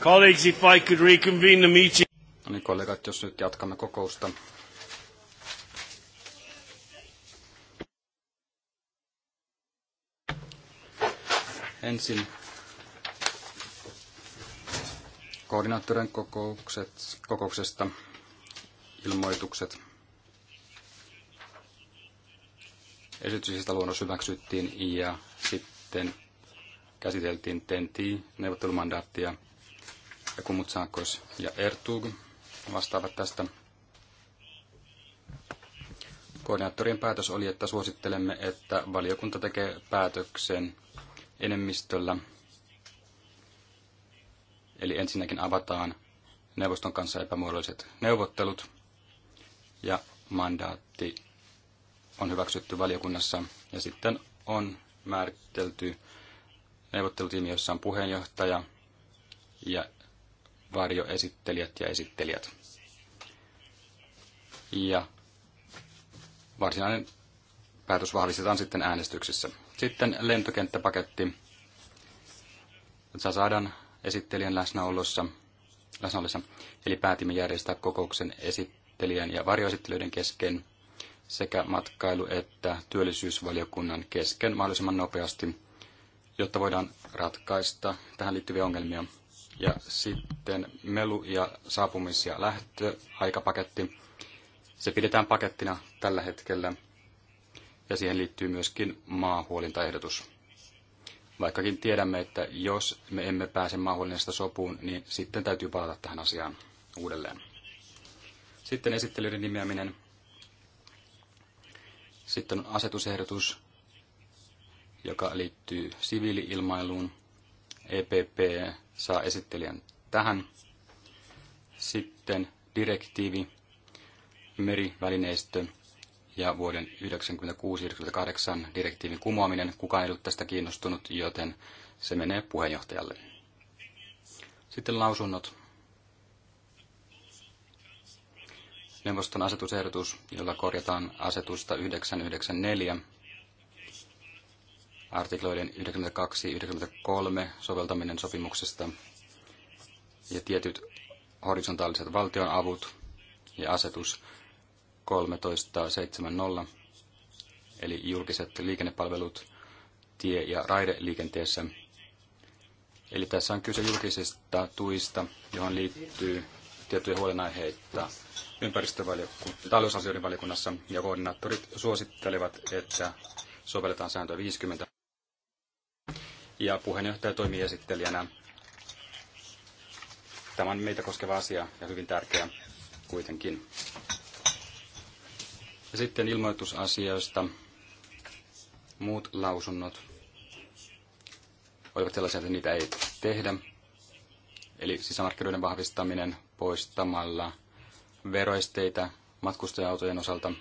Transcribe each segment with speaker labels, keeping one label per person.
Speaker 1: Colleagues, if I could
Speaker 2: reconvene the meeting. No niin, kollegat, jos nyt jatkamme kokousta. Ensin koordinaattorin kokoukset, kokouksesta ilmoitukset. Esityksistä luonnos hyväksyttiin ja sitten käsiteltiin TENTI-neuvottelumandaattia ja Kumutsakos ja Ertug vastaavat tästä. Koordinaattorien päätös oli, että suosittelemme, että valiokunta tekee päätöksen enemmistöllä. Eli ensinnäkin avataan neuvoston kanssa epämuodolliset neuvottelut ja mandaatti on hyväksytty valiokunnassa ja sitten on määritelty neuvottelutiimi, jossa on puheenjohtaja ja varjoesittelijät ja esittelijät. Ja varsinainen päätös vahvistetaan sitten äänestyksissä. Sitten lentokenttäpaketti. saadaan esittelijän läsnäolossa, läsnäolossa. Eli päätimme järjestää kokouksen esittelijän ja varjoesittelijöiden kesken sekä matkailu- että työllisyysvaliokunnan kesken mahdollisimman nopeasti, jotta voidaan ratkaista tähän liittyviä ongelmia – ja sitten melu- ja saapumis- ja lähtöaikapaketti. Se pidetään pakettina tällä hetkellä ja siihen liittyy myöskin maahuolintaehdotus. Vaikkakin tiedämme, että jos me emme pääse maahuolinnasta sopuun, niin sitten täytyy palata tähän asiaan uudelleen. Sitten esittelyiden nimeäminen. Sitten on asetusehdotus, joka liittyy siviiliilmailuun. EPP saa esittelijän tähän. Sitten direktiivi, merivälineistö ja vuoden 1996-1998 direktiivin kumoaminen. Kukaan ei ollut tästä kiinnostunut, joten se menee puheenjohtajalle. Sitten lausunnot. Neuvoston asetusehdotus, jolla korjataan asetusta 994 artikloiden 92-93 soveltaminen sopimuksesta ja tietyt horisontaaliset valtionavut ja asetus 1370, eli julkiset liikennepalvelut tie- ja raideliikenteessä. Eli tässä on kyse julkisista tuista, johon liittyy tiettyjä huolenaiheita ympäristövaliokunnassa, talousasioiden valiokunnassa, ja koordinaattorit suosittelevat, että sovelletaan sääntöä 50 ja puheenjohtaja toimii esittelijänä. Tämä on meitä koskeva asia ja hyvin tärkeä kuitenkin. Ja sitten ilmoitusasioista muut lausunnot olivat sellaisia, että niitä ei tehdä. Eli sisämarkkinoiden vahvistaminen poistamalla veroesteitä matkustaja-autojen osalta.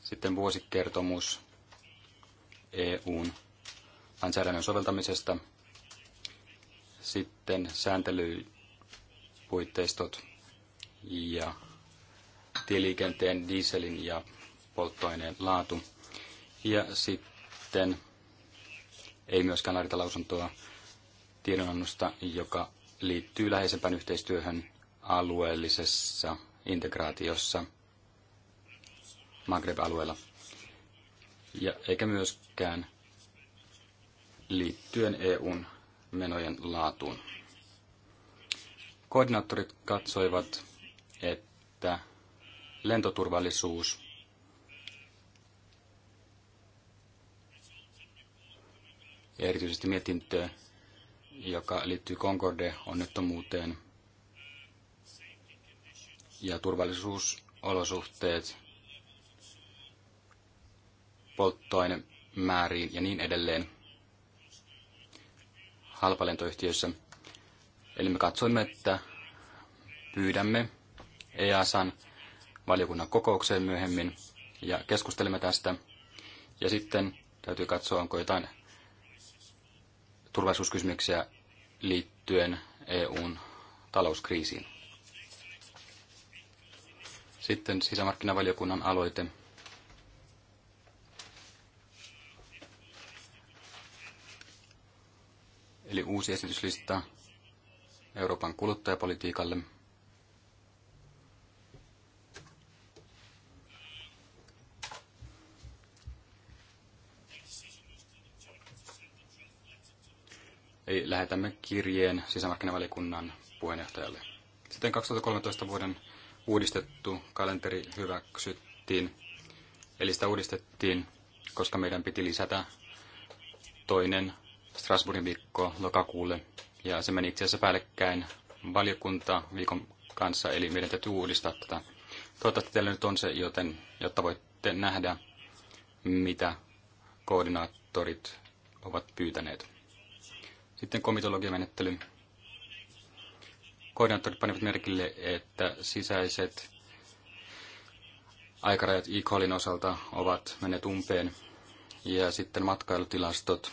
Speaker 2: Sitten vuosikertomus EUn lainsäädännön soveltamisesta, sitten sääntelypuitteistot ja tieliikenteen, dieselin ja polttoaineen laatu. Ja sitten ei myöskään laadita lausuntoa tiedonannosta, joka liittyy läheisempään yhteistyöhön alueellisessa integraatiossa magreb alueella Ja eikä myöskään liittyen EUn menojen laatuun. Koordinaattorit katsoivat, että lentoturvallisuus ja erityisesti mietintö, joka liittyy Concorde-onnettomuuteen ja turvallisuusolosuhteet, polttoainemääriin ja niin edelleen, halpalentoyhtiöissä. Eli me katsoimme, että pyydämme EASan valiokunnan kokoukseen myöhemmin ja keskustelemme tästä. Ja sitten täytyy katsoa, onko jotain turvallisuuskysymyksiä liittyen EUn talouskriisiin. Sitten sisämarkkinavaliokunnan aloite Eli uusi esityslista Euroopan kuluttajapolitiikalle. Eli lähetämme kirjeen sisämarkkinavalikunnan puheenjohtajalle. Sitten 2013 vuoden uudistettu kalenteri hyväksyttiin, eli sitä uudistettiin, koska meidän piti lisätä toinen Strasbourgin viikko lokakuulle. Ja se meni itse asiassa päällekkäin valiokunta viikon kanssa, eli meidän täytyy uudistaa tätä. Toivottavasti teillä nyt on se, joten, jotta voitte nähdä, mitä koordinaattorit ovat pyytäneet. Sitten komitologiamenettely. Koordinaattorit panivat merkille, että sisäiset aikarajat e osalta ovat menneet umpeen. Ja sitten matkailutilastot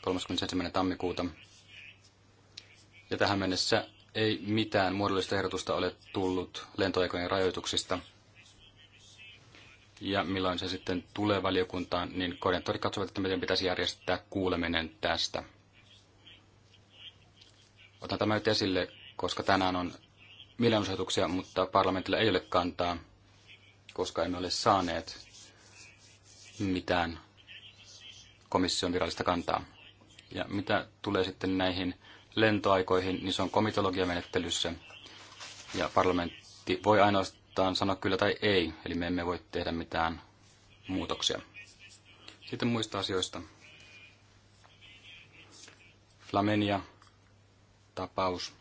Speaker 2: 31. tammikuuta. Ja tähän mennessä ei mitään muodollista ehdotusta ole tullut lentoaikojen rajoituksista. Ja milloin se sitten tulee valiokuntaan, niin koordinaattorit katsovat, että miten pitäisi järjestää kuuleminen tästä. Otan tämä nyt esille, koska tänään on mielenosoituksia, mutta parlamentilla ei ole kantaa, koska emme ole saaneet mitään komission virallista kantaa. Ja mitä tulee sitten näihin lentoaikoihin, niin se on komitologiamenettelyssä. Ja parlamentti voi ainoastaan sanoa kyllä tai ei, eli me emme voi tehdä mitään muutoksia. Sitten muista asioista. Flamenia tapaus.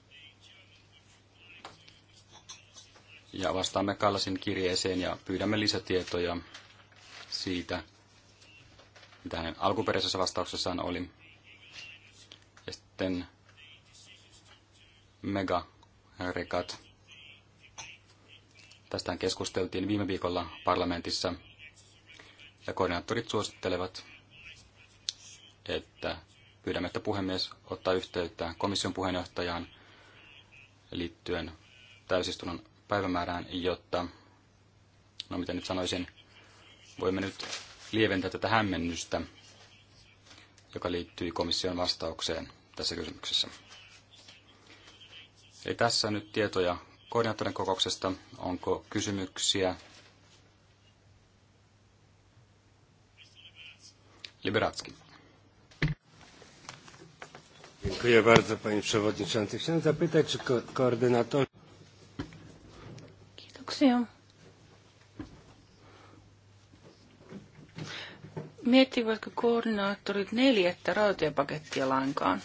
Speaker 2: Ja vastaamme Kallasin kirjeeseen ja pyydämme lisätietoja siitä, mitä hänen alkuperäisessä vastauksessaan oli sitten megarekat. Tästä keskusteltiin viime viikolla parlamentissa ja koordinaattorit suosittelevat, että pyydämme, että puhemies ottaa yhteyttä komission puheenjohtajaan liittyen täysistunnon päivämäärään, jotta, no miten nyt sanoisin, voimme nyt lieventää tätä hämmennystä, joka liittyy komission vastaukseen tässä kysymyksessä. Eli tässä nyt tietoja koordinaattorin kokouksesta. Onko kysymyksiä? Liberatski.
Speaker 1: Dziękuję bardzo, panie przewodniczący. Chciałem zapytać, czy ko- koordynator...
Speaker 3: Kiitoksia. Miettivätkö koordinaattorit neljättä rautiapakettia lainkaan?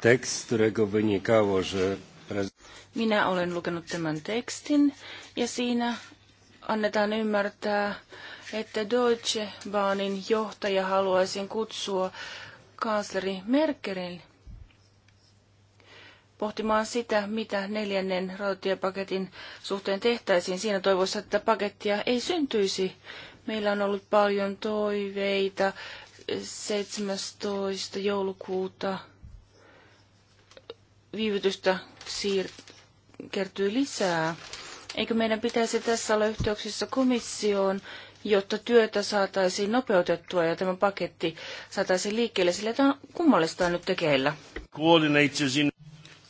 Speaker 1: tekst, którego wynikało,
Speaker 2: że...
Speaker 3: Minä olen lukenut tämän tekstin ja siinä annetaan ymmärtää, että Deutsche Bahnin johtaja haluaisin kutsua kansleri Merkelin pohtimaan sitä, mitä neljännen rautatiepaketin suhteen tehtäisiin siinä toivossa, että pakettia ei syntyisi. Meillä on ollut paljon toiveita 17. joulukuuta viivytystä siir- kertyy lisää. Eikö meidän pitäisi tässä olla yhteyksissä komissioon, jotta työtä saataisiin nopeutettua ja tämä paketti saataisiin liikkeelle, sillä tämä kummallista nyt tekeillä.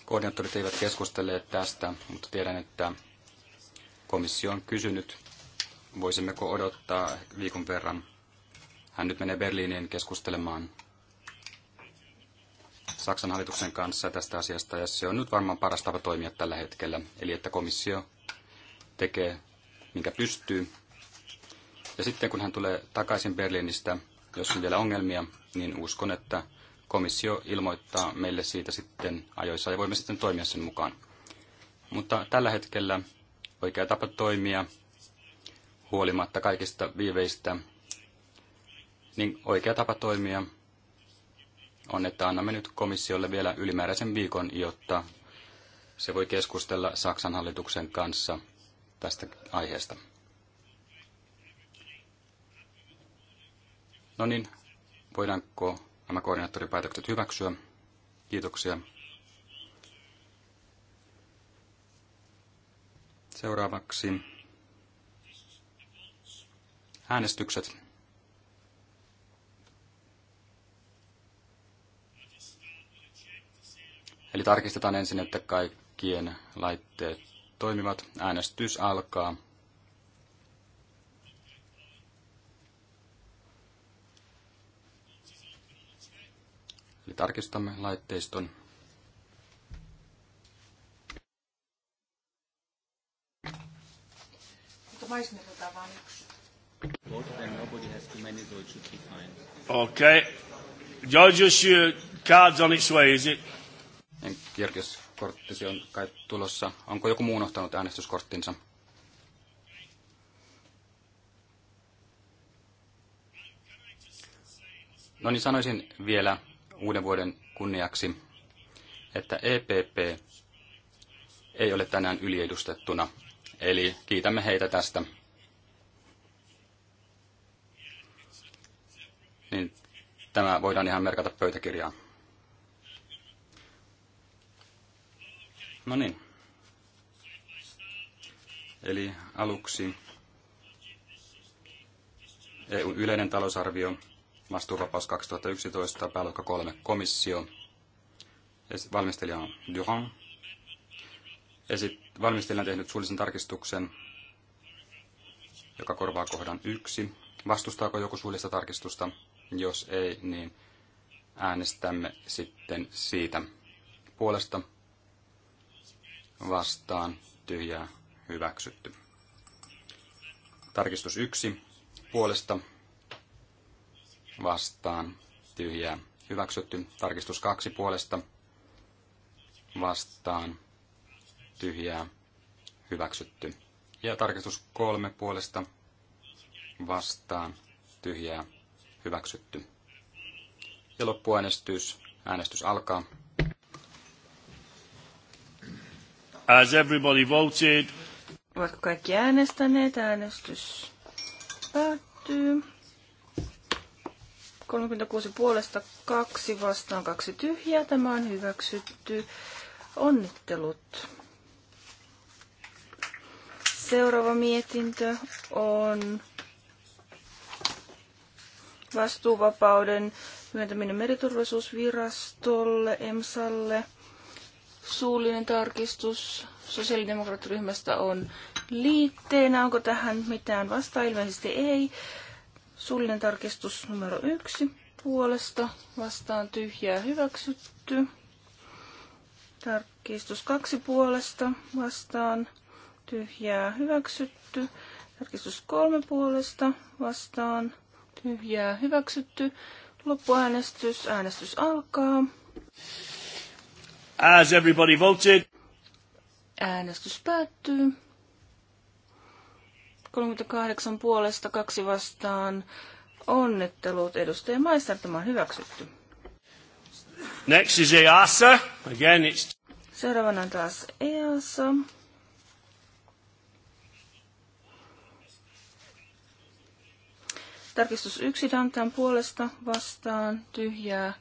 Speaker 2: Koordinaattorit eivät keskustelleet tästä, mutta tiedän, että komissio on kysynyt, voisimmeko odottaa viikon verran. Hän nyt menee Berliiniin keskustelemaan Saksan hallituksen kanssa tästä asiasta, ja se on nyt varmaan paras tapa toimia tällä hetkellä. Eli että komissio tekee, minkä pystyy. Ja sitten kun hän tulee takaisin Berliinistä, jos on vielä ongelmia, niin uskon, että komissio ilmoittaa meille siitä sitten ajoissa ja voimme sitten toimia sen mukaan. Mutta tällä hetkellä oikea tapa toimia huolimatta kaikista viiveistä, niin oikea tapa toimia on, että annamme nyt komissiolle vielä ylimääräisen viikon, jotta se voi keskustella Saksan hallituksen kanssa tästä aiheesta. No niin, voidaanko nämä koordinaattoripäätökset hyväksyä? Kiitoksia. Seuraavaksi äänestykset. Eli tarkistetaan ensin, että kaikkien laitteet toimivat. Äänestys alkaa. Eli tarkistamme laitteiston. Okay. Judge your card's on its way, is it? Kirkiskorttisi on kai tulossa. Onko joku muu unohtanut äänestyskorttinsa? No niin, sanoisin vielä uuden vuoden kunniaksi, että EPP ei ole tänään yliedustettuna. Eli kiitämme heitä tästä. Niin tämä voidaan ihan merkata pöytäkirjaan. No niin. Eli aluksi EU yleinen talousarvio, vastuuvapaus 2011, pääluokka 3, komissio. Valmistelija on Durand. Esit- valmistelija on tehnyt suullisen tarkistuksen, joka korvaa kohdan 1. Vastustaako joku suullista tarkistusta? Jos ei, niin äänestämme sitten siitä puolesta vastaan tyhjää hyväksytty. Tarkistus 1 puolesta vastaan tyhjää hyväksytty. Tarkistus 2 puolesta vastaan tyhjää hyväksytty. Ja tarkistus 3 puolesta vastaan tyhjää hyväksytty. Ja loppuäänestys. Äänestys alkaa. As everybody voted.
Speaker 3: Ovatko kaikki äänestäneet? Äänestys päättyy. 36 puolesta, kaksi vastaan, kaksi tyhjää. Tämä on hyväksytty. Onnittelut. Seuraava mietintö on vastuuvapauden myöntäminen meriturvallisuusvirastolle, EMSalle – Suullinen tarkistus sosiaalidemokraattiryhmästä on liitteenä. Onko tähän mitään vastaa? Ilmeisesti ei. Suullinen tarkistus numero yksi puolesta vastaan tyhjää hyväksytty. Tarkistus kaksi puolesta vastaan tyhjää hyväksytty. Tarkistus kolme puolesta vastaan tyhjää hyväksytty. Loppuäänestys. Äänestys alkaa.
Speaker 1: As everybody voted.
Speaker 3: Äänestys päättyy. 38 puolesta, kaksi vastaan. Onnittelut edustaja Maistar, tämä on hyväksytty.
Speaker 1: Next is EASA. Again it's...
Speaker 3: Seuraavana on taas EASA. Tarkistus yksi Dantan puolesta vastaan tyhjää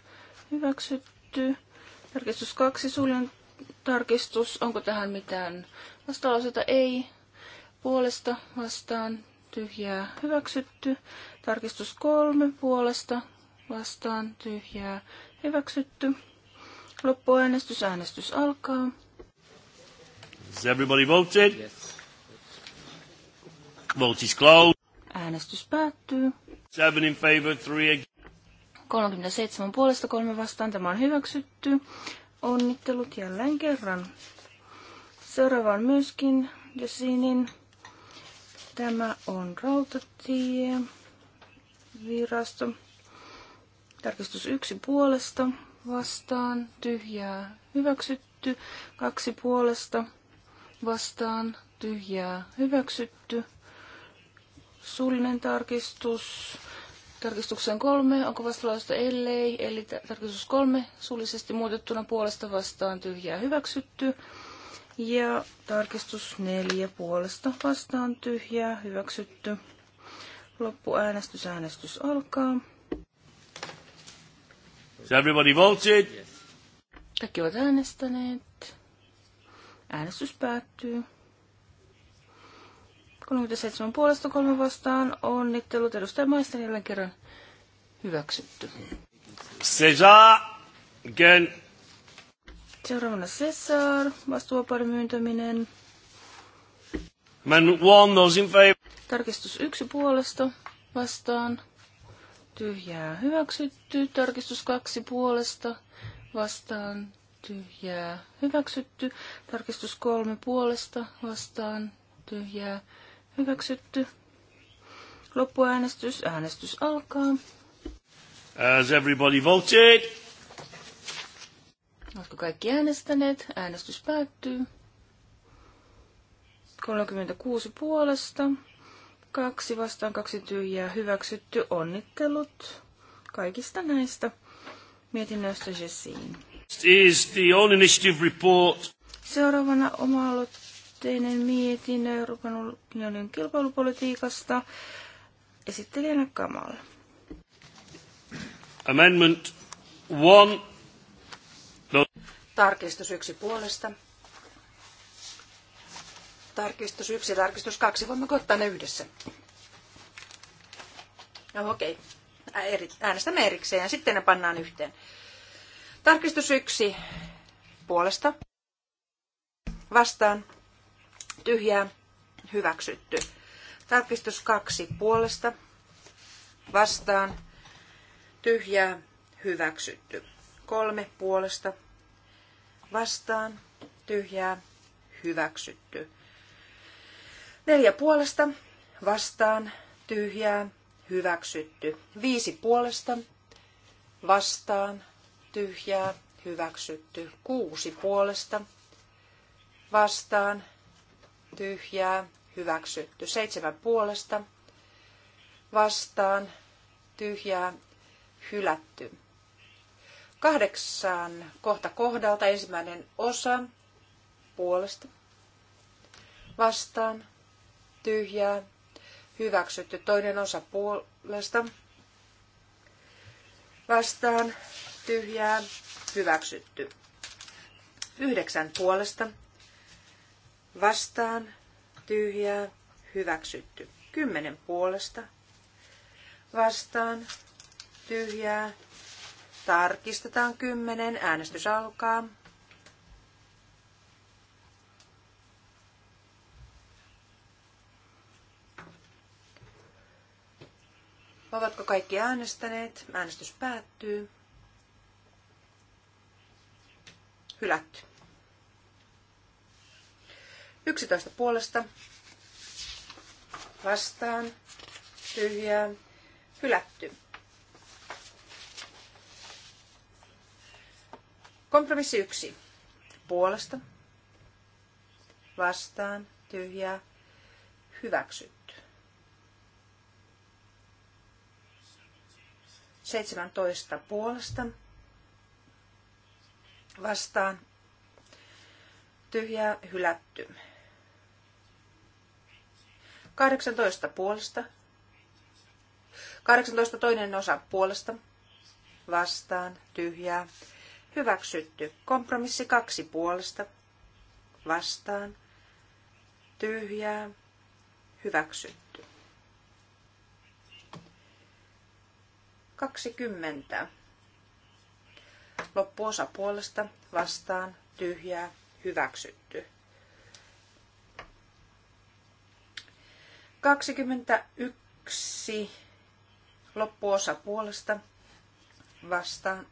Speaker 3: hyväksytty. Tarkistus kaksi, suljen tarkistus. Onko tähän mitään vastalauseita? Ei. Puolesta vastaan tyhjää hyväksytty. Tarkistus kolme puolesta vastaan tyhjää hyväksytty. Loppuäänestys. Äänestys alkaa.
Speaker 1: Has everybody voted? Yes. Vote is closed. Äänestys päättyy. Seven in favor, three against.
Speaker 3: 37 puolesta kolme vastaan. Tämä on hyväksytty. Onnittelut jälleen kerran. Seuraava on myöskin Jessinin. Tämä on rautatie. Virasto. Tarkistus yksi puolesta vastaan. Tyhjää hyväksytty. Kaksi puolesta vastaan. Tyhjää hyväksytty. Suullinen tarkistus tarkistukseen kolme, onko vastalausetta ellei, eli tarkistus kolme suullisesti muutettuna puolesta vastaan tyhjää hyväksytty. Ja tarkistus neljä puolesta vastaan tyhjää hyväksytty. Loppuäänestys, äänestys alkaa.
Speaker 1: Is everybody voted?
Speaker 3: Kaikki ovat äänestäneet. Äänestys päättyy. 37 puolesta kolme vastaan. Onnittelut edustaja Maisten jälleen kerran hyväksytty.
Speaker 1: Cesar! again.
Speaker 3: Seuraavana Cesar, vastuvapari myyntäminen.
Speaker 1: Man one, those in favor. Tarkistus
Speaker 3: yksi puolesta vastaan. Tyhjää hyväksytty. Tarkistus kaksi puolesta vastaan. Tyhjää hyväksytty. Tarkistus kolme puolesta vastaan. Tyhjää hyväksytty Hyväksytty. Loppuäänestys. Äänestys alkaa.
Speaker 1: As everybody voted.
Speaker 3: Oletko kaikki äänestäneet? Äänestys päättyy. 36 puolesta. Kaksi vastaan kaksi tyhjää hyväksytty. Onnittelut kaikista näistä mietinnöistä Jessiin.
Speaker 1: Is the own initiative report.
Speaker 3: Seuraavana oma yhteinen mietinnö Euroopan unionin kilpailupolitiikasta. Esittelijänä Kamal.
Speaker 1: Amendment one. No.
Speaker 4: Tarkistus yksi puolesta. Tarkistus yksi, tarkistus kaksi. Voimmeko ottaa ne yhdessä? No okei. Okay. Äänestämme erikseen ja sitten ne pannaan yhteen. Tarkistus yksi puolesta. Vastaan tyhjää, hyväksytty. Tarkistus kaksi puolesta, vastaan, tyhjää, hyväksytty. Kolme puolesta, vastaan, tyhjää, hyväksytty. Neljä puolesta, vastaan, tyhjää, hyväksytty. Viisi puolesta, vastaan, tyhjää, hyväksytty. Kuusi puolesta, vastaan, tyhjää, hyväksytty. Seitsemän puolesta vastaan, tyhjää, hylätty. Kahdeksan kohta kohdalta ensimmäinen osa puolesta vastaan, tyhjää, hyväksytty. Toinen osa puolesta vastaan, tyhjää, hyväksytty. Yhdeksän puolesta vastaan, tyhjää, hyväksytty. Kymmenen puolesta, vastaan, tyhjää, tarkistetaan kymmenen, äänestys alkaa. Ovatko kaikki äänestäneet? Äänestys päättyy. Hylätty. 11 puolesta vastaan tyhjää hylätty. Kompromissi 1 puolesta vastaan tyhjää hyväksytty. 17 puolesta vastaan tyhjää hylätty. 18 puolesta. 18 toinen osa puolesta. Vastaan. Tyhjää. Hyväksytty. Kompromissi kaksi puolesta. Vastaan. Tyhjää. Hyväksytty. 20. Loppuosa puolesta. Vastaan. Tyhjää. Hyväksytty. 21 loppuosa puolesta vastaan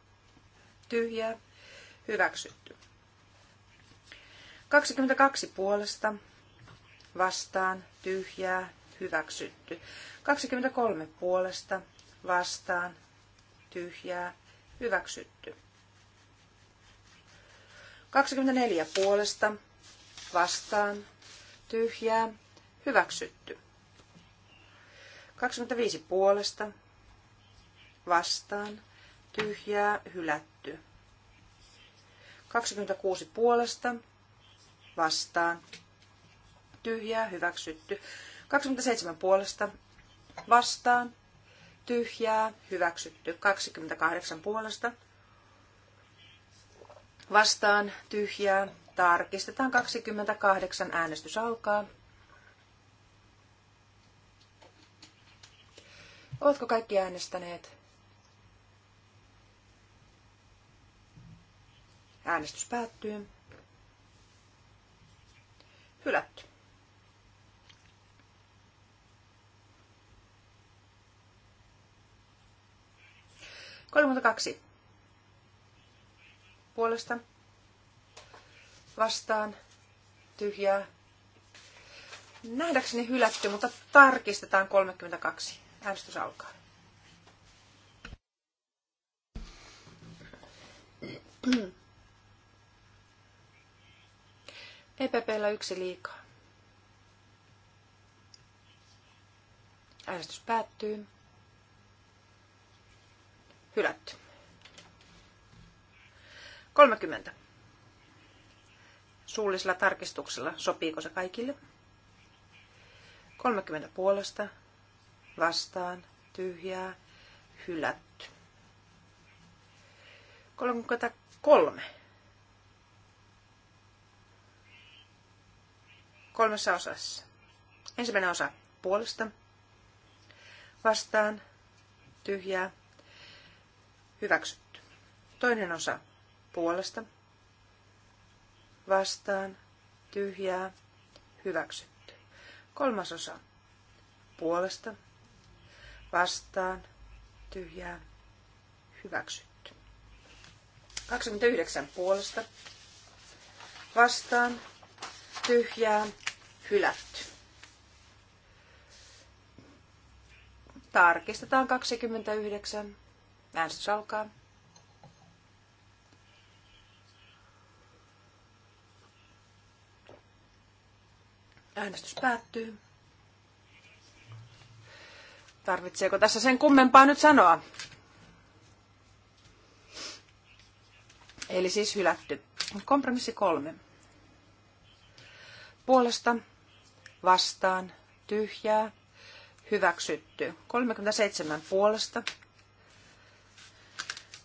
Speaker 4: tyhjää hyväksytty. 22 puolesta vastaan tyhjää hyväksytty. 23 puolesta vastaan tyhjää hyväksytty. 24 puolesta vastaan tyhjää hyväksytty. 25 puolesta vastaan tyhjää hylätty. 26 puolesta vastaan tyhjää hyväksytty. 27 puolesta vastaan tyhjää hyväksytty. 28 puolesta vastaan tyhjää tarkistetaan 28 äänestys alkaa. Ovatko kaikki äänestäneet? Äänestys päättyy. Hylätty. kaksi Puolesta. Vastaan. Tyhjää. Nähdäkseni hylätty, mutta tarkistetaan 32. Äänestys alkaa. EPPllä yksi liikaa. Äänestys päättyy. Hylätty. 30. Suullisella tarkistuksella. Sopiiko se kaikille? 30 puolesta, vastaan, tyhjää, hylätty. 33. Kolmessa osassa. Ensimmäinen osa puolesta, vastaan, tyhjää, hyväksytty. Toinen osa puolesta, vastaan, tyhjää, hyväksytty. Kolmas osa puolesta, vastaan, tyhjää, hyväksytty. 29 puolesta vastaan, tyhjää, hylätty. Tarkistetaan 29. Äänestys alkaa. Äänestys päättyy. Tarvitseeko tässä sen kummempaa nyt sanoa? Eli siis hylätty. Kompromissi kolme. Puolesta, vastaan, tyhjää, hyväksytty. 37 puolesta,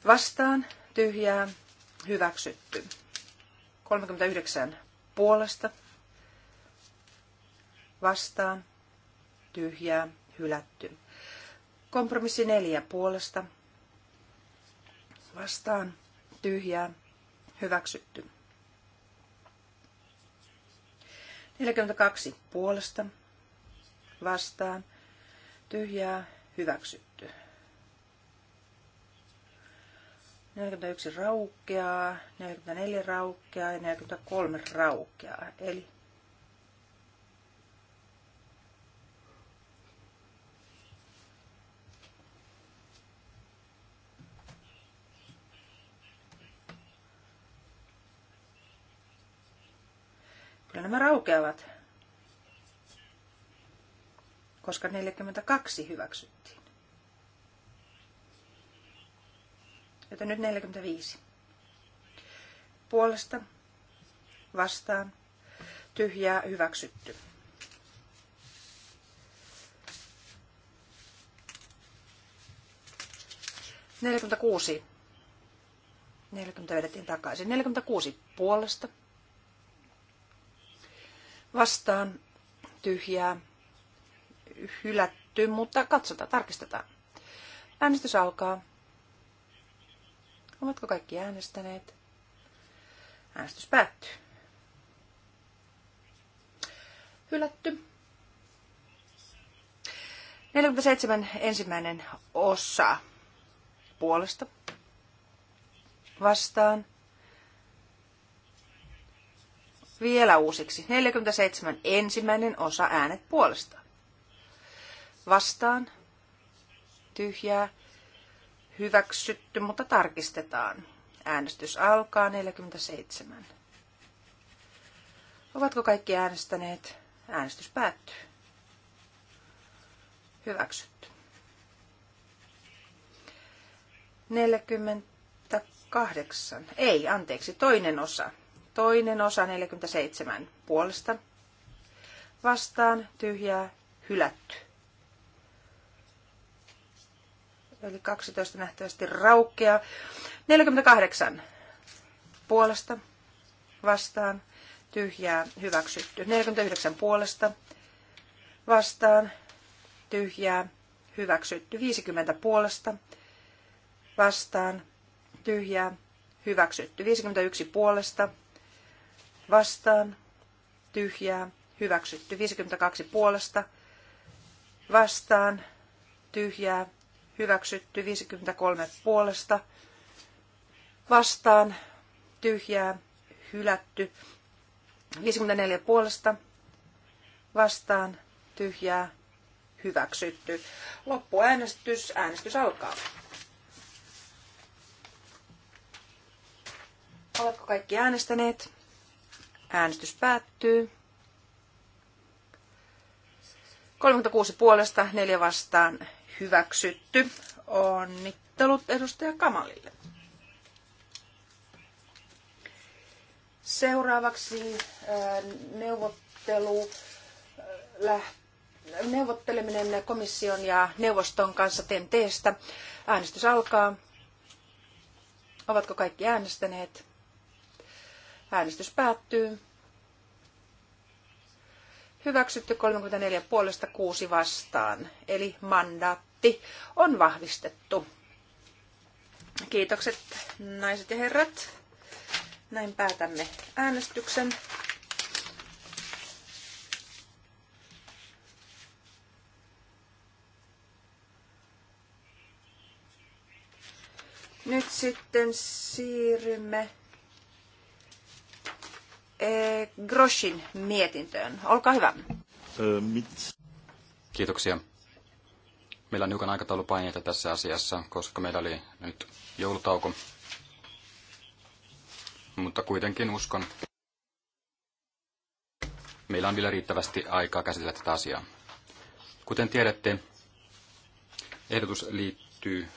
Speaker 4: vastaan, tyhjää, hyväksytty. 39 puolesta, vastaan, tyhjää, hylätty. Kompromissi neljä puolesta. Vastaan. Tyhjää. Hyväksytty. 42 puolesta. Vastaan. Tyhjää. Hyväksytty. 41 raukeaa, 44 raukeaa ja 43 raukeaa. Eli Kyllä nämä raukeavat, koska 42 hyväksyttiin. Joten nyt 45. Puolesta, vastaan, tyhjää, hyväksytty. Neljäkymmentäkuusi. Neljäkymmentä vedettiin takaisin. Neljäkymmentäkuusi puolesta, vastaan tyhjää hylätty, mutta katsotaan, tarkistetaan. Äänestys alkaa. Ovatko kaikki äänestäneet? Äänestys päättyy. Hylätty. 47 ensimmäinen osa puolesta vastaan Vielä uusiksi. 47. Ensimmäinen osa äänet puolesta. Vastaan. Tyhjää. Hyväksytty, mutta tarkistetaan. Äänestys alkaa 47. Ovatko kaikki äänestäneet? Äänestys päättyy. Hyväksytty. 48. Ei, anteeksi, toinen osa. Toinen osa 47 puolesta. Vastaan tyhjää hylätty. Eli 12 nähtävästi raukkea. 48 puolesta. Vastaan tyhjää hyväksytty. 49 puolesta. Vastaan tyhjää hyväksytty. 50 puolesta. Vastaan tyhjää hyväksytty. 51 puolesta vastaan, tyhjää, hyväksytty. 52 puolesta vastaan, tyhjää, hyväksytty. 53 puolesta vastaan, tyhjää, hylätty. 54 puolesta vastaan, tyhjää, hyväksytty. Loppuäänestys, äänestys alkaa. Oletko kaikki äänestäneet? Äänestys päättyy. 36 puolesta, 4 vastaan hyväksytty. Onnittelut edustaja Kamalille. Seuraavaksi äh, neuvottelu, äh, neuvotteleminen komission ja neuvoston kanssa TNTstä. Äänestys alkaa. Ovatko kaikki äänestäneet? Äänestys päättyy. Hyväksytty 34 puolesta 6 vastaan, eli mandaatti on vahvistettu. Kiitokset naiset ja herrat. Näin päätämme äänestyksen. Nyt sitten siirrymme Eh, Groshin mietintöön. Olkaa hyvä.
Speaker 2: Kiitoksia. Meillä on hiukan aikataulupaineita tässä asiassa, koska meillä oli nyt joulutauko. Mutta kuitenkin uskon, meillä on vielä riittävästi aikaa käsitellä tätä asiaa. Kuten tiedätte, ehdotus liittyy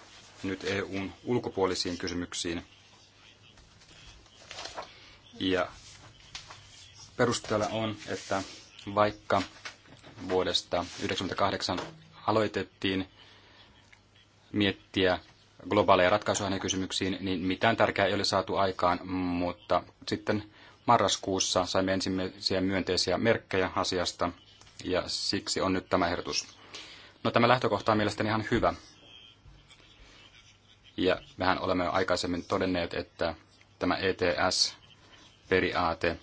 Speaker 2: nyt EUn ulkopuolisiin kysymyksiin. Ja Perusteella on, että vaikka vuodesta 1998 aloitettiin miettiä globaaleja ratkaisuja näihin kysymyksiin, niin mitään tärkeää ei ole saatu aikaan, mutta sitten marraskuussa saimme ensimmäisiä myönteisiä merkkejä asiasta, ja siksi on nyt tämä ehdotus. No tämä lähtökohta on mielestäni ihan hyvä. Ja mehän olemme jo aikaisemmin todenneet, että tämä ETS-periaate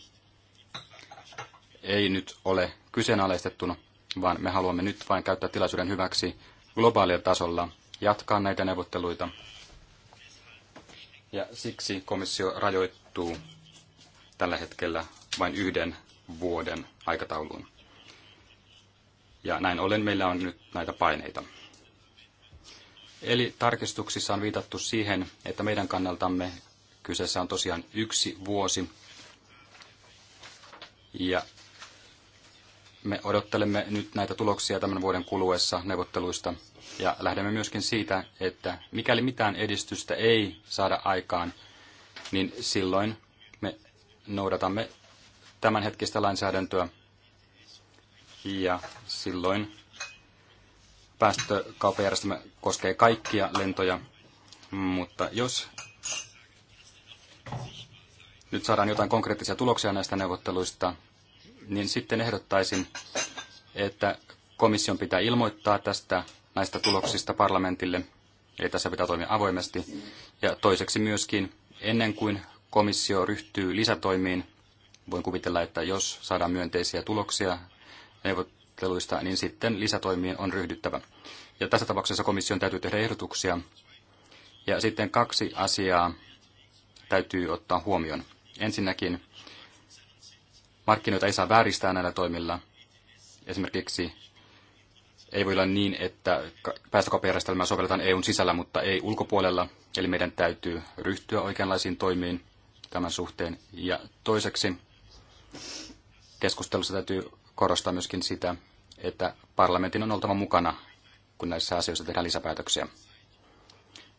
Speaker 2: ei nyt ole kyseenalaistettuna, vaan me haluamme nyt vain käyttää tilaisuuden hyväksi globaalilla tasolla jatkaa näitä neuvotteluita. Ja siksi komissio rajoittuu tällä hetkellä vain yhden vuoden aikatauluun. Ja näin ollen meillä on nyt näitä paineita. Eli tarkistuksissa on viitattu siihen, että meidän kannaltamme kyseessä on tosiaan yksi vuosi. Ja me odottelemme nyt näitä tuloksia tämän vuoden kuluessa neuvotteluista ja lähdemme myöskin siitä, että mikäli mitään edistystä ei saada aikaan, niin silloin me noudatamme tämänhetkistä lainsäädäntöä ja silloin päästökauppajärjestelmä koskee kaikkia lentoja, mutta jos nyt saadaan jotain konkreettisia tuloksia näistä neuvotteluista, niin sitten ehdottaisin, että komission pitää ilmoittaa tästä näistä tuloksista parlamentille, eli tässä pitää toimia avoimesti. Ja toiseksi myöskin, ennen kuin komissio ryhtyy lisätoimiin, voin kuvitella, että jos saadaan myönteisiä tuloksia neuvotteluista, niin sitten lisätoimiin on ryhdyttävä. Ja tässä tapauksessa komission täytyy tehdä ehdotuksia. Ja sitten kaksi asiaa täytyy ottaa huomioon. Ensinnäkin markkinoita ei saa vääristää näillä toimilla. Esimerkiksi ei voi olla niin, että päästökauppajärjestelmää sovelletaan EUn sisällä, mutta ei ulkopuolella. Eli meidän täytyy ryhtyä oikeanlaisiin toimiin tämän suhteen. Ja toiseksi keskustelussa täytyy korostaa myöskin sitä, että parlamentin on oltava mukana, kun näissä asioissa tehdään lisäpäätöksiä.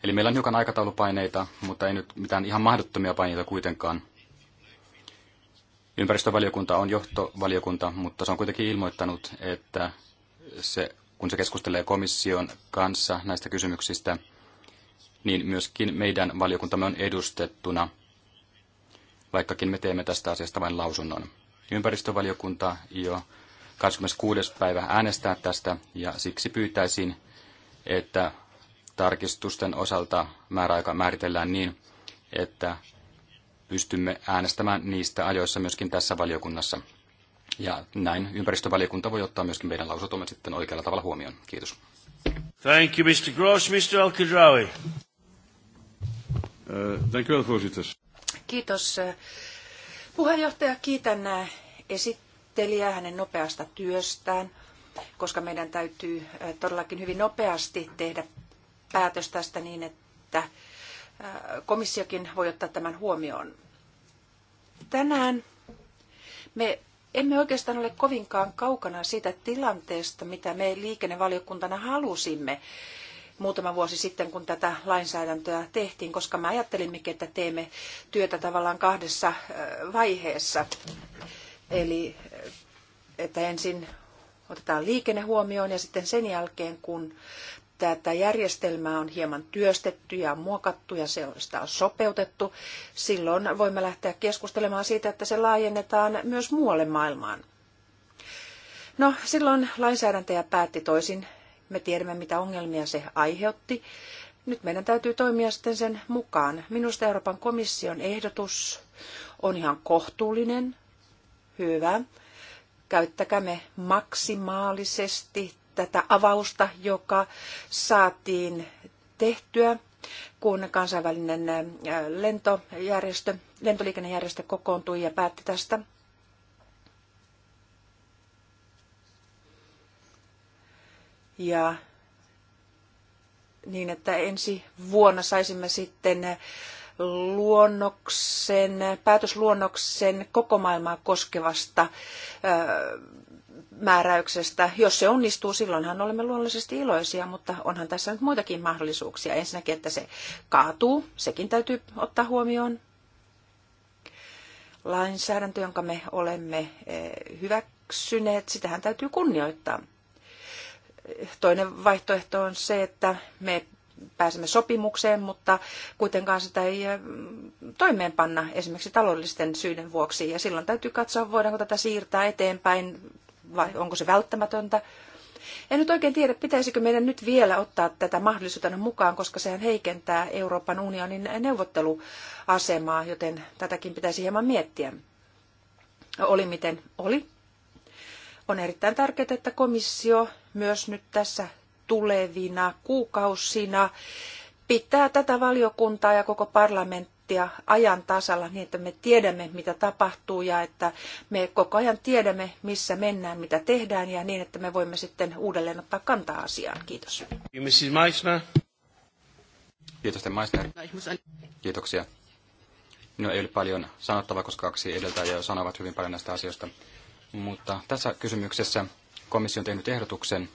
Speaker 2: Eli meillä on hiukan aikataulupaineita, mutta ei nyt mitään ihan mahdottomia paineita kuitenkaan. Ympäristövaliokunta on johtovaliokunta, mutta se on kuitenkin ilmoittanut, että se, kun se keskustelee komission kanssa näistä kysymyksistä, niin myöskin meidän valiokuntamme on edustettuna, vaikkakin me teemme tästä asiasta vain lausunnon. Ympäristövaliokunta jo 26. päivä äänestää tästä ja siksi pyytäisin, että tarkistusten osalta määräaika määritellään niin, että pystymme äänestämään niistä ajoissa myöskin tässä valiokunnassa. Ja näin ympäristövaliokunta voi ottaa myöskin meidän lausutumme sitten oikealla tavalla huomioon. Kiitos.
Speaker 1: Thank you, Mr. Gross. Mr. Uh, thank you,
Speaker 4: Kiitos. Eh, puheenjohtaja, kiitän eh, esittelijää hänen nopeasta työstään, koska meidän täytyy eh, todellakin hyvin nopeasti tehdä päätös tästä niin, että komissiokin voi ottaa tämän huomioon tänään me emme oikeastaan ole kovinkaan kaukana siitä tilanteesta, mitä me liikennevaliokuntana halusimme muutama vuosi sitten, kun tätä lainsäädäntöä tehtiin, koska me ajattelimme, että teemme työtä tavallaan kahdessa vaiheessa. Eli että ensin otetaan liikenne huomioon ja sitten sen jälkeen, kun että järjestelmää on hieman työstetty ja muokattu ja se, sitä on sopeutettu, silloin voimme lähteä keskustelemaan siitä, että se laajennetaan myös muualle maailmaan. No, silloin lainsäädäntäjä päätti toisin. Me tiedämme, mitä ongelmia se aiheutti. Nyt meidän täytyy toimia sitten sen mukaan. Minusta Euroopan komission ehdotus on ihan kohtuullinen. Hyvä. Käyttäkäämme maksimaalisesti tätä avausta, joka saatiin tehtyä, kun kansainvälinen äh, lentojärjestö, lentoliikennejärjestö kokoontui ja päätti tästä. Ja niin, että ensi vuonna saisimme sitten luonnoksen, päätösluonnoksen koko maailmaa koskevasta äh, määräyksestä. Jos se onnistuu, silloinhan olemme luonnollisesti iloisia, mutta onhan tässä nyt muitakin mahdollisuuksia. Ensinnäkin, että se kaatuu, sekin täytyy ottaa huomioon. Lainsäädäntö, jonka me olemme eh, hyväksyneet, sitähän täytyy kunnioittaa. Toinen vaihtoehto on se, että me pääsemme sopimukseen, mutta kuitenkaan sitä ei eh, toimeenpanna esimerkiksi taloudellisten syiden vuoksi. Ja silloin täytyy katsoa, voidaanko tätä siirtää eteenpäin vai onko se välttämätöntä. En nyt oikein tiedä, pitäisikö meidän nyt vielä ottaa tätä mahdollisuutena mukaan, koska sehän heikentää Euroopan unionin neuvotteluasemaa, joten tätäkin pitäisi hieman miettiä. Oli miten oli. On erittäin tärkeää, että komissio myös nyt tässä tulevina kuukausina pitää tätä valiokuntaa ja koko parlamenttia prosenttia ajan tasalla niin, että me tiedämme, mitä tapahtuu ja että me koko ajan tiedämme, missä mennään, mitä tehdään ja niin, että me voimme sitten uudelleen ottaa kantaa asiaan. Kiitos.
Speaker 2: Kiitos, Meissner. Kiitoksia. Minulla no, ei ole paljon sanottavaa, koska kaksi edeltäjää jo sanovat hyvin paljon näistä asioista. Mutta tässä kysymyksessä komissio on tehnyt ehdotuksen,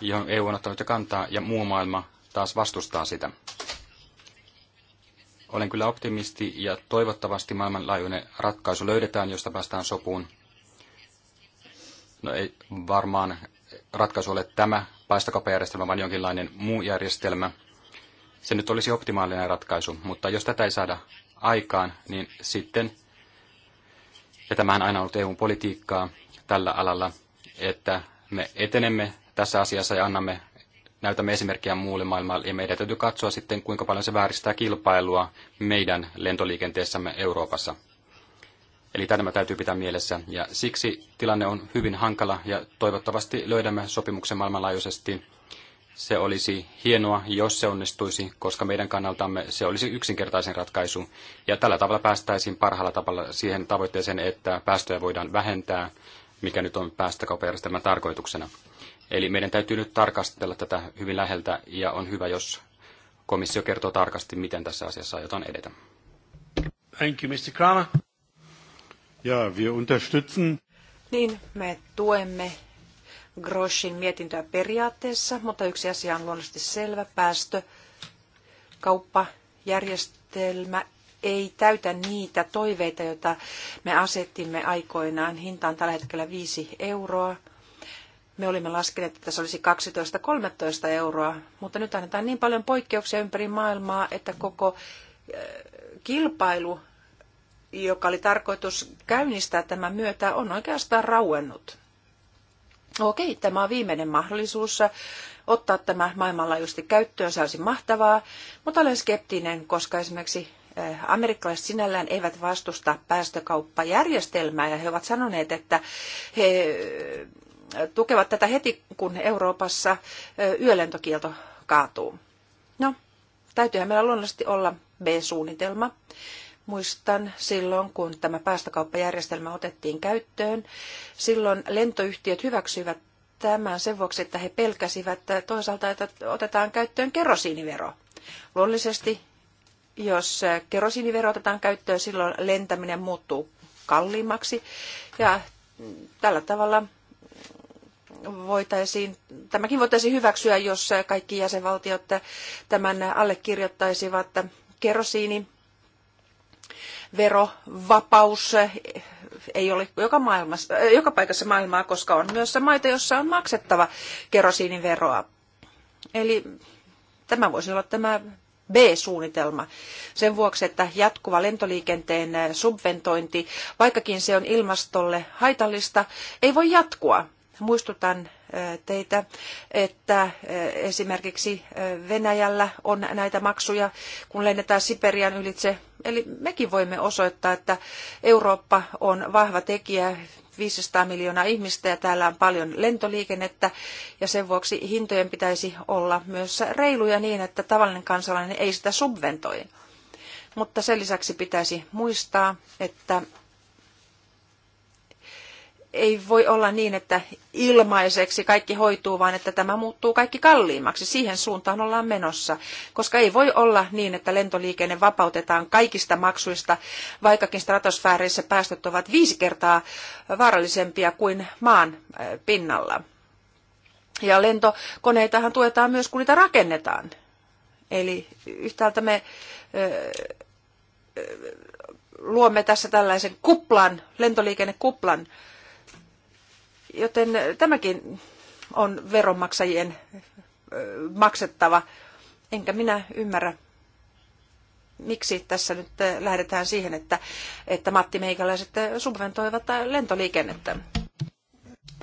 Speaker 2: johon EU on ottanut jo kantaa, ja muu maailma taas vastustaa sitä. Olen kyllä optimisti ja toivottavasti maailmanlaajuinen ratkaisu löydetään, josta päästään sopuun. No ei varmaan ratkaisu ole tämä päästökauppajärjestelmä, vaan jonkinlainen muu järjestelmä. Se nyt olisi optimaalinen ratkaisu, mutta jos tätä ei saada aikaan, niin sitten, ja tämähän aina ollut EU-politiikkaa tällä alalla, että me etenemme tässä asiassa ja annamme näytämme esimerkkiä muulle maailmalle ja meidän täytyy katsoa sitten, kuinka paljon se vääristää kilpailua meidän lentoliikenteessämme Euroopassa. Eli tämä täytyy pitää mielessä ja siksi tilanne on hyvin hankala ja toivottavasti löydämme sopimuksen maailmanlaajuisesti. Se olisi hienoa, jos se onnistuisi, koska meidän kannaltamme se olisi yksinkertaisen ratkaisu. Ja tällä tavalla päästäisiin parhaalla tavalla siihen tavoitteeseen, että päästöjä voidaan vähentää, mikä nyt on päästökauppajärjestelmän tarkoituksena. Eli meidän täytyy nyt tarkastella tätä hyvin läheltä ja on hyvä, jos komissio kertoo tarkasti, miten tässä asiassa aiotaan edetä.
Speaker 1: Thank you, Mr. Kramer. Ja, wir unterstützen.
Speaker 4: Niin, me tuemme Groschin mietintöä periaatteessa, mutta yksi asia on luonnollisesti selvä. Päästö, kauppajärjestelmä ei täytä niitä toiveita, joita me asettimme aikoinaan. Hinta on tällä hetkellä 5 euroa me olimme laskeneet, että se olisi 12-13 euroa, mutta nyt annetaan niin paljon poikkeuksia ympäri maailmaa, että koko äh, kilpailu, joka oli tarkoitus käynnistää tämän myötä, on oikeastaan rauennut. Okei, tämä on viimeinen mahdollisuus ottaa tämä maailmanlaajuisesti käyttöön, se olisi mahtavaa, mutta olen skeptinen, koska esimerkiksi äh, amerikkalaiset sinällään eivät vastusta päästökauppajärjestelmää ja he ovat sanoneet, että he tukevat tätä heti, kun Euroopassa yölentokielto kaatuu. No, täytyyhän meillä luonnollisesti olla B-suunnitelma. Muistan silloin, kun tämä päästökauppajärjestelmä otettiin käyttöön, silloin lentoyhtiöt hyväksyivät tämän sen vuoksi, että he pelkäsivät toisaalta, että otetaan käyttöön kerosiinivero. Luonnollisesti, jos kerosiinivero otetaan käyttöön, silloin lentäminen muuttuu kalliimmaksi ja tällä tavalla voitaisiin, tämäkin voitaisiin hyväksyä, jos kaikki jäsenvaltiot tämän allekirjoittaisivat kerosiini vapaus ei ole joka, maailmassa, joka paikassa maailmaa, koska on myös maita, joissa on maksettava kerosiinin veroa. Eli tämä voisi olla tämä B-suunnitelma sen vuoksi, että jatkuva lentoliikenteen subventointi, vaikkakin se on ilmastolle haitallista, ei voi jatkua. Muistutan äh, teitä, että äh, esimerkiksi äh, Venäjällä on näitä maksuja, kun lennetään Siperian ylitse. Eli mekin voimme osoittaa, että Eurooppa on vahva tekijä 500 miljoonaa ihmistä ja täällä on paljon lentoliikennettä ja sen vuoksi hintojen pitäisi olla myös reiluja niin, että tavallinen kansalainen ei sitä subventoi. Mutta sen lisäksi pitäisi muistaa, että ei voi olla niin, että ilmaiseksi kaikki hoituu, vaan että tämä muuttuu kaikki kalliimmaksi. Siihen suuntaan ollaan menossa, koska ei voi olla niin, että lentoliikenne vapautetaan kaikista maksuista, vaikkakin stratosfäärissä päästöt ovat viisi kertaa vaarallisempia kuin maan äh, pinnalla. Ja lentokoneitahan tuetaan myös, kun niitä rakennetaan. Eli yhtäältä me äh, äh, luomme tässä tällaisen kuplan, lentoliikennekuplan, Joten tämäkin on veronmaksajien maksettava. Enkä minä ymmärrä, miksi tässä nyt lähdetään siihen, että, että Matti Meikäläiset subventoivat lentoliikennettä.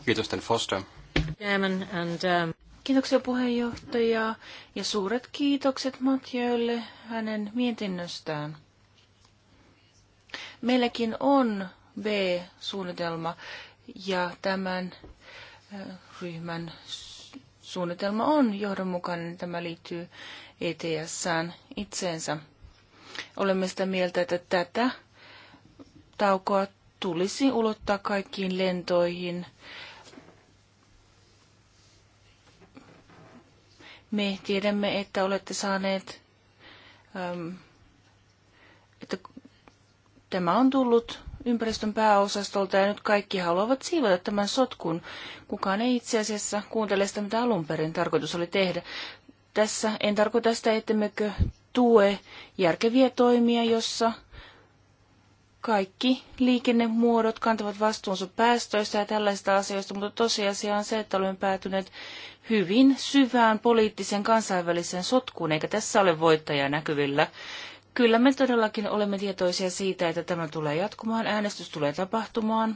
Speaker 2: Kiitos, Foster. Um,
Speaker 3: kiitoksia puheenjohtaja ja suuret kiitokset Mattiölle hänen mietinnöstään. Meilläkin on B-suunnitelma ja tämän äh, ryhmän suunnitelma on johdonmukainen. Tämä liittyy ETSään itseensä. Olemme sitä mieltä, että tätä taukoa tulisi ulottaa kaikkiin lentoihin. Me tiedämme, että olette saaneet, ähm, että tämä on tullut ympäristön pääosastolta ja nyt kaikki haluavat siivota tämän sotkun. Kukaan ei itse asiassa kuuntele sitä, mitä alun perin tarkoitus oli tehdä. Tässä en tarkoita sitä, ettemmekö tue järkeviä toimia, jossa kaikki liikennemuodot kantavat vastuunsa päästöistä ja tällaisista asioista, mutta tosiasia on se, että olemme päätyneet hyvin syvään poliittisen kansainväliseen sotkuun, eikä tässä ole voittajaa näkyvillä. Kyllä me todellakin olemme tietoisia siitä, että tämä tulee jatkumaan, äänestys tulee tapahtumaan.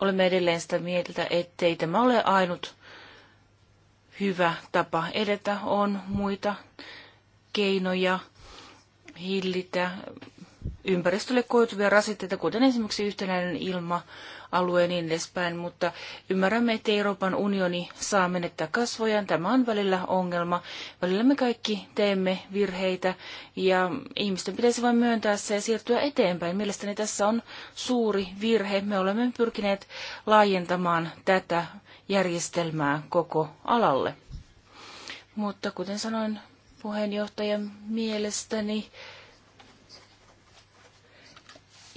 Speaker 3: Olemme edelleen sitä mieltä, ettei tämä ole ainut hyvä tapa edetä. On muita keinoja hillitä ympäristölle koituvia rasitteita, kuten esimerkiksi yhtenäinen ilma-alue ja niin edespäin, mutta ymmärrämme, että Euroopan unioni saa menettää kasvojaan. Tämä on välillä ongelma. Välillä me kaikki teemme virheitä ja ihmisten pitäisi vain myöntää se ja siirtyä eteenpäin. Mielestäni tässä on suuri virhe. Me olemme pyrkineet laajentamaan tätä järjestelmää koko alalle. Mutta kuten sanoin, puheenjohtajan mielestäni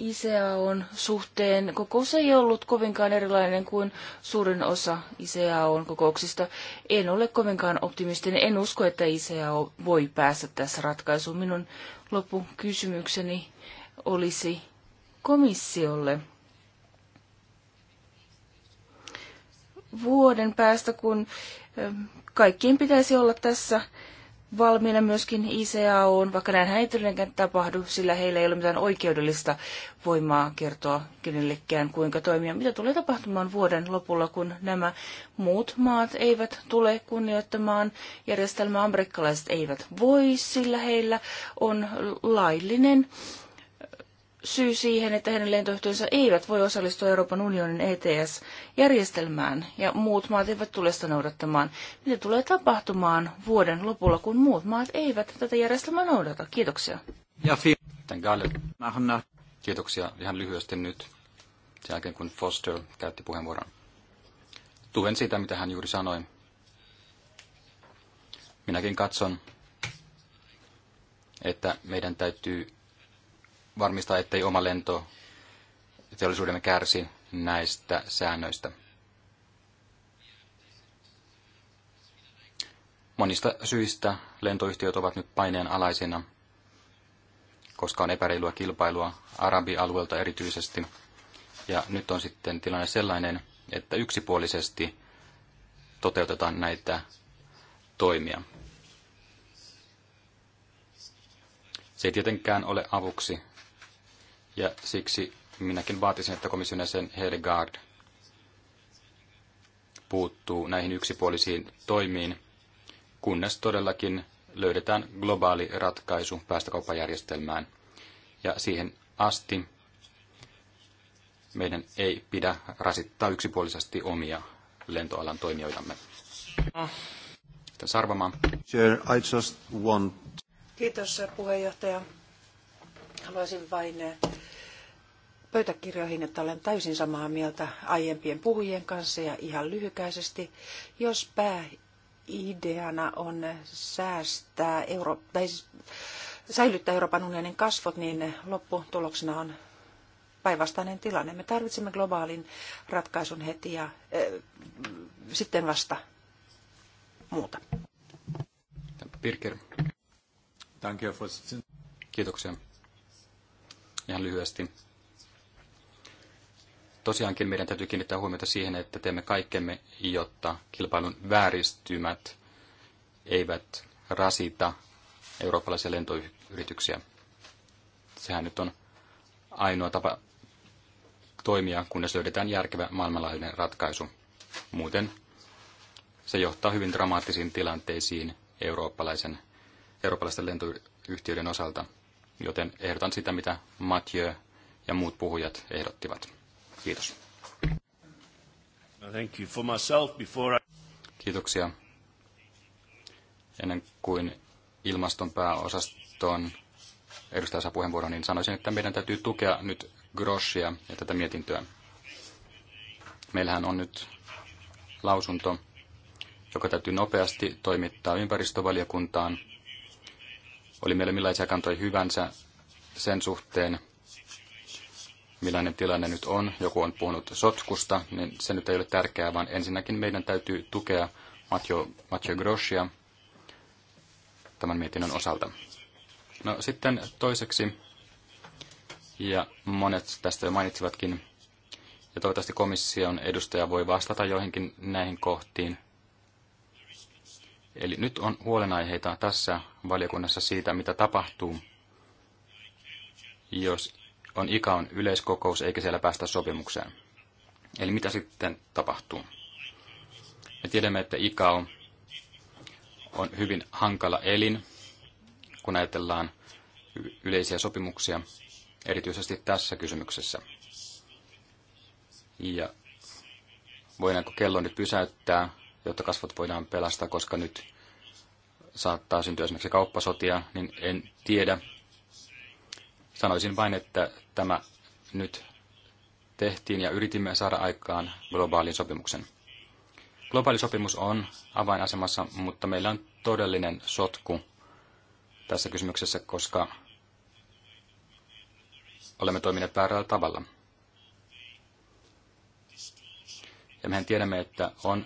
Speaker 3: ICAOn suhteen. Kokous ei ollut kovinkaan erilainen kuin suurin osa ICAOn kokouksista. En ole kovinkaan optimistinen. En usko, että ICAO voi päästä tässä ratkaisuun. Minun loppukysymykseni olisi komissiolle. Vuoden päästä, kun eh, kaikkien pitäisi olla tässä valmiina myöskin on, vaikka näin ei todennäköisesti tapahdu, sillä heillä ei ole mitään oikeudellista voimaa kertoa kenellekään, kuinka toimia. Mitä tulee tapahtumaan vuoden lopulla, kun nämä muut maat eivät tule kunnioittamaan järjestelmää, amerikkalaiset eivät voi, sillä heillä on laillinen syy siihen, että hänen lentoyhtiönsä eivät voi osallistua Euroopan unionin ETS-järjestelmään ja muut maat eivät tule sitä noudattamaan. Mitä tulee tapahtumaan vuoden lopulla, kun muut maat eivät tätä järjestelmää noudata? Kiitoksia.
Speaker 2: Ja Kiitoksia ihan lyhyesti nyt, sen jälkeen kun Foster käytti puheenvuoron. Tuen siitä, mitä hän juuri sanoi. Minäkin katson, että meidän täytyy varmistaa, ettei oma lento teollisuudemme kärsi näistä säännöistä. Monista syistä lentoyhtiöt ovat nyt paineen alaisina, koska on epäreilua kilpailua arabialueelta erityisesti. Ja nyt on sitten tilanne sellainen, että yksipuolisesti toteutetaan näitä toimia. Se ei tietenkään ole avuksi ja siksi minäkin vaatisin, että komission jäsen Hedegaard puuttuu näihin yksipuolisiin toimiin, kunnes todellakin löydetään globaali ratkaisu päästökauppajärjestelmään. Ja siihen asti meidän ei pidä rasittaa yksipuolisesti omia lentoalan toimijoidamme. Sitten Chair, I just want...
Speaker 4: Kiitos puheenjohtaja. Haluaisin vain pöytäkirjoihin, että olen täysin samaa mieltä aiempien puhujien kanssa ja ihan lyhykäisesti. Jos pääideana on säästää Euro- tai siis säilyttää Euroopan unionin kasvot, niin lopputuloksena on päinvastainen tilanne. Me tarvitsemme globaalin ratkaisun heti ja äh, sitten
Speaker 2: vasta muuta. Pirker. Kiitoksia. Ihan lyhyesti tosiaankin meidän täytyy kiinnittää huomiota siihen, että teemme kaikkemme, jotta kilpailun vääristymät eivät rasita eurooppalaisia lentoyrityksiä. Sehän nyt on ainoa tapa toimia, kunnes löydetään järkevä maailmanlaajuinen ratkaisu. Muuten se johtaa hyvin dramaattisiin tilanteisiin eurooppalaisen, eurooppalaisten lentoyhtiöiden osalta, joten ehdotan sitä, mitä Mathieu ja muut puhujat ehdottivat. Kiitos. Thank you for myself before I... Kiitoksia. Ennen kuin ilmaston pääosastoon edustaja saa puheenvuoron, niin sanoisin, että meidän täytyy tukea nyt Groschia ja tätä mietintöä. Meillähän on nyt lausunto, joka täytyy nopeasti toimittaa ympäristövaliokuntaan. Oli meillä millaisia kantoja hyvänsä sen suhteen, millainen tilanne nyt on. Joku on puhunut sotkusta, niin se nyt ei ole tärkeää, vaan ensinnäkin meidän täytyy tukea matjo matjo Groschia tämän mietinnön osalta. No sitten toiseksi, ja monet tästä jo mainitsivatkin, ja toivottavasti komission edustaja voi vastata joihinkin näihin kohtiin. Eli nyt on huolenaiheita tässä valiokunnassa siitä, mitä tapahtuu, jos on on yleiskokous eikä siellä päästä sopimukseen. Eli mitä sitten tapahtuu? Me tiedämme, että ICAO on hyvin hankala elin, kun ajatellaan yleisiä sopimuksia, erityisesti tässä kysymyksessä. Ja voidaanko kello nyt pysäyttää, jotta kasvot voidaan pelastaa, koska nyt saattaa syntyä esimerkiksi kauppasotia, niin en tiedä, Sanoisin vain, että tämä nyt tehtiin ja yritimme saada aikaan globaalin sopimuksen. Globaali sopimus on avainasemassa, mutta meillä on todellinen sotku tässä kysymyksessä, koska olemme toimineet väärällä tavalla. Ja mehän tiedämme, että on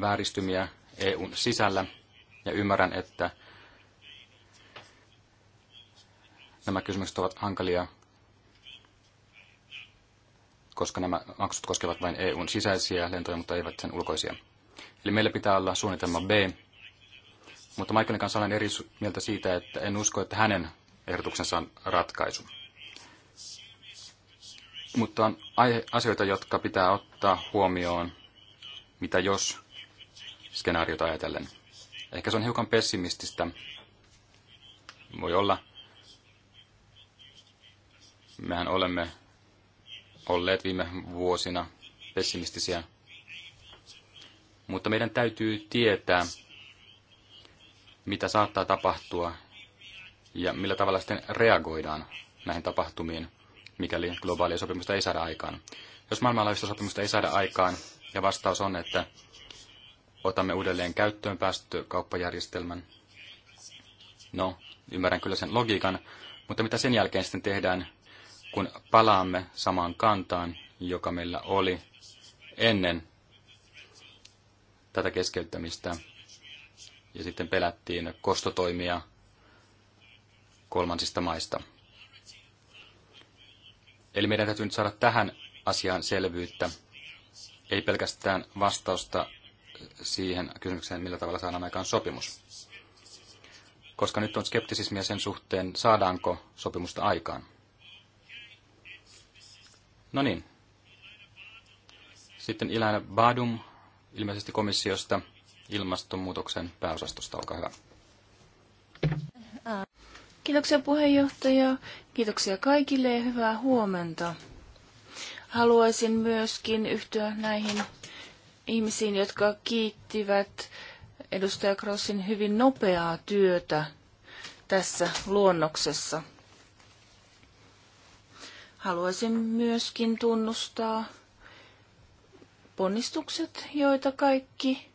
Speaker 2: vääristymiä EUn sisällä, ja ymmärrän, että Nämä kysymykset ovat hankalia, koska nämä maksut koskevat vain EUn sisäisiä lentoja, mutta eivät sen ulkoisia. Eli meillä pitää olla suunnitelma B, mutta Michaelin kanssa olen eri mieltä siitä, että en usko, että hänen ehdotuksensa on ratkaisu. Mutta on asioita, jotka pitää ottaa huomioon, mitä jos skenaariota ajatellen. Ehkä se on hiukan pessimististä. Voi olla. Mehän olemme olleet viime vuosina pessimistisiä, mutta meidän täytyy tietää, mitä saattaa tapahtua ja millä tavalla sitten reagoidaan näihin tapahtumiin, mikäli globaalia sopimusta ei saada aikaan. Jos maailmanlaajuista sopimusta ei saada aikaan, ja vastaus on, että otamme uudelleen käyttöön päästökauppajärjestelmän. No, ymmärrän kyllä sen logiikan, mutta mitä sen jälkeen sitten tehdään, kun palaamme samaan kantaan, joka meillä oli ennen tätä keskeyttämistä. Ja sitten pelättiin kostotoimia kolmansista maista. Eli meidän täytyy nyt saada tähän asiaan selvyyttä, ei pelkästään vastausta siihen kysymykseen, millä tavalla saadaan aikaan sopimus. Koska nyt on skeptisismiä sen suhteen, saadaanko sopimusta aikaan. No niin. Sitten Ilana Badum, ilmeisesti komissiosta ilmastonmuutoksen pääosastosta. Olkaa hyvä.
Speaker 3: Kiitoksia puheenjohtaja. Kiitoksia kaikille ja hyvää huomenta. Haluaisin myöskin yhtyä näihin ihmisiin, jotka kiittivät edustaja Crossin hyvin nopeaa työtä tässä luonnoksessa – Haluaisin myöskin tunnustaa ponnistukset, joita kaikki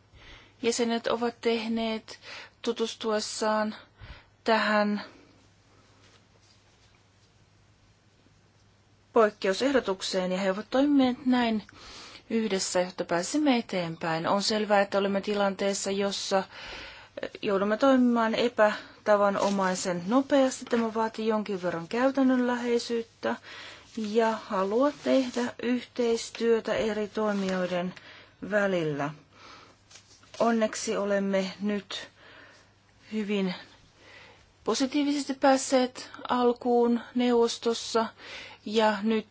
Speaker 3: jäsenet ovat tehneet tutustuessaan tähän poikkeusehdotukseen ja he ovat toimineet näin yhdessä, jotta pääsemme eteenpäin. On selvää, että olemme tilanteessa, jossa joudumme toimimaan epätavanomaisen nopeasti. Tämä vaatii jonkin verran käytännönläheisyyttä ja halua tehdä yhteistyötä eri toimijoiden välillä. Onneksi olemme nyt hyvin positiivisesti päässeet alkuun neuvostossa ja nyt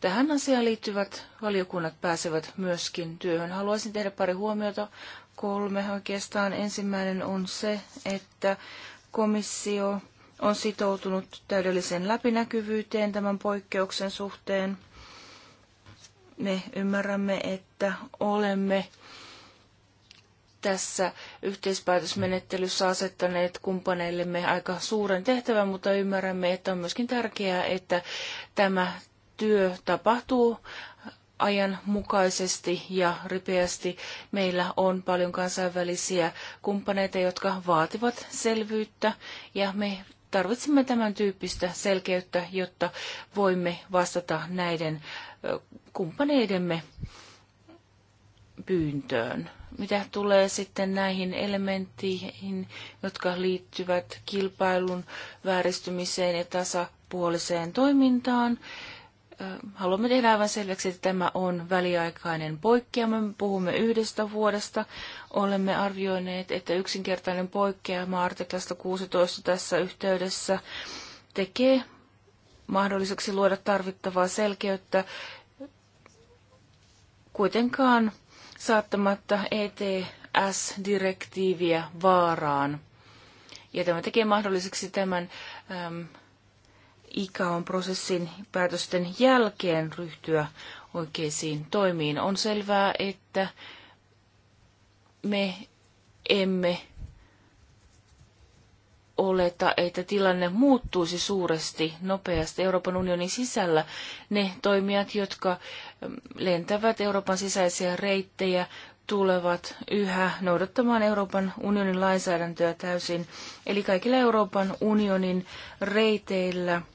Speaker 3: tähän asiaan liittyvät valiokunnat pääsevät myöskin työhön. Haluaisin tehdä pari huomiota. Kolme oikeastaan. Ensimmäinen on se, että komissio on sitoutunut täydelliseen läpinäkyvyyteen tämän poikkeuksen suhteen. Me ymmärrämme, että olemme tässä yhteispäätösmenettelyssä asettaneet kumppaneillemme aika suuren tehtävän, mutta ymmärrämme, että on myöskin tärkeää, että tämä työ tapahtuu ajanmukaisesti ja ripeästi. Meillä on paljon kansainvälisiä kumppaneita, jotka vaativat selvyyttä ja me tarvitsemme tämän tyyppistä selkeyttä, jotta voimme vastata näiden kumppaneidemme pyyntöön. Mitä tulee sitten näihin elementteihin, jotka liittyvät kilpailun vääristymiseen ja tasapuoliseen toimintaan, haluamme tehdä aivan selväksi, että tämä on väliaikainen poikkeama. Me puhumme yhdestä vuodesta. Olemme arvioineet, että yksinkertainen poikkeama artiklasta 16 tässä yhteydessä tekee mahdolliseksi luoda tarvittavaa selkeyttä kuitenkaan saattamatta ETS-direktiiviä vaaraan. Ja tämä tekee mahdolliseksi tämän on prosessin päätösten jälkeen ryhtyä oikeisiin toimiin. On selvää, että me emme oleta, että tilanne muuttuisi suuresti nopeasti Euroopan unionin sisällä. Ne toimijat, jotka mm, lentävät Euroopan sisäisiä reittejä, tulevat yhä noudattamaan Euroopan unionin lainsäädäntöä täysin. Eli kaikilla Euroopan unionin reiteillä –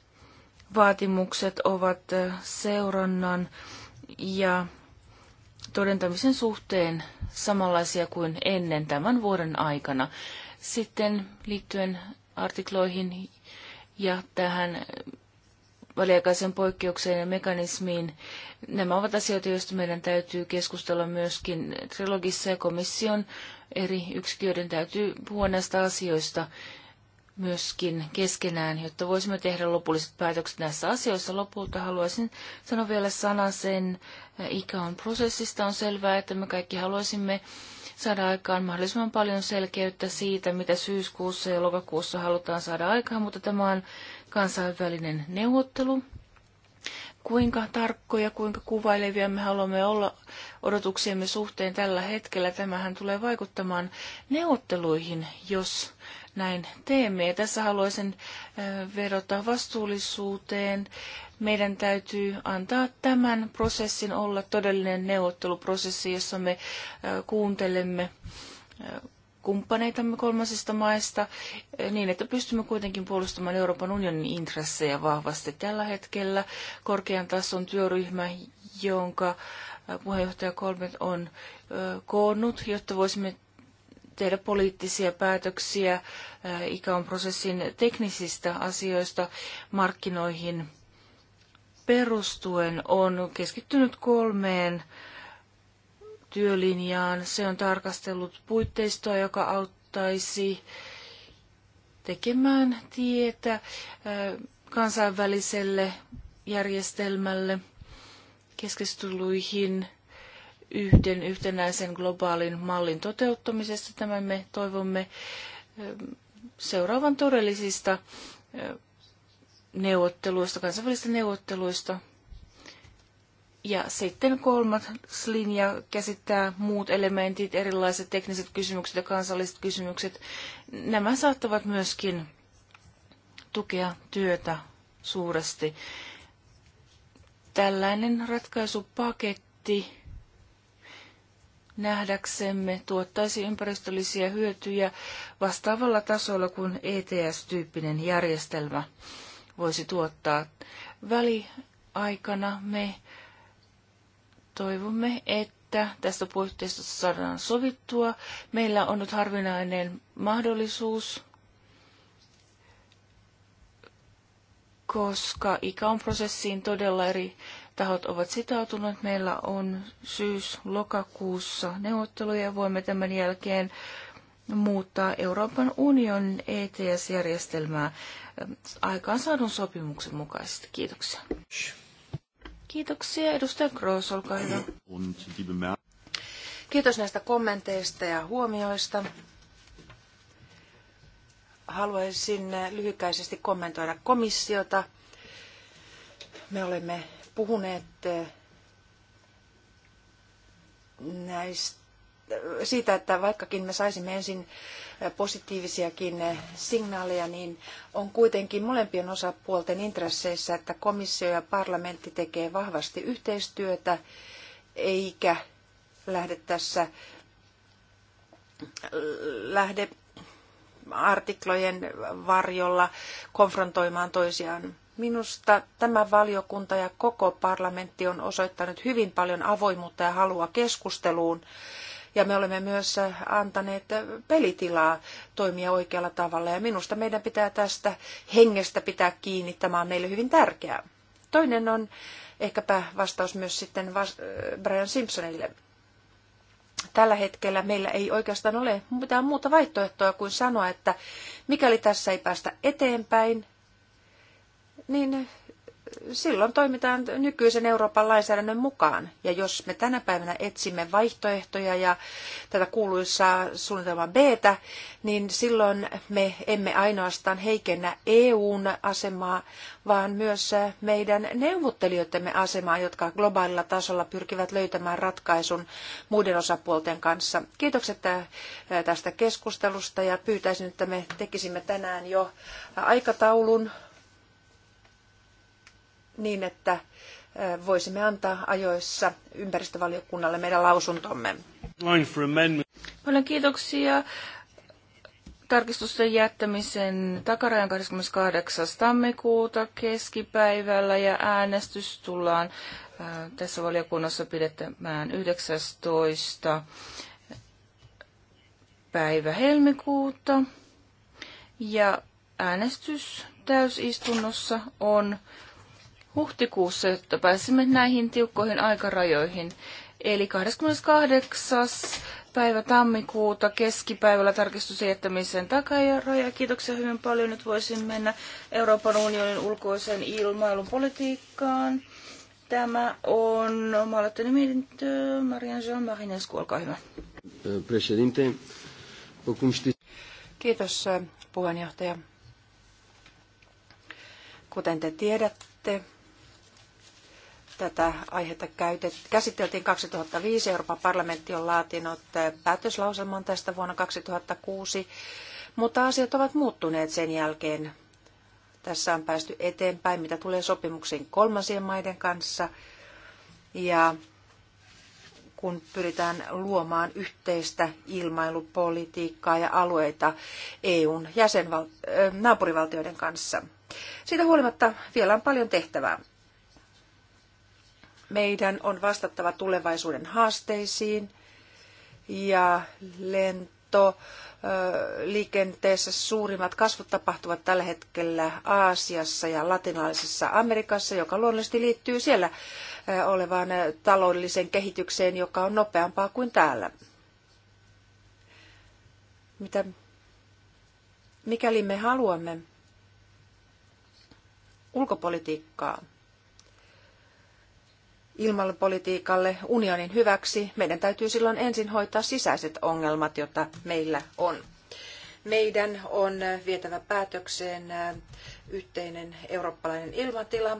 Speaker 3: vaatimukset ovat seurannan ja todentamisen suhteen samanlaisia kuin ennen tämän vuoden aikana. Sitten liittyen artikloihin ja tähän väliaikaisen poikkeukseen ja mekanismiin. Nämä ovat asioita, joista meidän täytyy keskustella myöskin trilogissa ja komission eri yksiköiden täytyy puhua näistä asioista myöskin keskenään, jotta voisimme tehdä lopulliset päätökset näissä asioissa. Lopulta haluaisin sanoa vielä sanan sen eh, ikäon prosessista. On selvää, että me kaikki haluaisimme saada aikaan mahdollisimman paljon selkeyttä siitä, mitä syyskuussa ja lokakuussa halutaan saada aikaan, mutta tämä on kansainvälinen neuvottelu. Kuinka tarkkoja, kuinka kuvailevia me haluamme olla odotuksiemme suhteen tällä hetkellä, tämähän tulee vaikuttamaan neuvotteluihin, jos näin teemme. Ja tässä haluaisin vedota vastuullisuuteen. Meidän täytyy antaa tämän prosessin olla todellinen neuvotteluprosessi, jossa me kuuntelemme kumppaneitamme kolmasista maista niin, että pystymme kuitenkin puolustamaan Euroopan unionin intressejä vahvasti tällä hetkellä. Korkean tason työryhmä, jonka puheenjohtaja Kolmet on koonnut, jotta voisimme tehdä poliittisia päätöksiä äh, ikäon prosessin teknisistä asioista markkinoihin perustuen on keskittynyt kolmeen työlinjaan. Se on tarkastellut puitteistoa, joka auttaisi tekemään tietä äh, kansainväliselle järjestelmälle keskusteluihin – yhden yhtenäisen globaalin mallin toteuttamisesta. Tämän me toivomme ähm, seuraavan todellisista äh, neuvotteluista, kansainvälisistä neuvotteluista. Ja sitten kolmas linja käsittää muut elementit, erilaiset tekniset kysymykset ja kansalliset kysymykset. Nämä saattavat myöskin tukea työtä suuresti. Tällainen ratkaisupaketti nähdäksemme tuottaisi ympäristöllisiä hyötyjä vastaavalla tasolla kuin ETS-tyyppinen järjestelmä voisi tuottaa. Väliaikana me toivomme, että tästä puitteesta saadaan sovittua. Meillä on nyt harvinainen mahdollisuus, koska ICAon prosessiin todella eri tahot ovat sitoutuneet. Meillä on syys-lokakuussa neuvotteluja ja voimme tämän jälkeen muuttaa Euroopan unionin ETS-järjestelmää aikaansaadun sopimuksen mukaisesti. Kiitoksia.
Speaker 4: Kiitoksia. Edustaja Gross, olkaa hyvä. Kiitos näistä kommenteista ja huomioista. Haluaisin lyhykäisesti kommentoida komissiota. Me olemme puhuneet eh, näistä, siitä, että vaikkakin me saisimme ensin eh, positiivisiakin eh, signaaleja, niin on kuitenkin molempien osapuolten intresseissä, että komissio ja parlamentti tekee vahvasti yhteistyötä, eikä lähde tässä lähde artiklojen varjolla konfrontoimaan toisiaan Minusta tämä valiokunta ja koko parlamentti on osoittanut hyvin paljon avoimuutta ja halua keskusteluun. Ja me olemme myös antaneet pelitilaa toimia oikealla tavalla. Ja minusta meidän pitää tästä hengestä pitää kiinni. Tämä on meille hyvin tärkeää. Toinen on ehkäpä vastaus myös sitten Brian Simpsonille. Tällä hetkellä meillä ei oikeastaan ole mitään muuta vaihtoehtoa kuin sanoa, että mikäli tässä ei päästä eteenpäin, niin silloin toimitaan nykyisen Euroopan lainsäädännön mukaan. Ja jos me tänä päivänä etsimme vaihtoehtoja ja tätä kuuluisaa suunnitelma b niin silloin me emme ainoastaan heikennä EUn asemaa, vaan myös meidän neuvottelijoidemme asemaa, jotka globaalilla tasolla pyrkivät löytämään ratkaisun muiden osapuolten kanssa. Kiitokset äh, tästä keskustelusta ja pyytäisin, että me tekisimme tänään jo aikataulun niin, että voisimme antaa ajoissa ympäristövaliokunnalle meidän lausuntomme. Paljon kiitoksia. Tarkistusten jättämisen takarajan
Speaker 3: 28. tammikuuta keskipäivällä ja äänestys tullaan tässä valiokunnassa pidettämään 19. päivä helmikuuta. Ja äänestys täysistunnossa on huhtikuussa, jotta pääsimme näihin tiukkoihin aikarajoihin. Eli 28. päivä tammikuuta keskipäivällä tarkistuksen jättämiseen takaraja. Kiitoksia hyvin paljon. Nyt voisin mennä Euroopan unionin ulkoisen ilmailun politiikkaan. Tämä
Speaker 4: on oma-aloitteinen mietintö. Marian Jean Marinescu,
Speaker 1: olkaa hyvä. Eh,
Speaker 4: Kiitos eh, puheenjohtaja. Kuten te tiedätte, tätä aihetta käytet, käsiteltiin 2005. Euroopan parlamentti on laatinut eh, päätöslauselman tästä vuonna 2006, mutta asiat ovat muuttuneet sen jälkeen. Tässä on päästy eteenpäin, mitä tulee sopimuksiin kolmansien maiden kanssa. Ja kun pyritään luomaan yhteistä ilmailupolitiikkaa ja alueita EUn jäsenval- eh, naapurivaltioiden kanssa. Siitä huolimatta vielä on paljon tehtävää meidän on vastattava tulevaisuuden haasteisiin ja lento liikenteessä suurimmat kasvut tapahtuvat tällä hetkellä Aasiassa ja latinalaisessa Amerikassa, joka luonnollisesti liittyy siellä olevaan taloudelliseen kehitykseen, joka on nopeampaa kuin täällä. Mitä, mikäli me haluamme ulkopolitiikkaa, ilmailupolitiikalle unionin hyväksi, meidän täytyy silloin ensin hoitaa sisäiset ongelmat, joita meillä on. Meidän on vietävä päätökseen yhteinen eurooppalainen ilmatila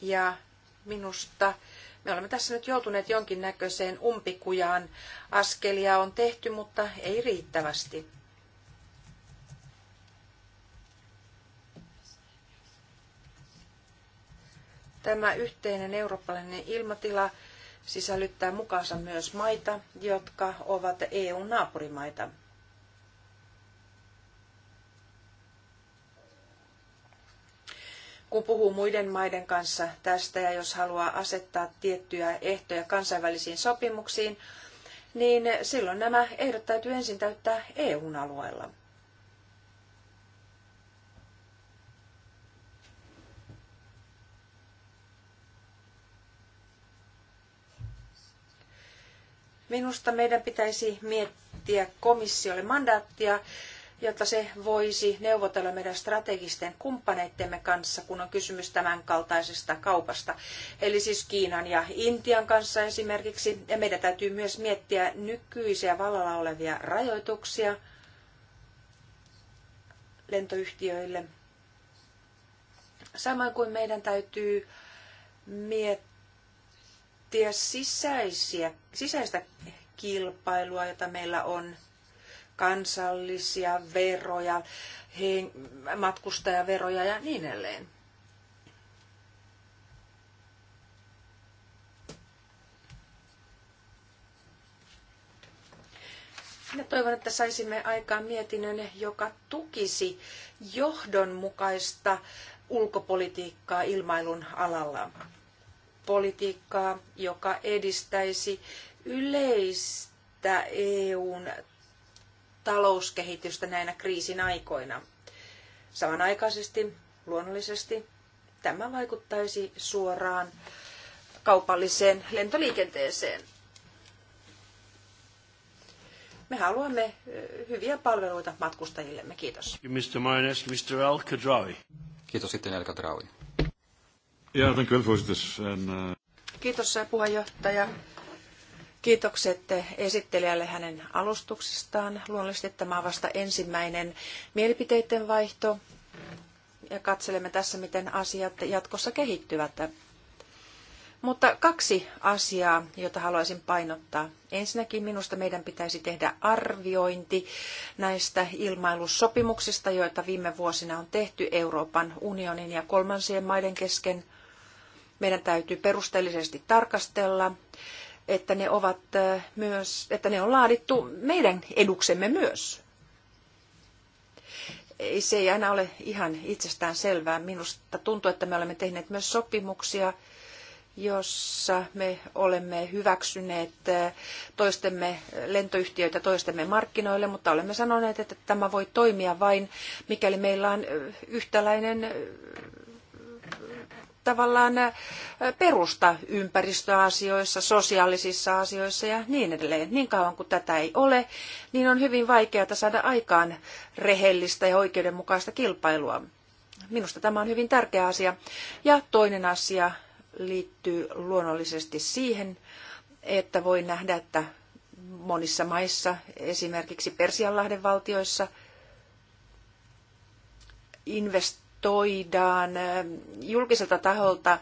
Speaker 4: ja minusta me olemme tässä nyt joutuneet jonkinnäköiseen umpikujaan. Askelia on tehty, mutta ei riittävästi. Tämä yhteinen eurooppalainen ilmatila sisällyttää mukaansa myös maita, jotka ovat EU-naapurimaita. kun puhuu muiden maiden kanssa tästä ja jos haluaa asettaa tiettyjä ehtoja kansainvälisiin sopimuksiin, niin silloin nämä ehdot täytyy ensin täyttää EUn alueella. Minusta meidän pitäisi miettiä komissiolle mandaattia, jotta se voisi neuvotella meidän strategisten kumppaneittemme kanssa, kun on kysymys tämänkaltaisesta kaupasta. Eli siis Kiinan ja Intian kanssa esimerkiksi. Ja meidän täytyy myös miettiä nykyisiä vallalla olevia rajoituksia lentoyhtiöille. Samoin kuin meidän täytyy miettiä, miettiä sisäisiä, sisäistä kilpailua, jota meillä on kansallisia veroja, matkustajaveroja ja niin edelleen. Minä toivon, että saisimme aikaan mietinnön, joka tukisi johdonmukaista ulkopolitiikkaa ilmailun alalla politiikkaa, joka edistäisi yleistä EUn talouskehitystä näinä kriisin aikoina. Samanaikaisesti, luonnollisesti, tämä vaikuttaisi suoraan kaupalliseen lentoliikenteeseen. Me haluamme hyviä palveluita matkustajillemme. Kiitos.
Speaker 1: Mr. Mr.
Speaker 2: Al Kiitos sitten El Kadrawi.
Speaker 1: Ja, dank u wel, voorzitter. En, uh...
Speaker 4: Kiitos eh, puheenjohtaja. Kiitokset eh, esittelijälle hänen alustuksestaan. Luonnollisesti tämä on vasta ensimmäinen mielipiteiden vaihto ja katselemme tässä, miten asiat jatkossa kehittyvät. Mutta kaksi asiaa, jota haluaisin painottaa. Ensinnäkin minusta meidän pitäisi tehdä arviointi näistä ilmailusopimuksista, joita viime vuosina on tehty Euroopan unionin ja kolmansien maiden kesken – meidän täytyy perusteellisesti tarkastella, että ne, ovat myös, että ne on laadittu meidän eduksemme myös. Ei, se ei aina ole ihan itsestään selvää. Minusta tuntuu, että me olemme tehneet myös sopimuksia, jossa me olemme hyväksyneet toistemme lentoyhtiöitä toistemme markkinoille, mutta olemme sanoneet, että tämä voi toimia vain, mikäli meillä on yhtäläinen tavallaan perusta ympäristöasioissa, sosiaalisissa asioissa ja niin edelleen. Niin kauan kuin tätä ei ole, niin on hyvin vaikeaa saada aikaan rehellistä ja oikeudenmukaista kilpailua. Minusta tämä on hyvin tärkeä asia. Ja toinen asia liittyy luonnollisesti siihen, että voi nähdä, että monissa maissa, esimerkiksi Persianlahden valtioissa, invest reagoidaan julkiselta taholta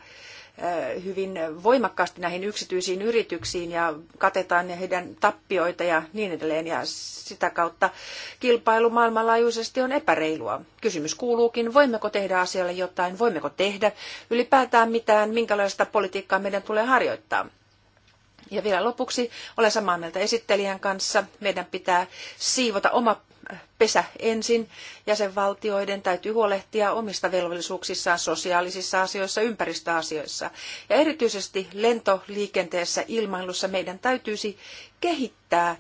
Speaker 4: hyvin voimakkaasti näihin yksityisiin yrityksiin ja katetaan heidän tappioita ja niin edelleen. Ja sitä kautta kilpailu maailmanlaajuisesti on epäreilua. Kysymys kuuluukin, voimmeko tehdä asialle jotain, voimmeko tehdä ylipäätään mitään, minkälaista politiikkaa meidän tulee harjoittaa. Ja vielä lopuksi olen samaa mieltä esittelijän kanssa. Meidän pitää siivota oma pesä ensin. Jäsenvaltioiden täytyy huolehtia omista velvollisuuksissaan sosiaalisissa asioissa, ympäristöasioissa. Ja erityisesti lentoliikenteessä, ilmailussa meidän täytyisi kehittää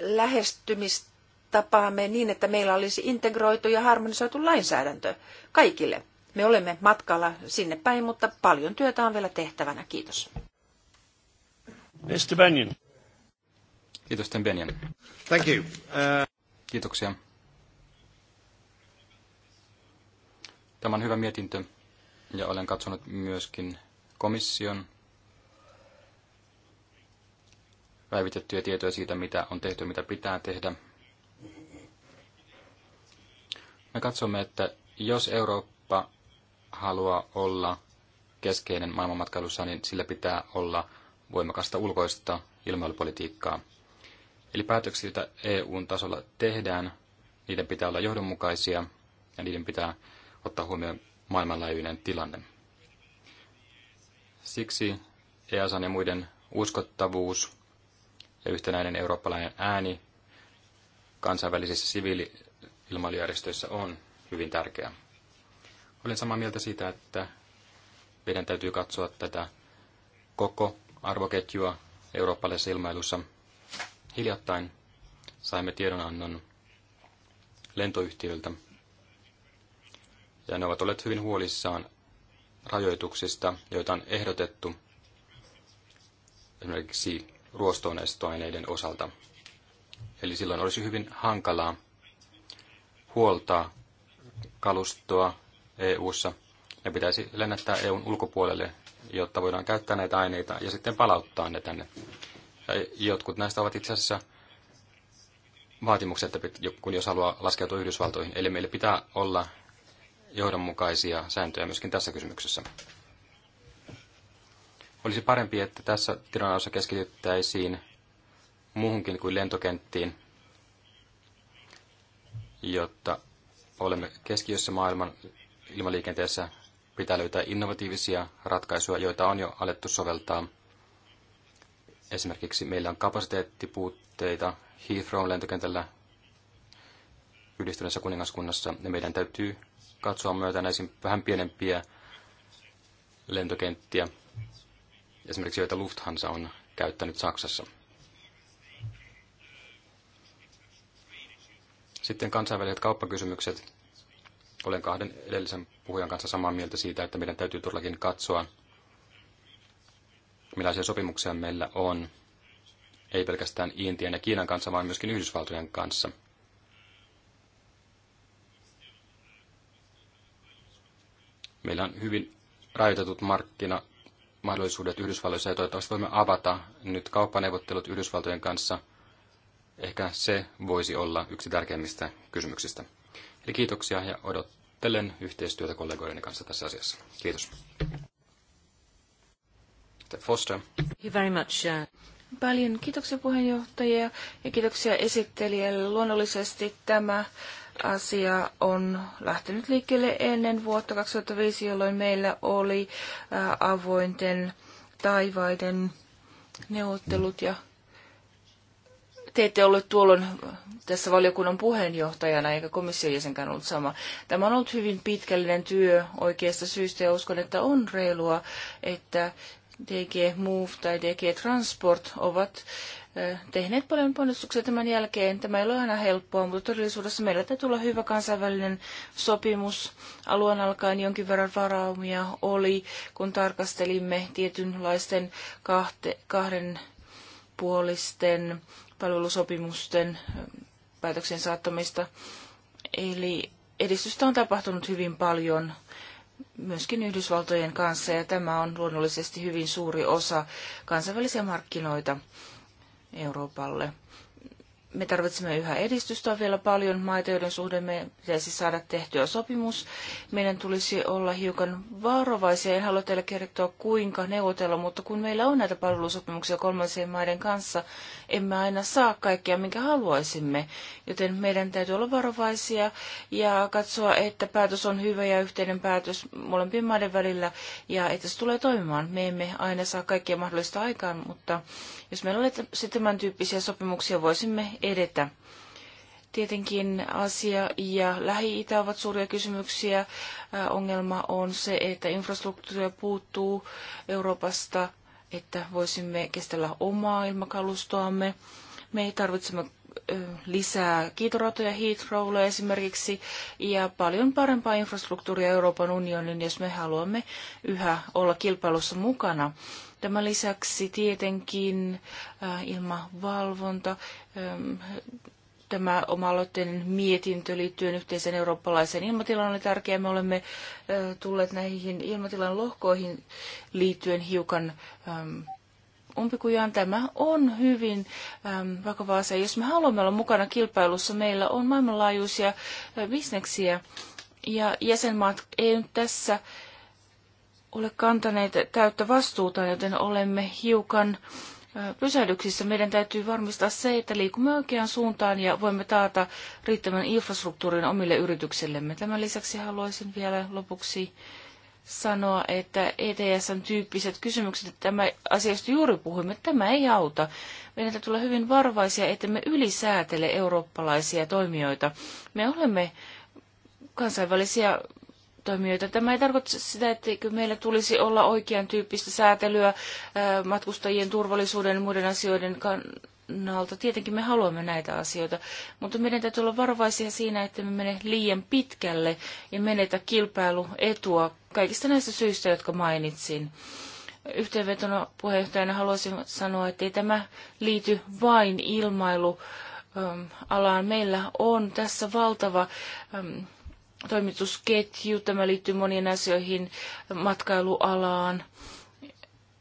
Speaker 4: lähestymistapaamme niin, että meillä olisi integroitu ja harmonisoitu lainsäädäntö kaikille. Me olemme matkalla sinne päin, mutta paljon työtä on vielä tehtävänä. Kiitos.
Speaker 2: Mr. Bennion. Kiitos, Sten Thank you. Uh... Kiitoksia. Tämä on hyvä mietintö ja olen katsonut myöskin komission päivitettyjä tietoja siitä, mitä on tehty, mitä pitää tehdä. Me katsomme, että jos Eurooppa haluaa olla keskeinen maailmanmatkailussa, niin sillä pitää olla voimakasta ulkoista ilmailupolitiikkaa. Eli päätöksiä, joita EUn tasolla tehdään, niiden pitää olla johdonmukaisia ja niiden pitää ottaa huomioon maailmanlaajuinen tilanne. Siksi EASan ja muiden uskottavuus ja yhtenäinen eurooppalainen ääni kansainvälisissä siviili-ilmailujärjestöissä on hyvin tärkeä. Olen samaa mieltä siitä, että meidän täytyy katsoa tätä koko arvoketjua eurooppalaisessa ilmailussa Hiljattain saimme tiedonannon lentoyhtiöltä, ja ne ovat olleet hyvin huolissaan rajoituksista, joita on ehdotettu esimerkiksi ruostonestoaineiden osalta. Eli silloin olisi hyvin hankalaa huoltaa kalustoa EU-ssa. Ne pitäisi lennättää EUn ulkopuolelle, jotta voidaan käyttää näitä aineita ja sitten palauttaa ne tänne. Ja jotkut näistä ovat itse asiassa vaatimukset, että kun jos haluaa laskeutua Yhdysvaltoihin. Eli meillä pitää olla johdonmukaisia sääntöjä myöskin tässä kysymyksessä. Olisi parempi, että tässä tilanteessa keskityttäisiin muuhunkin kuin lentokenttiin, jotta olemme keskiössä maailman ilmaliikenteessä. Pitää löytää innovatiivisia ratkaisuja, joita on jo alettu soveltaa – Esimerkiksi meillä on kapasiteettipuutteita Heathrown lentokentällä yhdistyneessä kuningaskunnassa, ja meidän täytyy katsoa myötä näisin vähän pienempiä lentokenttiä, esimerkiksi joita Lufthansa on käyttänyt Saksassa. Sitten kansainväliset kauppakysymykset. Olen kahden edellisen puhujan kanssa samaa mieltä siitä, että meidän täytyy todellakin katsoa, millaisia sopimuksia meillä on, ei pelkästään Intian ja Kiinan kanssa, vaan myöskin Yhdysvaltojen kanssa. Meillä on hyvin rajoitetut markkinamahdollisuudet Yhdysvalloissa ja toivottavasti voimme avata nyt kauppaneuvottelut Yhdysvaltojen kanssa. Ehkä se voisi olla yksi tärkeimmistä kysymyksistä. Eli kiitoksia ja odottelen yhteistyötä kollegoideni kanssa tässä asiassa. Kiitos. Foster. Thank
Speaker 3: you very much. Uh, Paljon kiitoksia puheenjohtajia ja kiitoksia esittelijälle. Luonnollisesti tämä asia on lähtenyt liikkeelle ennen vuotta 2005, jolloin meillä oli äh, avointen taivaiden neuvottelut ja te ette ollut tuolloin tässä valiokunnan puheenjohtajana eikä komission jäsenkään ollut sama. Tämä on ollut hyvin pitkällinen työ oikeasta syystä ja uskon, että on reilua, että DG Move tai DG Transport ovat tehneet paljon ponnistuksia tämän jälkeen. Tämä ei ole aina helppoa, mutta todellisuudessa meillä täytyy olla hyvä kansainvälinen sopimus. Alueen alkaen jonkin verran varaumia oli, kun tarkastelimme tietynlaisten kahte, kahden puolisten palvelusopimusten päätöksen saattamista. Eli edistystä on tapahtunut hyvin paljon myöskin Yhdysvaltojen kanssa, ja tämä on luonnollisesti hyvin suuri osa kansainvälisiä markkinoita Euroopalle. Me tarvitsemme yhä edistystä, on vielä paljon maita, joiden suhde me pitäisi saada tehtyä sopimus. Meidän tulisi olla hiukan varovaisia, en halua teille kertoa kuinka neuvotella, mutta kun meillä on näitä palvelusopimuksia kolmansien maiden kanssa, emme aina saa kaikkea, minkä haluaisimme, joten meidän täytyy olla varovaisia ja katsoa, että päätös on hyvä ja yhteinen päätös molempien maiden välillä ja että se tulee toimimaan. Me emme aina saa kaikkea mahdollista aikaan, mutta jos meillä olisi tämän tyyppisiä sopimuksia, voisimme edetä. Tietenkin Asia ja Lähi-Itä ovat suuria kysymyksiä. Äh, ongelma on se, että infrastruktuuria puuttuu Euroopasta että voisimme kestellä omaa ilmakalustoamme. Me tarvitsemme lisää kiitoratoja Heathrowlle esimerkiksi ja paljon parempaa infrastruktuuria Euroopan unionin, jos me haluamme yhä olla kilpailussa mukana. Tämän lisäksi tietenkin ilmavalvonta, tämä oma-aloitteinen mietintö liittyen yhteiseen eurooppalaiseen ilmatilaan oli tärkeä. Me olemme tulleet näihin ilmatilan lohkoihin liittyen hiukan umpikujaan. Tämä on hyvin vakava asia. Jos me haluamme olla mukana kilpailussa, meillä on maailmanlaajuisia bisneksiä ja jäsenmaat ei nyt tässä ole kantaneet täyttä vastuuta, joten olemme hiukan pysähdyksissä. Meidän täytyy varmistaa se, että liikumme oikeaan suuntaan ja voimme taata riittävän infrastruktuurin omille yrityksillemme. Tämän lisäksi haluaisin vielä lopuksi sanoa, että ETSn tyyppiset kysymykset, että tämä asiasta juuri puhuimme, tämä ei auta. Meidän täytyy olla hyvin varvaisia, että me ylisäätele eurooppalaisia toimijoita. Me olemme kansainvälisiä toimijoita. Tämä ei tarkoita sitä, etteikö meillä tulisi olla oikean tyyppistä säätelyä matkustajien turvallisuuden ja muiden asioiden kannalta. Tietenkin me haluamme näitä asioita, mutta meidän täytyy olla varovaisia siinä, että me mene liian pitkälle ja menetä kilpailuetua kaikista näistä syistä, jotka mainitsin. Yhteenvetona puheenjohtajana haluaisin sanoa, että ei tämä liity vain ilmailualaan. alaan. Meillä on tässä valtava toimitusketju, tämä liittyy moniin asioihin, matkailualaan.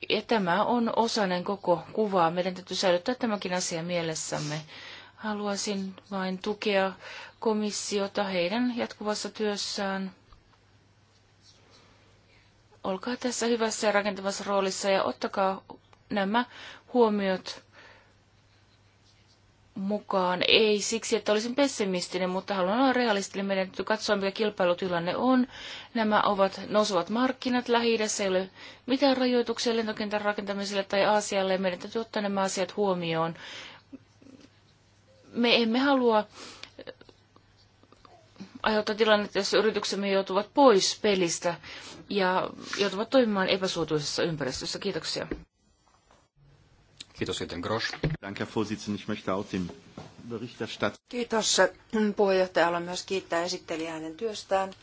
Speaker 3: Ja tämä on osainen koko kuvaa. Meidän täytyy säilyttää tämäkin asia mielessämme. Haluaisin vain tukea komissiota heidän jatkuvassa työssään. Olkaa tässä hyvässä ja rakentavassa roolissa ja ottakaa nämä huomiot mukaan. Ei siksi, että olisin pessimistinen, mutta haluan olla realistinen. Meidän täytyy katsoa, mikä kilpailutilanne on. Nämä ovat nousevat markkinat lähi ei ole mitään rajoituksia lentokentän rakentamiselle tai Aasialle. Meidän täytyy ottaa nämä asiat huomioon. Me emme halua aiheuttaa tilannetta, jossa yrityksemme joutuvat pois pelistä ja joutuvat toimimaan epäsuotuisessa
Speaker 4: ympäristössä. Kiitoksia.
Speaker 2: Kiitos sitten Grosch. Danke, Vorsitzende. Ich möchte auch den Berichterstatter...
Speaker 4: Kiitos äh, puheenjohtaja. Haluan myös kiittää esittelijää hänen työstään.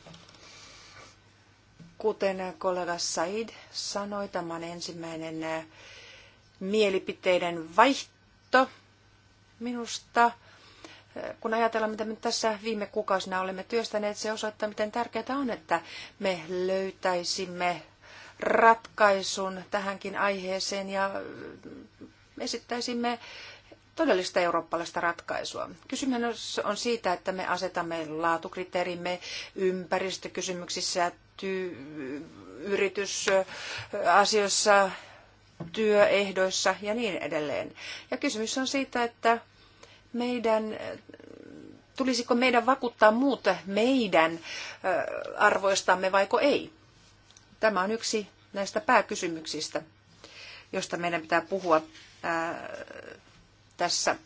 Speaker 4: Kuten kollega Said sanoi, tämä on ensimmäinen äh, mielipiteiden vaihto minusta. Äh, kun ajatellaan, mitä me tässä viime kuukausina olemme työstäneet, se osoittaa, miten tärkeää on, että me löytäisimme ratkaisun tähänkin aiheeseen ja esittäisimme todellista eurooppalaista ratkaisua. Kysymys on siitä, että me asetamme laatukriteerimme ympäristökysymyksissä, ty- yritysasioissa, työehdoissa ja niin edelleen. Ja kysymys on siitä, että meidän, tulisiko meidän vakuuttaa muut meidän arvoistamme vaiko ei. Tämä on yksi näistä pääkysymyksistä, josta meidän pitää puhua tässä.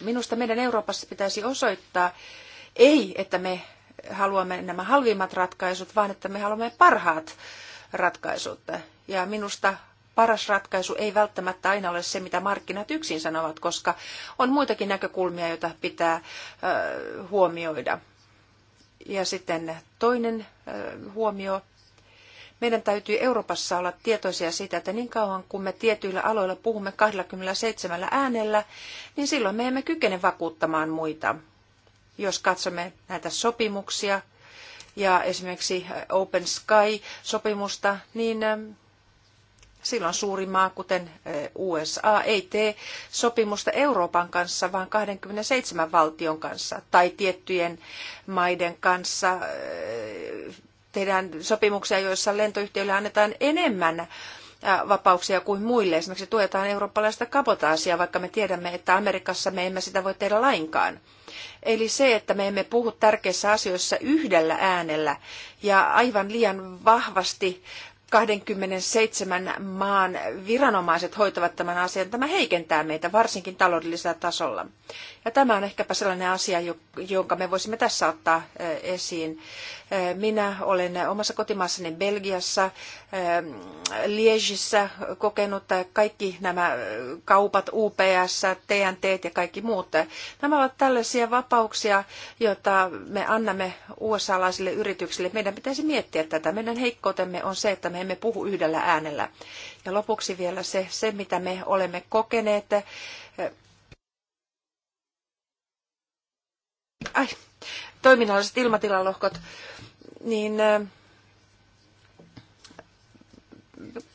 Speaker 4: Minusta meidän Euroopassa pitäisi osoittaa ei, että me haluamme nämä halvimmat ratkaisut, vaan että me haluamme parhaat ratkaisut. Ja minusta paras ratkaisu ei välttämättä aina ole se, mitä markkinat yksin sanovat, koska on muitakin näkökulmia, joita pitää huomioida. Ja sitten toinen huomio meidän täytyy Euroopassa olla tietoisia siitä, että niin kauan kun me tietyillä aloilla puhumme 27 äänellä, niin silloin me emme kykene vakuuttamaan muita. Jos katsomme näitä sopimuksia ja esimerkiksi Open Sky-sopimusta, niin ähm, silloin suuri maa, kuten äh, USA, ei tee sopimusta Euroopan kanssa, vaan 27 valtion kanssa tai tiettyjen maiden kanssa äh, tehdään sopimuksia, joissa lentoyhtiöille annetaan enemmän vapauksia kuin muille. Esimerkiksi tuetaan eurooppalaista kabotaasia, vaikka me tiedämme, että Amerikassa me emme sitä voi tehdä lainkaan. Eli se, että me emme puhu tärkeissä asioissa yhdellä äänellä ja aivan liian vahvasti 27 maan viranomaiset hoitavat tämän asian. Tämä heikentää meitä varsinkin taloudellisella tasolla. Ja tämä on ehkäpä sellainen asia, jonka me voisimme tässä ottaa esiin. Minä olen omassa kotimaassani Belgiassa, Liegissä kokenut kaikki nämä kaupat, UPS, TNT ja kaikki muut. Nämä ovat tällaisia vapauksia, joita me annamme USA-laisille yrityksille. Meidän pitäisi miettiä tätä. Meidän heikkoutemme on se, että me emme puhu yhdellä äänellä. Ja lopuksi vielä se, se mitä me olemme kokeneet ai, toiminnalliset ilmatilalohkot, niin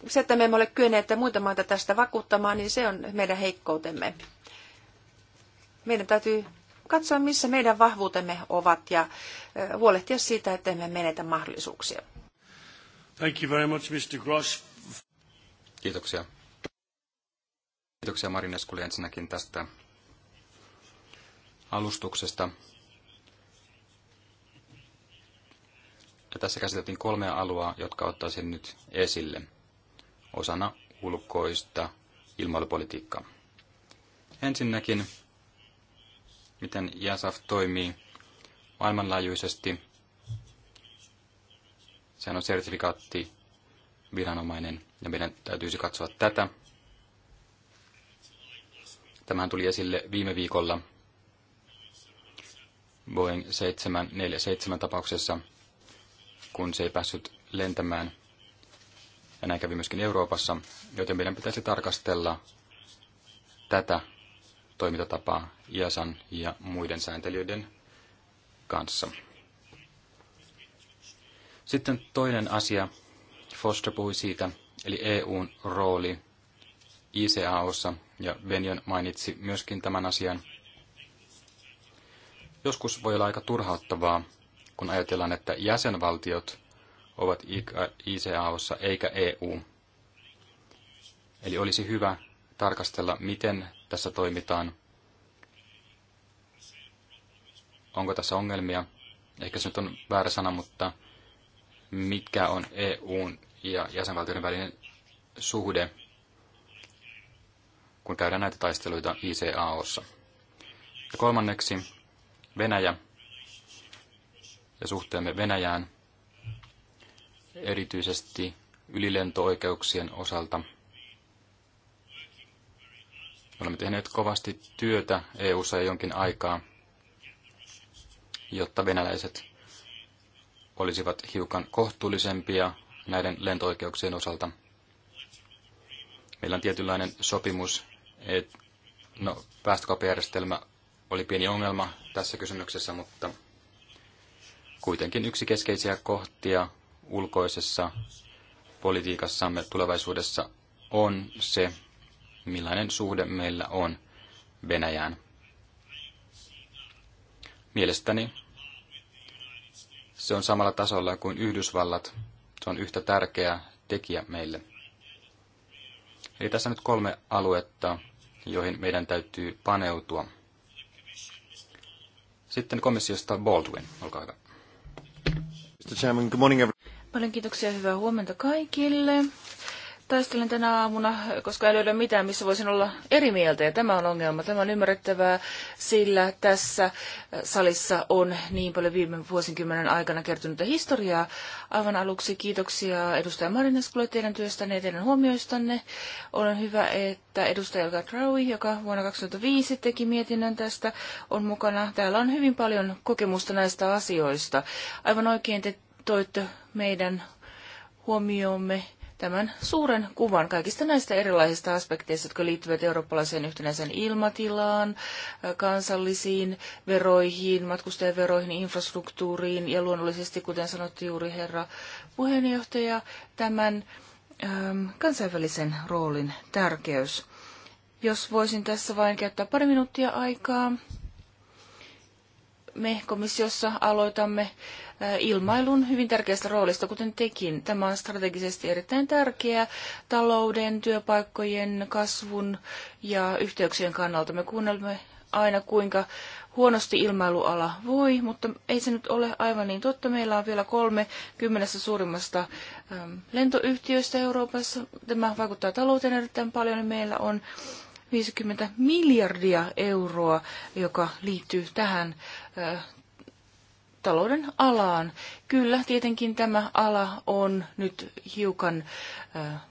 Speaker 4: se, että me emme ole kyenneet muita maita tästä vakuuttamaan, niin se on meidän heikkoutemme. Meidän täytyy katsoa, missä meidän vahvuutemme ovat ja huolehtia siitä, että emme menetä mahdollisuuksia.
Speaker 2: Thank you very much, Mr. Gross. Kiitoksia. Kiitoksia Marin Eskuli ensinnäkin tästä alustuksesta. Ja tässä käsiteltiin kolmea alua, jotka ottaisin nyt esille osana ulkoista ilmailupolitiikkaa. Ensinnäkin, miten JASAF toimii maailmanlaajuisesti. Sehän on sertifikaatti viranomainen ja meidän täytyisi katsoa tätä. Tämähän tuli esille viime viikolla Boeing 747 tapauksessa, kun se ei päässyt lentämään. Ja näin kävi myöskin Euroopassa, joten meidän pitäisi tarkastella tätä toimintatapaa IASan ja muiden sääntelijöiden kanssa. Sitten toinen asia, Foster puhui siitä, eli EUn rooli ICAOssa, ja Benjon mainitsi myöskin tämän asian. Joskus voi olla aika turhauttavaa, kun ajatellaan, että jäsenvaltiot ovat ICAOssa eikä EU. Eli olisi hyvä tarkastella, miten tässä toimitaan. Onko tässä ongelmia? Ehkä se nyt on väärä sana, mutta mikä on EUn ja jäsenvaltioiden välinen suhde, kun käydään näitä taisteluita ICAOssa. Ja kolmanneksi Venäjä ja suhteemme Venäjään, erityisesti ylilentooikeuksien osalta. Olemme tehneet kovasti työtä EU-ssa jo jonkin aikaa, jotta venäläiset olisivat hiukan kohtuullisempia näiden lentoikeuksien osalta. Meillä on tietynlainen sopimus, että no, päästökauppajärjestelmä oli pieni ongelma tässä kysymyksessä, mutta kuitenkin yksi keskeisiä kohtia ulkoisessa politiikassamme tulevaisuudessa on se, millainen suhde meillä on Venäjään. Mielestäni se on samalla tasolla kuin Yhdysvallat. Se on yhtä tärkeä tekijä meille. Eli tässä nyt kolme aluetta, joihin meidän täytyy paneutua. Sitten komissiosta Baldwin, olkaa hyvä. Mr. Chairman, good morning everyone.
Speaker 3: Paljon kiitoksia ja hyvää huomenta kaikille taistelen tänä aamuna, koska ei löydä mitään, missä voisin olla eri mieltä, ja tämä on ongelma. Tämä on ymmärrettävää, sillä tässä salissa on niin paljon viime vuosikymmenen aikana kertynyttä historiaa. Aivan aluksi kiitoksia edustaja Marinaskulle teidän työstänne ja teidän huomioistanne. Olen hyvä, että edustaja Elga Traui, joka vuonna 2005 teki mietinnön tästä, on mukana. Täällä on hyvin paljon kokemusta näistä asioista. Aivan oikein te toitte meidän huomioomme tämän suuren kuvan kaikista näistä erilaisista aspekteista, jotka liittyvät eurooppalaiseen yhtenäiseen ilmatilaan, kansallisiin veroihin, matkustajaveroihin, infrastruktuuriin ja luonnollisesti, kuten sanottiin juuri herra puheenjohtaja, tämän äm, kansainvälisen roolin tärkeys. Jos voisin tässä vain käyttää pari minuuttia aikaa. Me komissiossa aloitamme ilmailun hyvin tärkeästä roolista, kuten tekin. Tämä on strategisesti erittäin tärkeä talouden, työpaikkojen, kasvun ja yhteyksien kannalta. Me kuunnelemme aina, kuinka huonosti ilmailuala voi, mutta ei se nyt ole aivan niin totta. Meillä on vielä kolme kymmenestä suurimmasta lentoyhtiöistä Euroopassa. Tämä vaikuttaa talouteen erittäin paljon. Meillä on 50 miljardia euroa, joka liittyy tähän talouden alaan. Kyllä, tietenkin tämä ala on nyt hiukan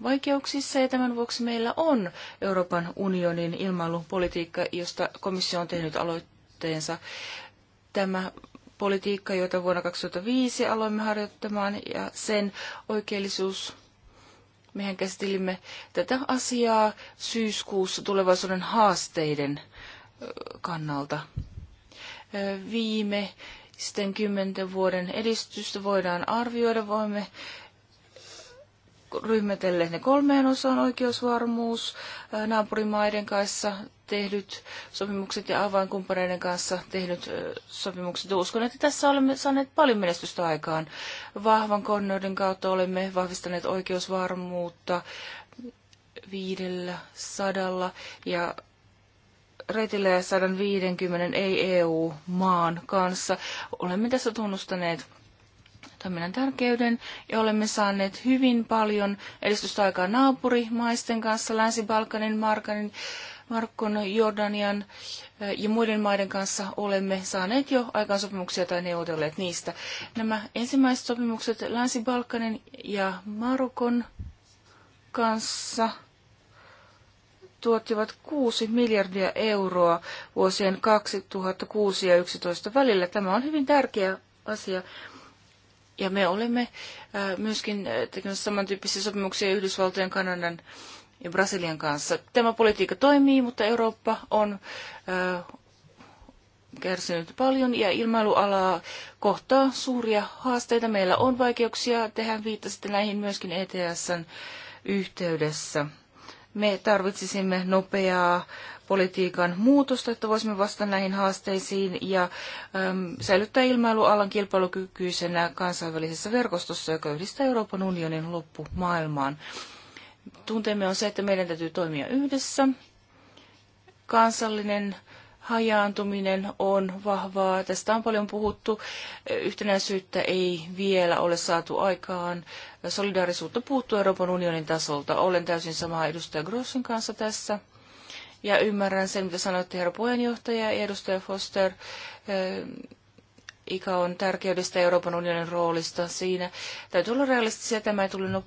Speaker 3: vaikeuksissa ja tämän vuoksi meillä on Euroopan unionin ilmailupolitiikka, josta komissio on tehnyt aloitteensa. Tämä politiikka, jota vuonna 2005 aloimme harjoittamaan ja sen oikeellisuus Mehän käsittelimme tätä asiaa syyskuussa tulevaisuuden haasteiden kannalta. Viime sitten kymmenten vuoden edistystä voidaan arvioida. Voimme ryhmätelle ne kolmeen osaan oikeusvarmuus, naapurimaiden kanssa tehdyt sopimukset ja avainkumppaneiden kanssa tehdyt sopimukset. Uskon, että tässä olemme saaneet paljon menestystä aikaan. Vahvan konnoiden kautta olemme vahvistaneet oikeusvarmuutta viidellä sadalla ja ja 150 ei-EU-maan kanssa. Olemme tässä tunnustaneet toiminnan tärkeyden ja olemme saaneet hyvin paljon edistystä aikaa naapurimaisten kanssa, Länsi-Balkanin, Markanin, Markkon, Jordanian eh, ja muiden maiden kanssa olemme saaneet jo aikaansopimuksia tai neuvotelleet niistä. Nämä ensimmäiset sopimukset Länsi-Balkanin ja Marokon kanssa – tuottivat 6 miljardia euroa vuosien 2006 ja 2011 välillä. Tämä on hyvin tärkeä asia. Ja me olemme äh, myöskin äh, tekemässä samantyyppisiä sopimuksia Yhdysvaltojen, Kanadan ja Brasilian kanssa. Tämä politiikka toimii, mutta Eurooppa on äh, kärsinyt paljon ja ilmailualaa kohtaa suuria haasteita. Meillä on vaikeuksia, tehän viittasitte näihin myöskin ETSn yhteydessä. Me tarvitsisimme nopeaa politiikan muutosta, että voisimme vastata näihin haasteisiin ja äm, säilyttää ilmailualan kilpailukykyisenä kansainvälisessä verkostossa, joka yhdistää Euroopan unionin loppumaailmaan. Tunteemme on se, että meidän täytyy toimia yhdessä. Kansallinen hajaantuminen on vahvaa. Tästä on paljon puhuttu. Yhtenäisyyttä ei vielä ole saatu aikaan. Solidaarisuutta puuttuu Euroopan unionin tasolta. Olen täysin samaa edustaja Grossin kanssa tässä. Ja ymmärrän sen, mitä sanoitte, herra puheenjohtaja ja edustaja Foster. Ikä on tärkeydestä Euroopan unionin roolista siinä. Täytyy olla realistisia, tämä ei tule no-,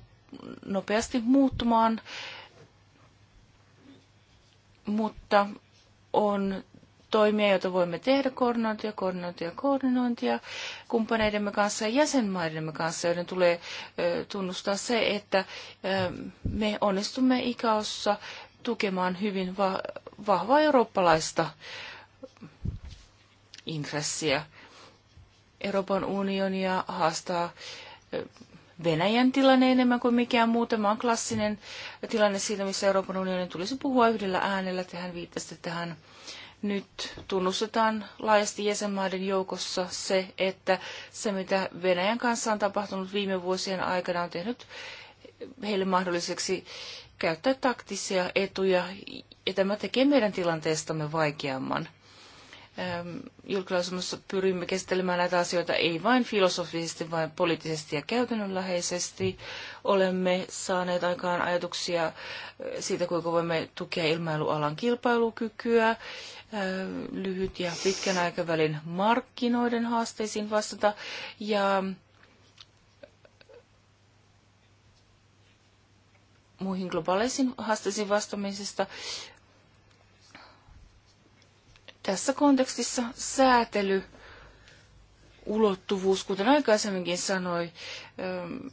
Speaker 3: nopeasti muuttumaan, mutta on toimia, joita voimme tehdä, koordinointia, koordinointia, koordinointia kumppaneidemme kanssa ja jäsenmaidemme kanssa, joiden tulee tunnustaa se, että me onnistumme ikäossa tukemaan hyvin vahvaa eurooppalaista intressiä. Euroopan unionia haastaa Venäjän tilanne enemmän kuin mikään muu. Tämä on klassinen tilanne siitä, missä Euroopan unionin tulisi puhua yhdellä äänellä. tähän viittasitte tähän nyt tunnustetaan laajasti jäsenmaiden joukossa se, että se mitä Venäjän kanssa on tapahtunut viime vuosien aikana on tehnyt heille mahdolliseksi käyttää taktisia etuja, ja tämä tekee meidän tilanteestamme vaikeamman. Ehm, julkilausumassa pyrimme käsittelemään näitä asioita ei vain filosofisesti, vaan poliittisesti ja käytännönläheisesti. Olemme saaneet aikaan ajatuksia eh, siitä, kuinka voimme tukea ilmailualan kilpailukykyä, ehm, lyhyt ja pitkän aikavälin markkinoiden haasteisiin vastata ja muihin globaaleisiin haasteisiin vastaamisesta tässä kontekstissa säätely ulottuvuus, kuten aikaisemminkin sanoi, ähm,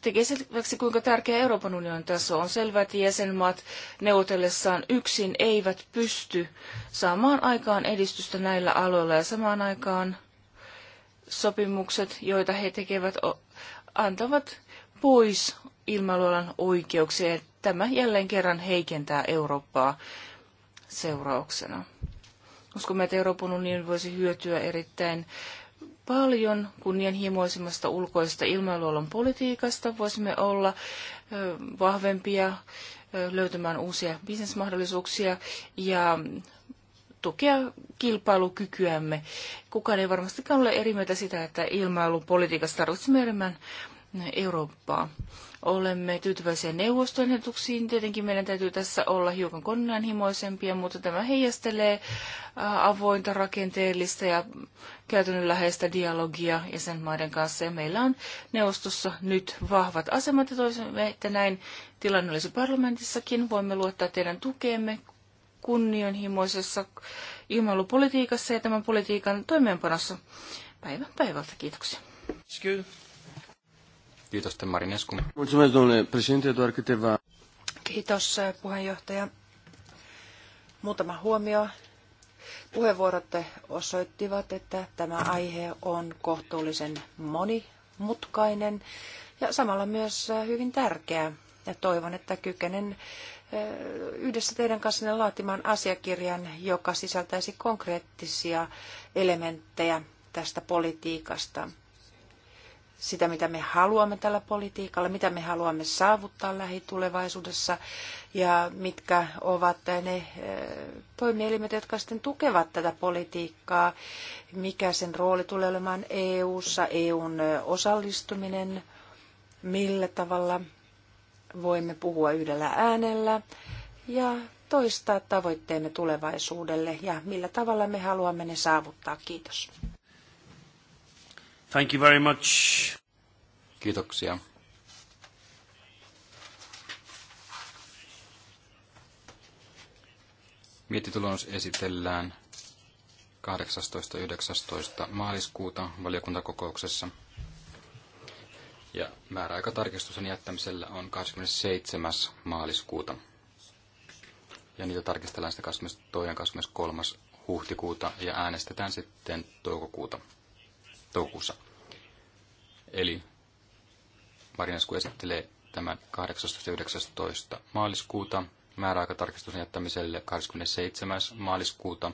Speaker 3: tekee selväksi, kuinka tärkeä Euroopan unionin taso on. Selvää, että jäsenmaat neuvotellessaan yksin eivät pysty saamaan aikaan edistystä näillä aloilla ja samaan aikaan sopimukset, joita he tekevät, antavat pois ilmailualan oikeuksia. Tämä jälleen kerran heikentää Eurooppaa seurauksena. Uskomme, että Euroopan unioni voisi hyötyä erittäin paljon kunnianhimoisemmasta ulkoisesta ilmailualan politiikasta. Voisimme olla vahvempia löytämään uusia bisnesmahdollisuuksia ja tukea kilpailukykyämme. Kukaan ei varmastikaan ole eri mieltä sitä, että ilmailupolitiikassa tarvitsemme enemmän Eurooppaa olemme tyytyväisiä neuvoston ehdotuksiin. Tietenkin meidän täytyy tässä olla hiukan kunnianhimoisempia, mutta tämä heijastelee äh, avointa, rakenteellista ja käytännönläheistä dialogia jäsenmaiden kanssa. Ja meillä on neuvostossa nyt vahvat asemat ja toivomme, että näin tilanne olisi parlamentissakin. Voimme luottaa teidän tukeemme kunnianhimoisessa ilmailupolitiikassa ja tämän politiikan toimeenpanossa päivän päivältä. Kiitoksia.
Speaker 2: Kyllä. Kiitos, Marinescu.
Speaker 1: Mulțumesc, domnule președinte, doar câteva...
Speaker 4: Kiitos, eh, puheenjohtaja. Muutama huomio. Puheenvuorot osoittivat, että tämä aihe on kohtuullisen monimutkainen ja samalla myös eh, hyvin tärkeä. Ja toivon, että kykenen eh, yhdessä teidän kanssanne laatimaan asiakirjan, joka sisältäisi konkreettisia elementtejä tästä politiikasta sitä, mitä me haluamme tällä politiikalla, mitä me haluamme saavuttaa lähitulevaisuudessa ja mitkä ovat ne eh, toimielimet, jotka sitten tukevat tätä politiikkaa, mikä sen rooli tulee olemaan EU-ssa, EUn eh, osallistuminen, millä tavalla voimme puhua yhdellä äänellä ja toistaa tavoitteemme tulevaisuudelle ja millä tavalla me haluamme ne saavuttaa. Kiitos.
Speaker 1: Thank you very much.
Speaker 2: Kiitoksia. Mietitulos esitellään 18.19. maaliskuuta valiokuntakokouksessa. Ja määräaikatarkistuksen jättämisellä on 27. maaliskuuta. Ja niitä tarkistellaan sitten 22. ja 23. huhtikuuta ja äänestetään sitten toukokuuta toukokuussa. Eli Marinesku esittelee tämän 18. 19. maaliskuuta, määräaikatarkistuksen jättämiselle 27. maaliskuuta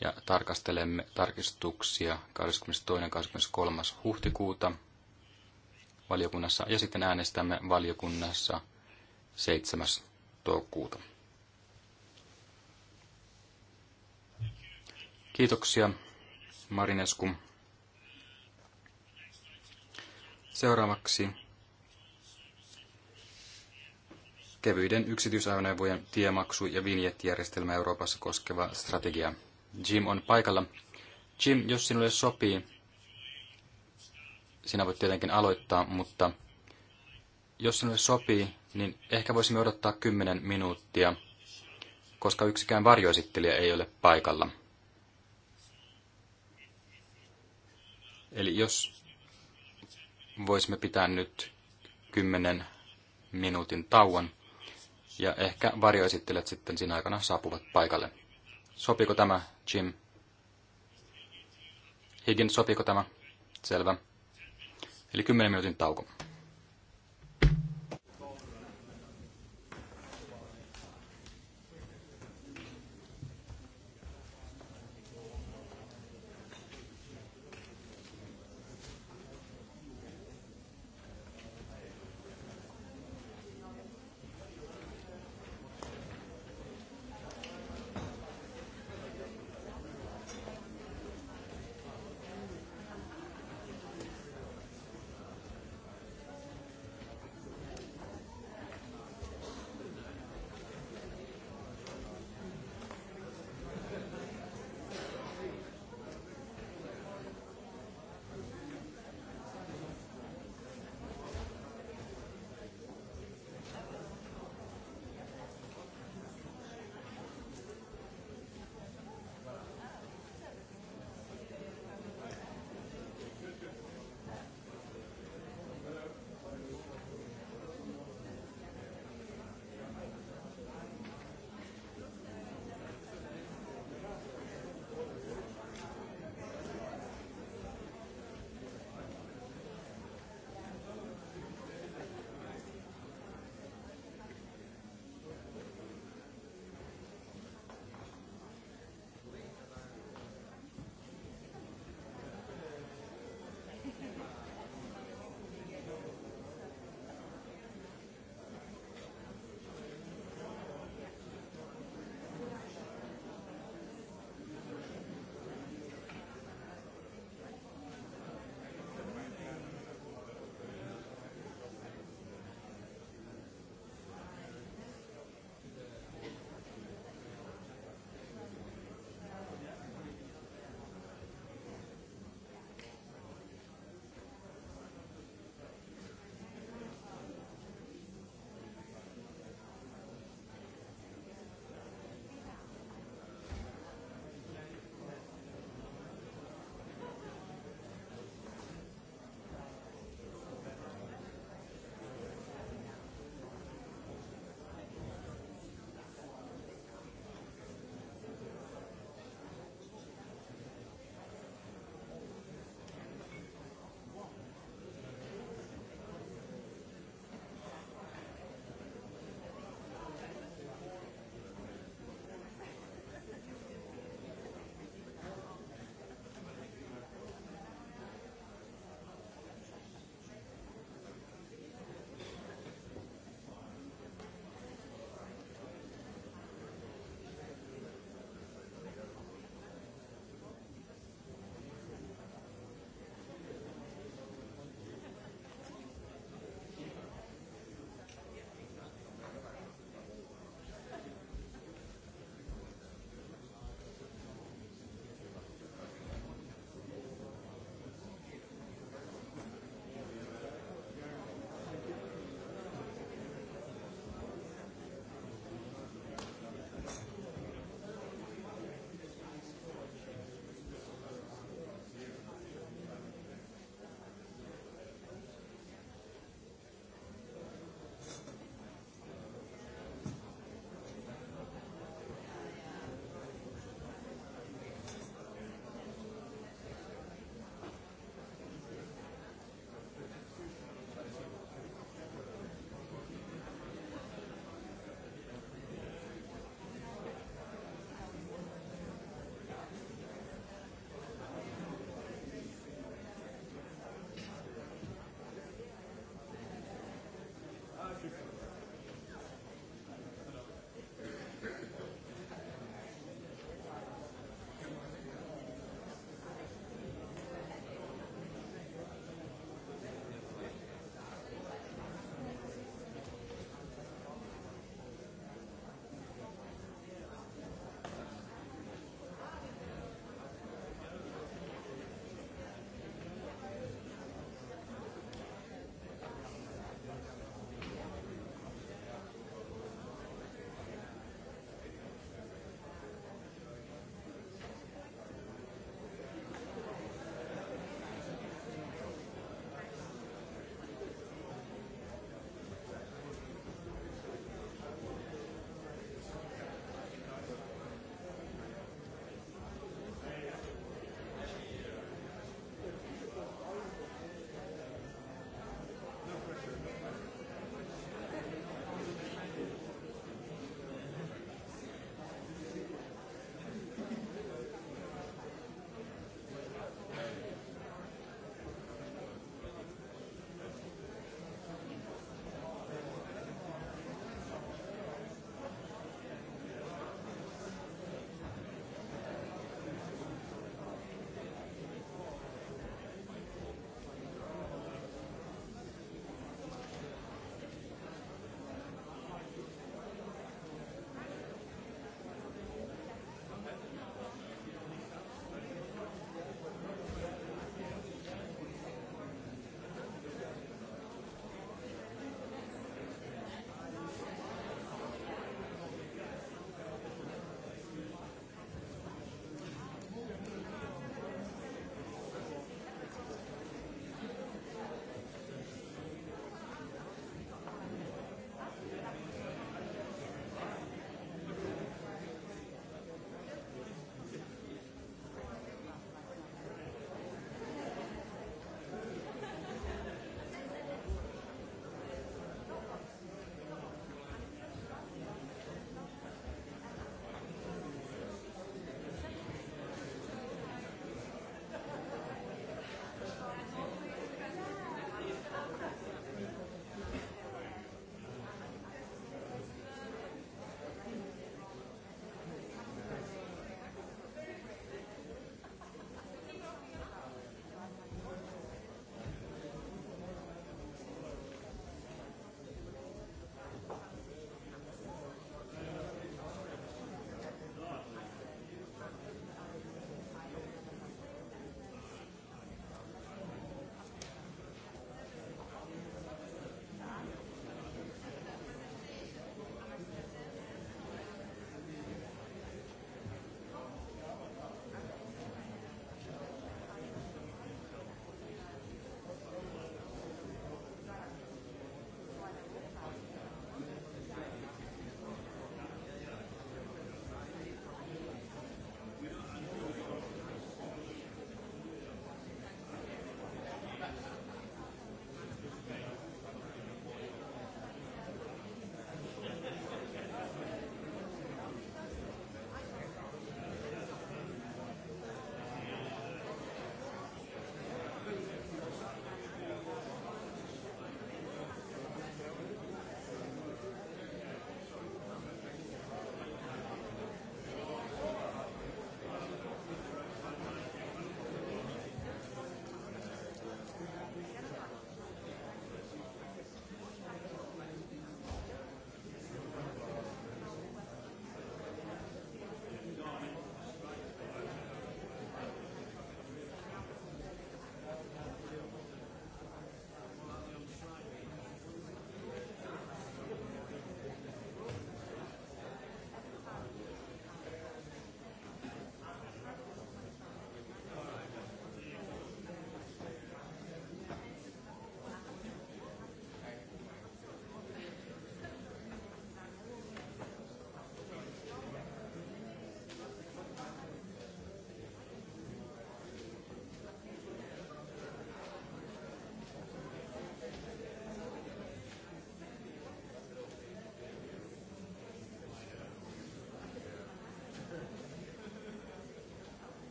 Speaker 2: ja tarkastelemme tarkistuksia 22. ja 23. huhtikuuta valiokunnassa ja sitten äänestämme valiokunnassa 7. toukokuuta. Kiitoksia. Marinescu. Seuraavaksi kevyiden yksityisajoneuvojen tiemaksu- ja vinjettijärjestelmä Euroopassa koskeva strategia. Jim on paikalla. Jim, jos sinulle sopii, sinä voit tietenkin aloittaa, mutta jos sinulle sopii, niin ehkä voisimme odottaa 10 minuuttia, koska yksikään varjoesittelijä ei ole paikalla. Eli jos voisimme pitää nyt 10 minuutin tauon, ja ehkä varjoesittelijät sitten siinä aikana saapuvat paikalle. Sopiiko tämä, Jim? Higgins, sopiiko tämä? Selvä. Eli 10 minuutin tauko.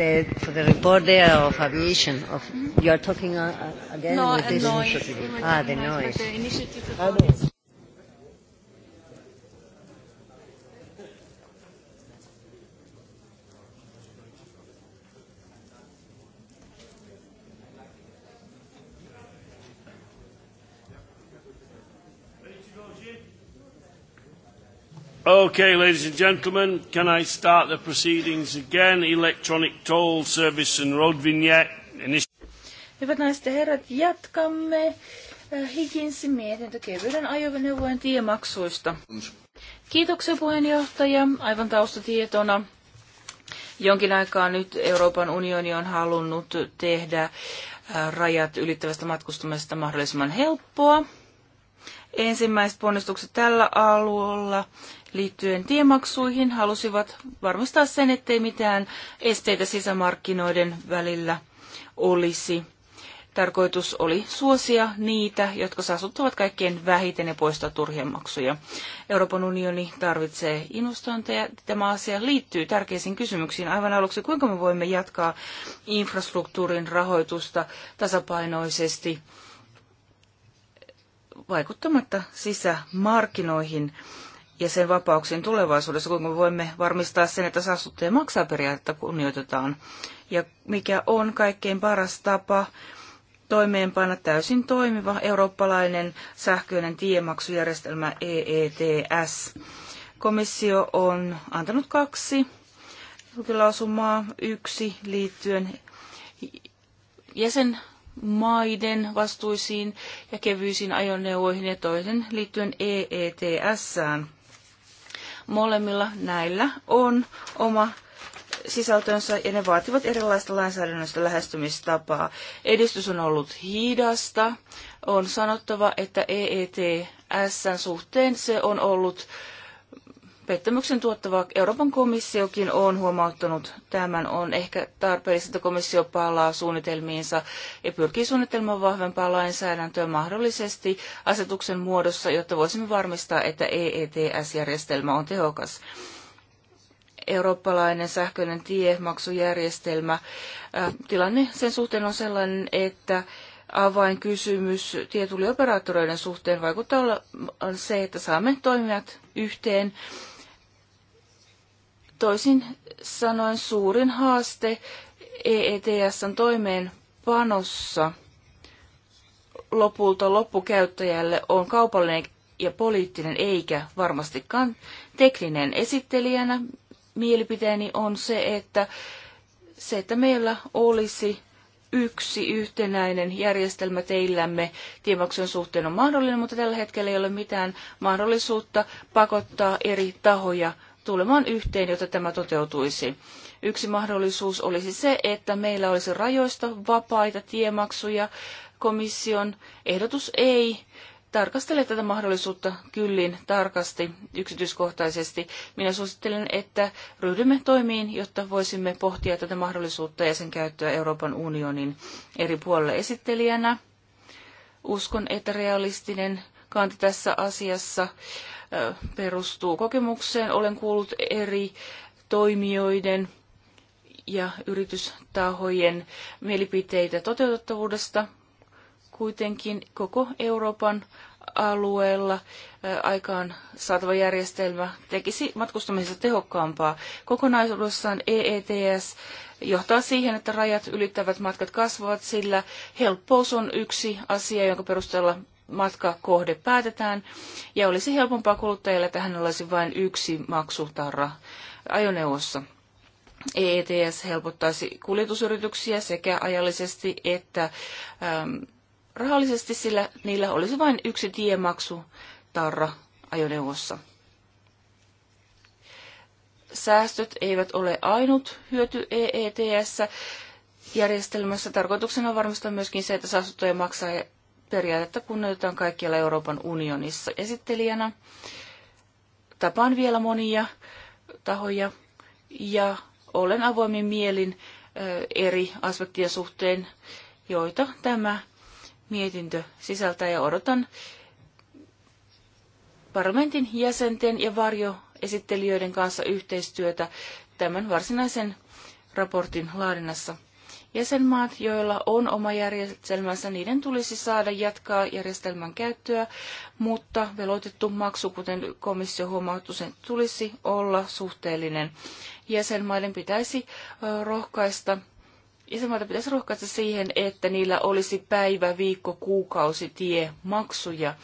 Speaker 4: the, for the reporter of aviation. Of, you are talking uh, uh again no, with this? Noise. Ah, the noise. Ah, the initiative
Speaker 1: Okay, ladies and gentlemen, can I start the proceedings again? Electronic toll service and road vignette.
Speaker 3: Hyvät naiset ja herrat, jatkamme äh, Higginsin mietintö kevyen ajoneuvojen tiemaksuista. Kiitoksia puheenjohtaja. Aivan taustatietona. Jonkin aikaa nyt Euroopan unioni on halunnut tehdä äh, rajat ylittävästä matkustamisesta mahdollisimman helppoa ensimmäiset ponnistukset tällä alueella liittyen tiemaksuihin halusivat varmistaa sen, ettei mitään esteitä sisämarkkinoiden välillä olisi. Tarkoitus oli suosia niitä, jotka saastuttavat kaikkein vähiten ja poistaa turhia maksuja. Euroopan unioni tarvitsee investointeja. Tämä asia liittyy tärkeisiin kysymyksiin. Aivan aluksi, kuinka me voimme jatkaa infrastruktuurin rahoitusta tasapainoisesti vaikuttamatta sisämarkkinoihin ja sen vapauksien tulevaisuudessa, kuinka voimme varmistaa sen, että saastuttaja maksaa periaatetta kunnioitetaan. Ja mikä on kaikkein paras tapa toimeenpanna täysin toimiva eurooppalainen sähköinen tiemaksujärjestelmä EETS. Komissio on antanut kaksi julkilausumaa, yksi liittyen jäsenmaiden vastuisiin ja kevyisiin ajoneuvoihin ja toinen liittyen eets Molemmilla näillä on oma sisältönsä ja ne vaativat erilaista lainsäädännöstä lähestymistapaa. Edistys on ollut hidasta. On sanottava, että EETSn suhteen se on ollut pettämyksen tuottava Euroopan komissiokin on huomauttanut tämän. On ehkä tarpeellista, että komissio palaa suunnitelmiinsa ja pyrkii suunnittelemaan vahvempaa lainsäädäntöä mahdollisesti asetuksen muodossa, jotta voisimme varmistaa, että EETS-järjestelmä on tehokas. Eurooppalainen sähköinen tiemaksujärjestelmä. Tilanne sen suhteen on sellainen, että avainkysymys tietullioperaattoreiden suhteen vaikuttaa olla se, että saamme toimijat yhteen Toisin sanoen suurin haaste EETSn toimeenpanossa lopulta loppukäyttäjälle on kaupallinen ja poliittinen eikä varmastikaan tekninen esittelijänä. Mielipiteeni on se, että se, että meillä olisi yksi yhtenäinen järjestelmä teillämme tiemaksujen suhteen on mahdollinen, mutta tällä hetkellä ei ole mitään mahdollisuutta pakottaa eri tahoja tulemaan yhteen, jotta tämä toteutuisi. Yksi mahdollisuus olisi se, että meillä olisi rajoista vapaita tiemaksuja. Komission ehdotus ei tarkastele tätä mahdollisuutta kyllin tarkasti yksityiskohtaisesti. Minä suosittelen, että ryhdymme toimiin, jotta voisimme pohtia tätä mahdollisuutta ja sen käyttöä Euroopan unionin eri puolilla esittelijänä. Uskon, että realistinen kanta tässä asiassa perustuu kokemukseen. Olen kuullut eri toimijoiden ja yritystahojen mielipiteitä toteutettavuudesta kuitenkin koko Euroopan alueella aikaan saatava järjestelmä tekisi matkustamisesta tehokkaampaa. Kokonaisuudessaan EETS johtaa siihen, että rajat ylittävät matkat kasvavat, sillä helppous on yksi asia, jonka perusteella matkakohde päätetään, ja olisi helpompaa kuluttajille, että hänellä olisi vain yksi maksutarra ajoneuvossa. EETS helpottaisi kuljetusyrityksiä sekä ajallisesti että ähm, rahallisesti, sillä niillä olisi vain yksi tiemaksutarra ajoneuvossa. Säästöt eivät ole ainut hyöty EETS. Järjestelmässä tarkoituksena on varmistaa myöskin se, että saastuttaja maksaa periaatetta kunnioitetaan kaikkialla Euroopan unionissa. Esittelijänä tapaan vielä monia tahoja ja olen avoimin mielin eri aspektien suhteen, joita tämä mietintö sisältää ja odotan parlamentin jäsenten ja varjoesittelijöiden kanssa yhteistyötä tämän varsinaisen raportin laadinnassa. Jäsenmaat, joilla on oma järjestelmänsä, niiden tulisi saada jatkaa järjestelmän käyttöä, mutta veloitettu maksu, kuten komissio huomauttu, sen tulisi olla suhteellinen. Jäsenmaiden pitäisi rohkaista Jäsenmaita pitäisi rohkaista siihen, että niillä olisi päivä, viikko, kuukausi, tie, maksuja.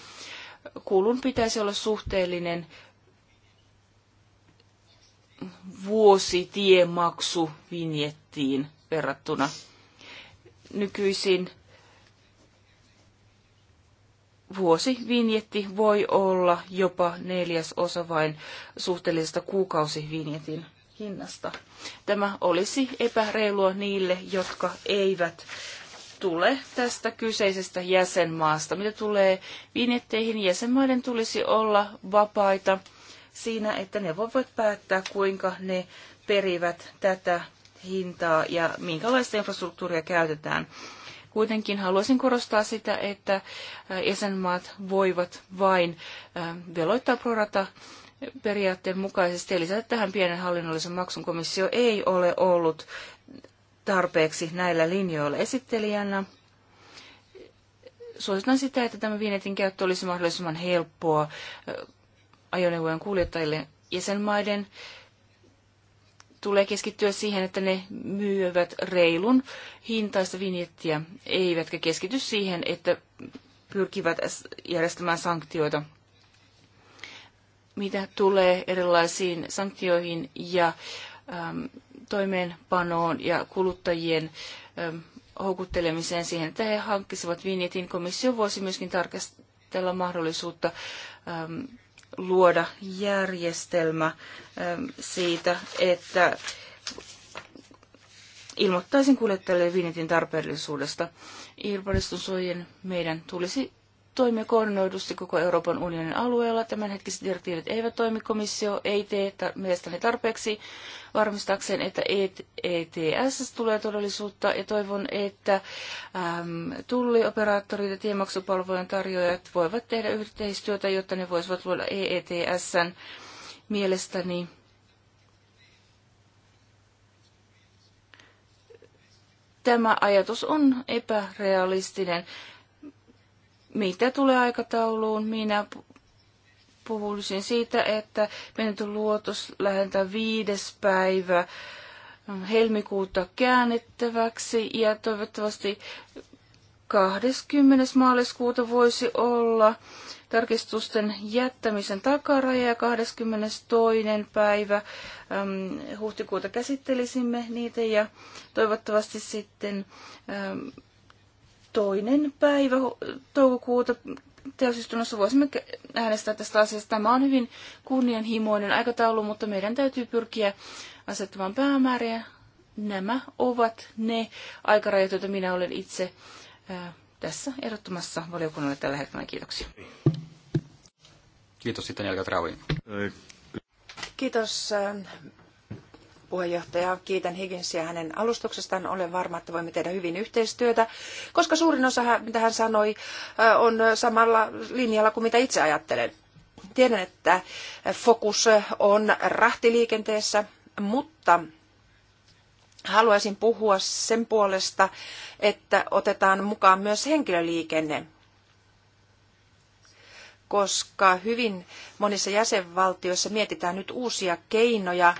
Speaker 3: Kulun pitäisi olla suhteellinen vuosi maksu vinjettiin verrattuna nykyisin vuosi vinjetti voi olla jopa neljäs osa vain suhteellisesta kuukausivinjetin hinnasta. Tämä olisi epäreilua niille, jotka eivät tule tästä kyseisestä jäsenmaasta. Mitä tulee vinjetteihin, jäsenmaiden tulisi olla vapaita siinä, että ne voivat päättää, kuinka ne perivät tätä hintaa ja minkälaista infrastruktuuria käytetään. Kuitenkin haluaisin korostaa sitä, että jäsenmaat voivat vain veloittaa prorata periaatteen mukaisesti ja lisätä tähän pienen hallinnollisen maksun. Komissio ei ole ollut tarpeeksi näillä linjoilla esittelijänä. Suositan sitä, että tämä viinetin käyttö olisi mahdollisimman helppoa ajoneuvojen kuljettajille jäsenmaiden tulee keskittyä siihen, että ne myyvät reilun hintaista vinjettiä, eivätkä keskity siihen, että pyrkivät järjestämään sanktioita. Mitä tulee erilaisiin sanktioihin ja äm, toimeenpanoon ja kuluttajien äm, houkuttelemiseen siihen, että he hankkisivat vinjetin, komissio voisi myöskin tarkastella mahdollisuutta äm, luoda järjestelmä ähm, siitä, että ilmoittaisin kuljettajalle vinetin tarpeellisuudesta. Ilmaristonsuojien meidän tulisi toimia koordinoidusti koko Euroopan unionin alueella. Tämänhetkiset direktiivit eivät toimi. Komissio ei tee tar- mielestäni tarpeeksi varmistaakseen, että ETS tulee todellisuutta ja toivon, että äm, tullioperaattorit ja tiemaksupalvelujen tarjoajat voivat tehdä yhteistyötä, jotta ne voisivat luoda EETSn mielestäni. Tämä ajatus on epärealistinen. Mitä tulee aikatauluun? Minä puhuisin siitä, että menetty luotos lähentää viides päivä helmikuuta käännettäväksi ja toivottavasti 20. maaliskuuta voisi olla tarkistusten jättämisen takaraja ja 22. päivä äm, huhtikuuta käsittelisimme niitä ja toivottavasti sitten äm, toinen päivä toukokuuta täysistunnossa voisimme äänestää tästä asiasta. Tämä on hyvin kunnianhimoinen aikataulu, mutta meidän täytyy pyrkiä asettamaan päämääriä. Nämä ovat ne aikarajat, joita minä olen itse tässä ehdottomassa valiokunnalle tällä
Speaker 2: hetkellä. Kiitoksia. Kiitos sitten Jelka Trauin.
Speaker 4: Kiitos puheenjohtaja. Kiitän Higginsiä hänen alustuksestaan. Olen varma, että voimme tehdä hyvin yhteistyötä, koska suurin osa, mitä hän sanoi, on samalla linjalla kuin mitä itse ajattelen. Tiedän, että fokus on rahtiliikenteessä, mutta haluaisin puhua sen puolesta, että otetaan mukaan myös henkilöliikenne, koska hyvin monissa jäsenvaltioissa mietitään nyt uusia keinoja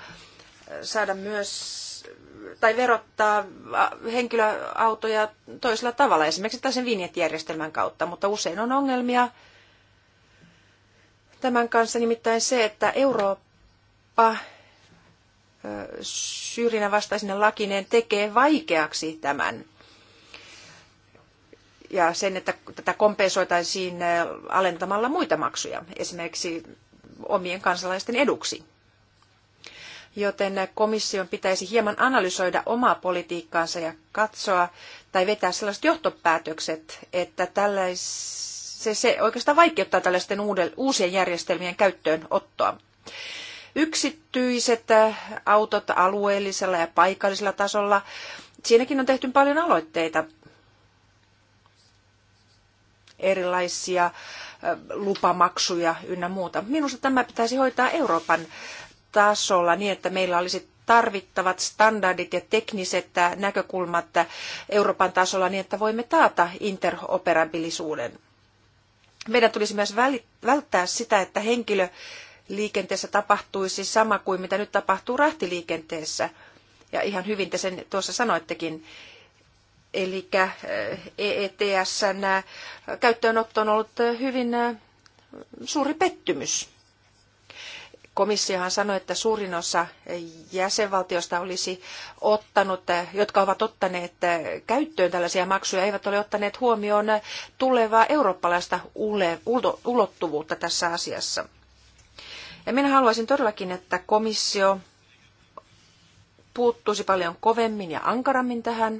Speaker 4: saada myös tai verottaa henkilöautoja toisella tavalla, esimerkiksi tällaisen vinjetjärjestelmän kautta, mutta usein on ongelmia tämän kanssa nimittäin se, että Eurooppa syrjinnän vastaisinen lakineen tekee vaikeaksi tämän ja sen, että tätä kompensoitaisiin alentamalla muita maksuja, esimerkiksi omien kansalaisten eduksi joten komission pitäisi hieman analysoida omaa politiikkaansa ja katsoa tai vetää sellaiset johtopäätökset, että tällais, se, se oikeastaan vaikeuttaa tällaisten uuden, uusien järjestelmien käyttöönottoa. Yksityiset äh, autot alueellisella ja paikallisella tasolla, siinäkin on tehty paljon aloitteita erilaisia äh, lupamaksuja ynnä muuta. Minusta tämä pitäisi hoitaa Euroopan tasolla niin, että meillä olisi tarvittavat standardit ja tekniset näkökulmat Euroopan tasolla niin, että voimme taata interoperabilisuuden. Meidän tulisi myös välttää sitä, että henkilöliikenteessä tapahtuisi sama kuin mitä nyt tapahtuu rahtiliikenteessä. Ja ihan hyvin te sen tuossa sanoittekin. Eli EETSn eh, e käyttöönotto on ollut hyvin eh, suuri pettymys. Komissiohan sanoi, että suurin osa jäsenvaltioista olisi ottanut, jotka ovat ottaneet käyttöön tällaisia maksuja, eivät ole ottaneet huomioon tulevaa eurooppalaista ulottuvuutta tässä asiassa. Ja minä haluaisin todellakin, että komissio puuttuisi paljon kovemmin ja ankarammin tähän,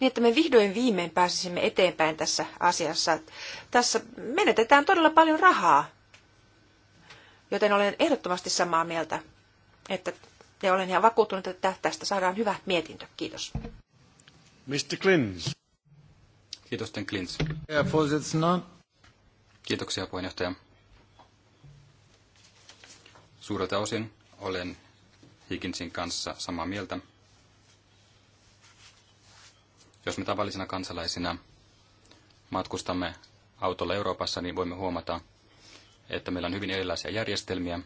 Speaker 4: niin että me vihdoin viimein pääsisimme eteenpäin tässä asiassa. Tässä menetetään todella paljon rahaa Joten olen ehdottomasti samaa mieltä, että ja olen ihan vakuuttunut, että tästä saadaan hyvä mietintö. Kiitos.
Speaker 2: Mr. Klins. Kiitos, Ten Klins. Kiitoksia, puheenjohtaja. Suurelta osin olen Higginsin kanssa samaa mieltä. Jos me tavallisina kansalaisina matkustamme autolla Euroopassa, niin voimme huomata, että meillä on hyvin erilaisia järjestelmiä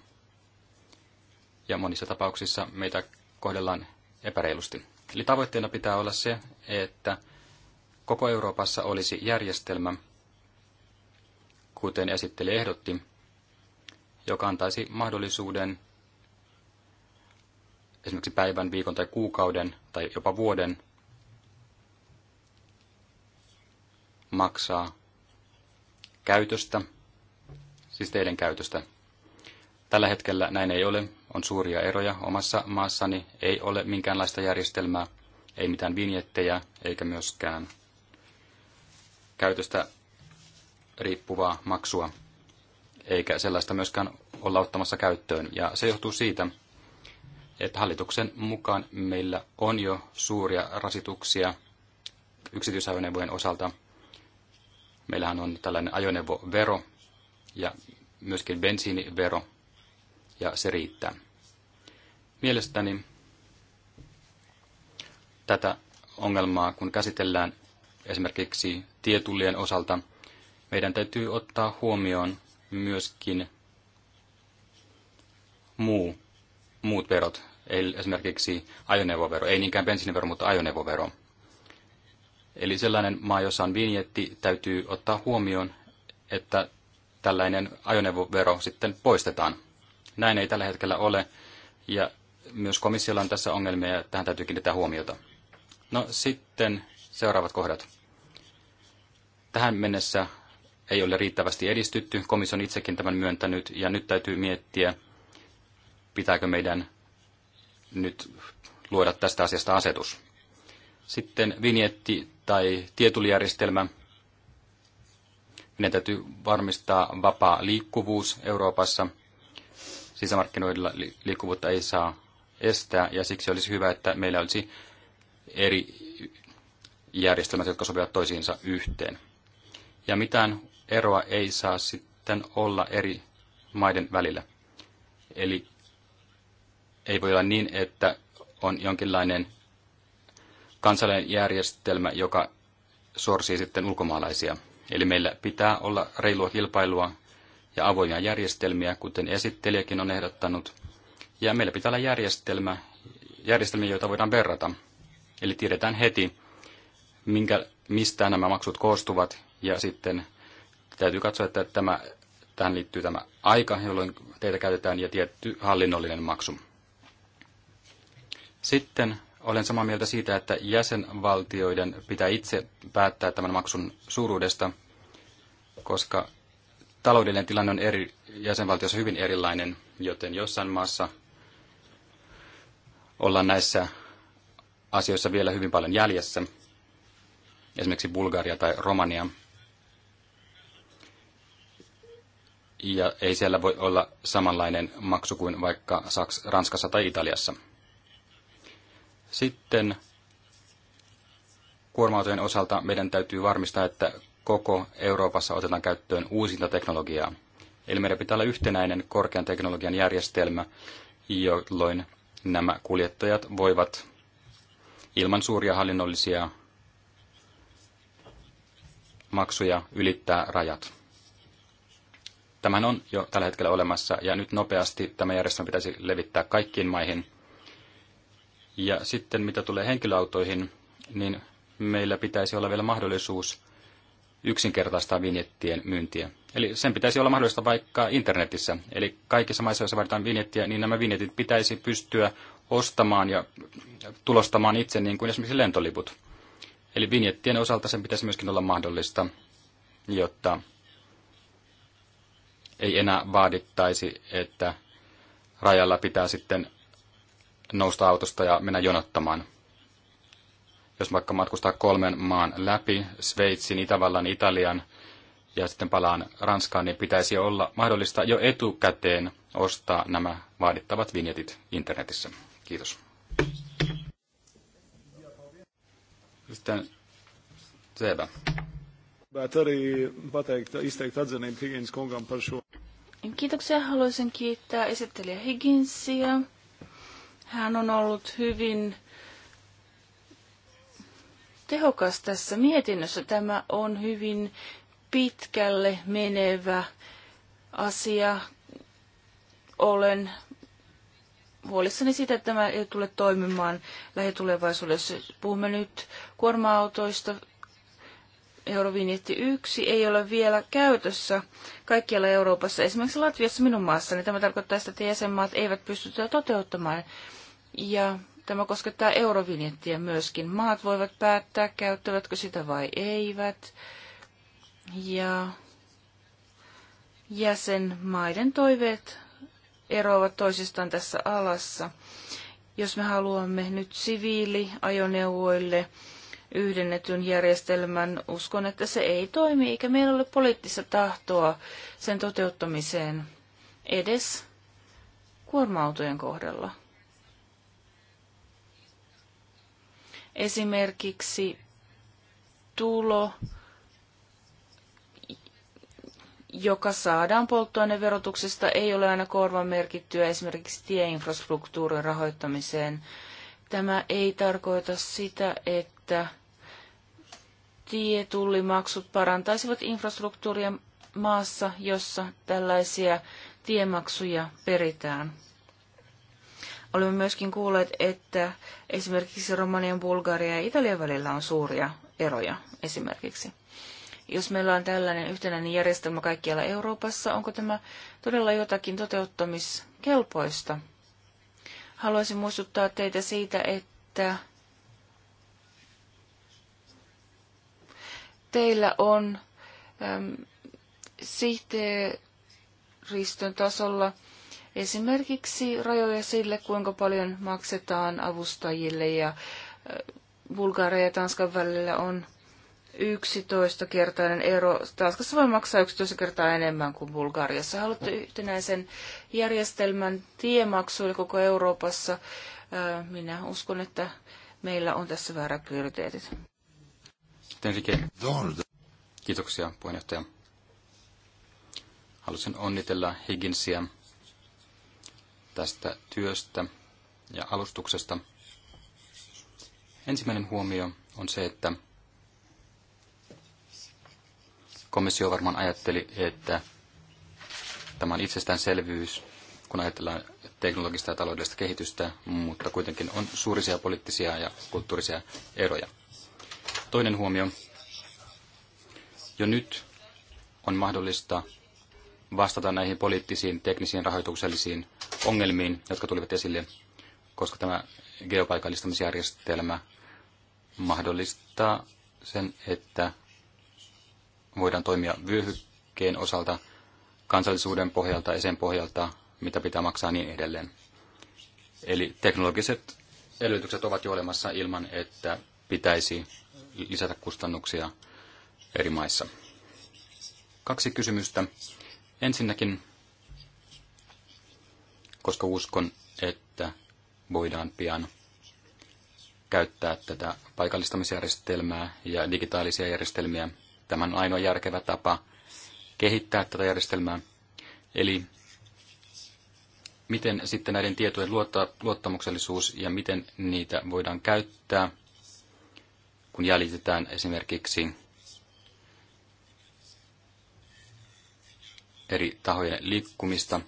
Speaker 2: ja monissa tapauksissa meitä kohdellaan epäreilusti. Eli tavoitteena pitää olla se, että koko Euroopassa olisi järjestelmä, kuten esitteli ehdotti, joka antaisi mahdollisuuden esimerkiksi päivän, viikon tai kuukauden tai jopa vuoden maksaa käytöstä siis teidän käytöstä. Tällä hetkellä näin ei ole, on suuria eroja. Omassa maassani ei ole minkäänlaista järjestelmää, ei mitään vinjettejä eikä myöskään käytöstä riippuvaa maksua, eikä sellaista myöskään olla ottamassa käyttöön. Ja se johtuu siitä, että hallituksen mukaan meillä on jo suuria rasituksia yksityisajoneuvojen osalta. Meillähän on tällainen ajoneuvovero, ja myöskin bensiinivero, ja se riittää. Mielestäni tätä ongelmaa, kun käsitellään esimerkiksi tietullien osalta, meidän täytyy ottaa huomioon myöskin muu, muut verot, eli esimerkiksi ajoneuvovero, ei niinkään bensiinivero, mutta ajoneuvovero. Eli sellainen maa, jossa on vinjetti, täytyy ottaa huomioon, että tällainen ajoneuvovero sitten poistetaan. Näin ei tällä hetkellä ole, ja myös komissiolla on tässä ongelmia, ja tähän täytyy kiinnittää huomiota. No sitten seuraavat kohdat. Tähän mennessä ei ole riittävästi edistytty, komission itsekin tämän myöntänyt, ja nyt täytyy miettiä, pitääkö meidän nyt luoda tästä asiasta asetus. Sitten vinjetti tai tietulijärjestelmä. Meidän täytyy varmistaa vapaa liikkuvuus Euroopassa. Sisämarkkinoilla liikkuvuutta ei saa estää, ja siksi olisi hyvä, että meillä olisi eri järjestelmät, jotka sopivat toisiinsa yhteen. Ja mitään eroa ei saa sitten olla eri maiden välillä. Eli ei voi olla niin, että on jonkinlainen kansallinen järjestelmä, joka sorsii sitten ulkomaalaisia. Eli meillä pitää olla reilua kilpailua ja avoimia järjestelmiä, kuten esittelijäkin on ehdottanut. Ja meillä pitää olla järjestelmä, järjestelmiä, joita voidaan verrata. Eli tiedetään heti, minkä, mistä nämä maksut koostuvat, ja sitten täytyy katsoa, että tämä, tähän liittyy tämä aika, jolloin teitä käytetään, ja tietty hallinnollinen maksu. Sitten olen samaa mieltä siitä, että jäsenvaltioiden pitää itse päättää tämän maksun suuruudesta, koska taloudellinen tilanne on eri jäsenvaltiossa hyvin erilainen, joten jossain maassa ollaan näissä asioissa vielä hyvin paljon jäljessä, esimerkiksi Bulgaria tai Romania. Ja ei siellä voi olla samanlainen maksu kuin vaikka Saks, Ranskassa tai Italiassa. Sitten kuorma osalta meidän täytyy varmistaa, että koko Euroopassa otetaan käyttöön uusinta teknologiaa. Eli meidän pitää olla yhtenäinen korkean teknologian järjestelmä, jolloin nämä kuljettajat voivat ilman suuria hallinnollisia maksuja ylittää rajat. Tämähän on jo tällä hetkellä olemassa ja nyt nopeasti tämä järjestelmä pitäisi levittää kaikkiin maihin. Ja sitten mitä tulee henkilöautoihin, niin meillä pitäisi olla vielä mahdollisuus yksinkertaistaa vinjettien myyntiä. Eli sen pitäisi olla mahdollista vaikka internetissä. Eli kaikissa maissa, joissa vaaditaan vinjettiä, niin nämä vinjetit pitäisi pystyä ostamaan ja tulostamaan itse, niin kuin esimerkiksi lentoliput. Eli vinjettien osalta sen pitäisi myöskin olla mahdollista, jotta ei enää vaadittaisi, että rajalla pitää sitten nousta autosta ja mennä jonottamaan. Jos vaikka matkustaa kolmen maan läpi, Sveitsin, Itävallan, Italian ja sitten palaan Ranskaan, niin pitäisi olla mahdollista jo etukäteen ostaa nämä vaadittavat vinjetit internetissä. Kiitos. Sitten Zeba.
Speaker 1: Higgins
Speaker 3: Kiitoksia. Haluaisin kiittää esittelijä Higginsia hän on ollut hyvin tehokas tässä mietinnössä. Tämä on hyvin pitkälle menevä asia. Olen huolissani siitä, että tämä ei tule toimimaan lähitulevaisuudessa. Puhumme nyt kuorma-autoista, Eurovinjetti 1 ei ole vielä käytössä kaikkialla Euroopassa, esimerkiksi Latviassa minun maassani. Tämä tarkoittaa sitä, että jäsenmaat eivät pysty sitä toteuttamaan. Ja tämä koskettaa Eurovinjettiä myöskin. Maat voivat päättää, käyttävätkö sitä vai eivät. Ja jäsenmaiden toiveet eroavat toisistaan tässä alassa. Jos me haluamme nyt siviiliajoneuvoille ajoneuvoille yhdennetyn järjestelmän. Uskon, että se ei toimi, eikä meillä ole poliittista tahtoa sen toteuttamiseen edes kuorma-autojen kohdalla. Esimerkiksi tulo, joka saadaan polttoaineverotuksesta, ei ole aina korvan merkittyä esimerkiksi tieinfrastruktuurin rahoittamiseen. Tämä ei tarkoita sitä, että tietullimaksut parantaisivat infrastruktuuria maassa, jossa tällaisia tiemaksuja peritään. Olemme myöskin kuulleet, että esimerkiksi Romanian, Bulgaria ja Italian välillä on suuria eroja esimerkiksi. Jos meillä on tällainen yhtenäinen järjestelmä kaikkialla Euroopassa, onko tämä todella jotakin toteuttamiskelpoista? Haluaisin muistuttaa teitä siitä, että teillä on äm, sihteeristön tasolla esimerkiksi rajoja sille, kuinka paljon maksetaan avustajille ja äh, Bulgaria ja Tanskan välillä on 11-kertainen ero. Tanskassa voi maksaa 11 kertaa enemmän kuin Bulgariassa. Haluatte yhtenäisen järjestelmän tiemaksuille koko Euroopassa. Äh, minä uskon, että meillä on tässä väärä prioriteetit.
Speaker 2: Sitten Rike. Kiitoksia, puheenjohtaja. Halusin onnitella Higginsia tästä työstä ja alustuksesta. Ensimmäinen huomio on se, että komissio varmaan ajatteli, että tämä on itsestäänselvyys, kun ajatellaan teknologista ja taloudellista kehitystä, mutta kuitenkin on suurisia poliittisia ja kulttuurisia eroja. Toinen huomio. Jo nyt on mahdollista vastata näihin poliittisiin, teknisiin, rahoituksellisiin ongelmiin, jotka tulivat esille, koska tämä geopaikallistamisjärjestelmä mahdollistaa sen, että voidaan toimia vyöhykkeen osalta, kansallisuuden pohjalta ja sen pohjalta, mitä pitää maksaa niin edelleen. Eli teknologiset edellytykset ovat jo olemassa ilman, että pitäisi lisätä kustannuksia eri maissa. Kaksi kysymystä. Ensinnäkin, koska uskon, että voidaan pian käyttää tätä paikallistamisjärjestelmää ja digitaalisia järjestelmiä. Tämä on ainoa järkevä tapa kehittää tätä järjestelmää. Eli miten sitten näiden tietojen luottamuksellisuus ja miten niitä voidaan käyttää – kun jäljitetään esimerkiksi eri tahojen liikkumista,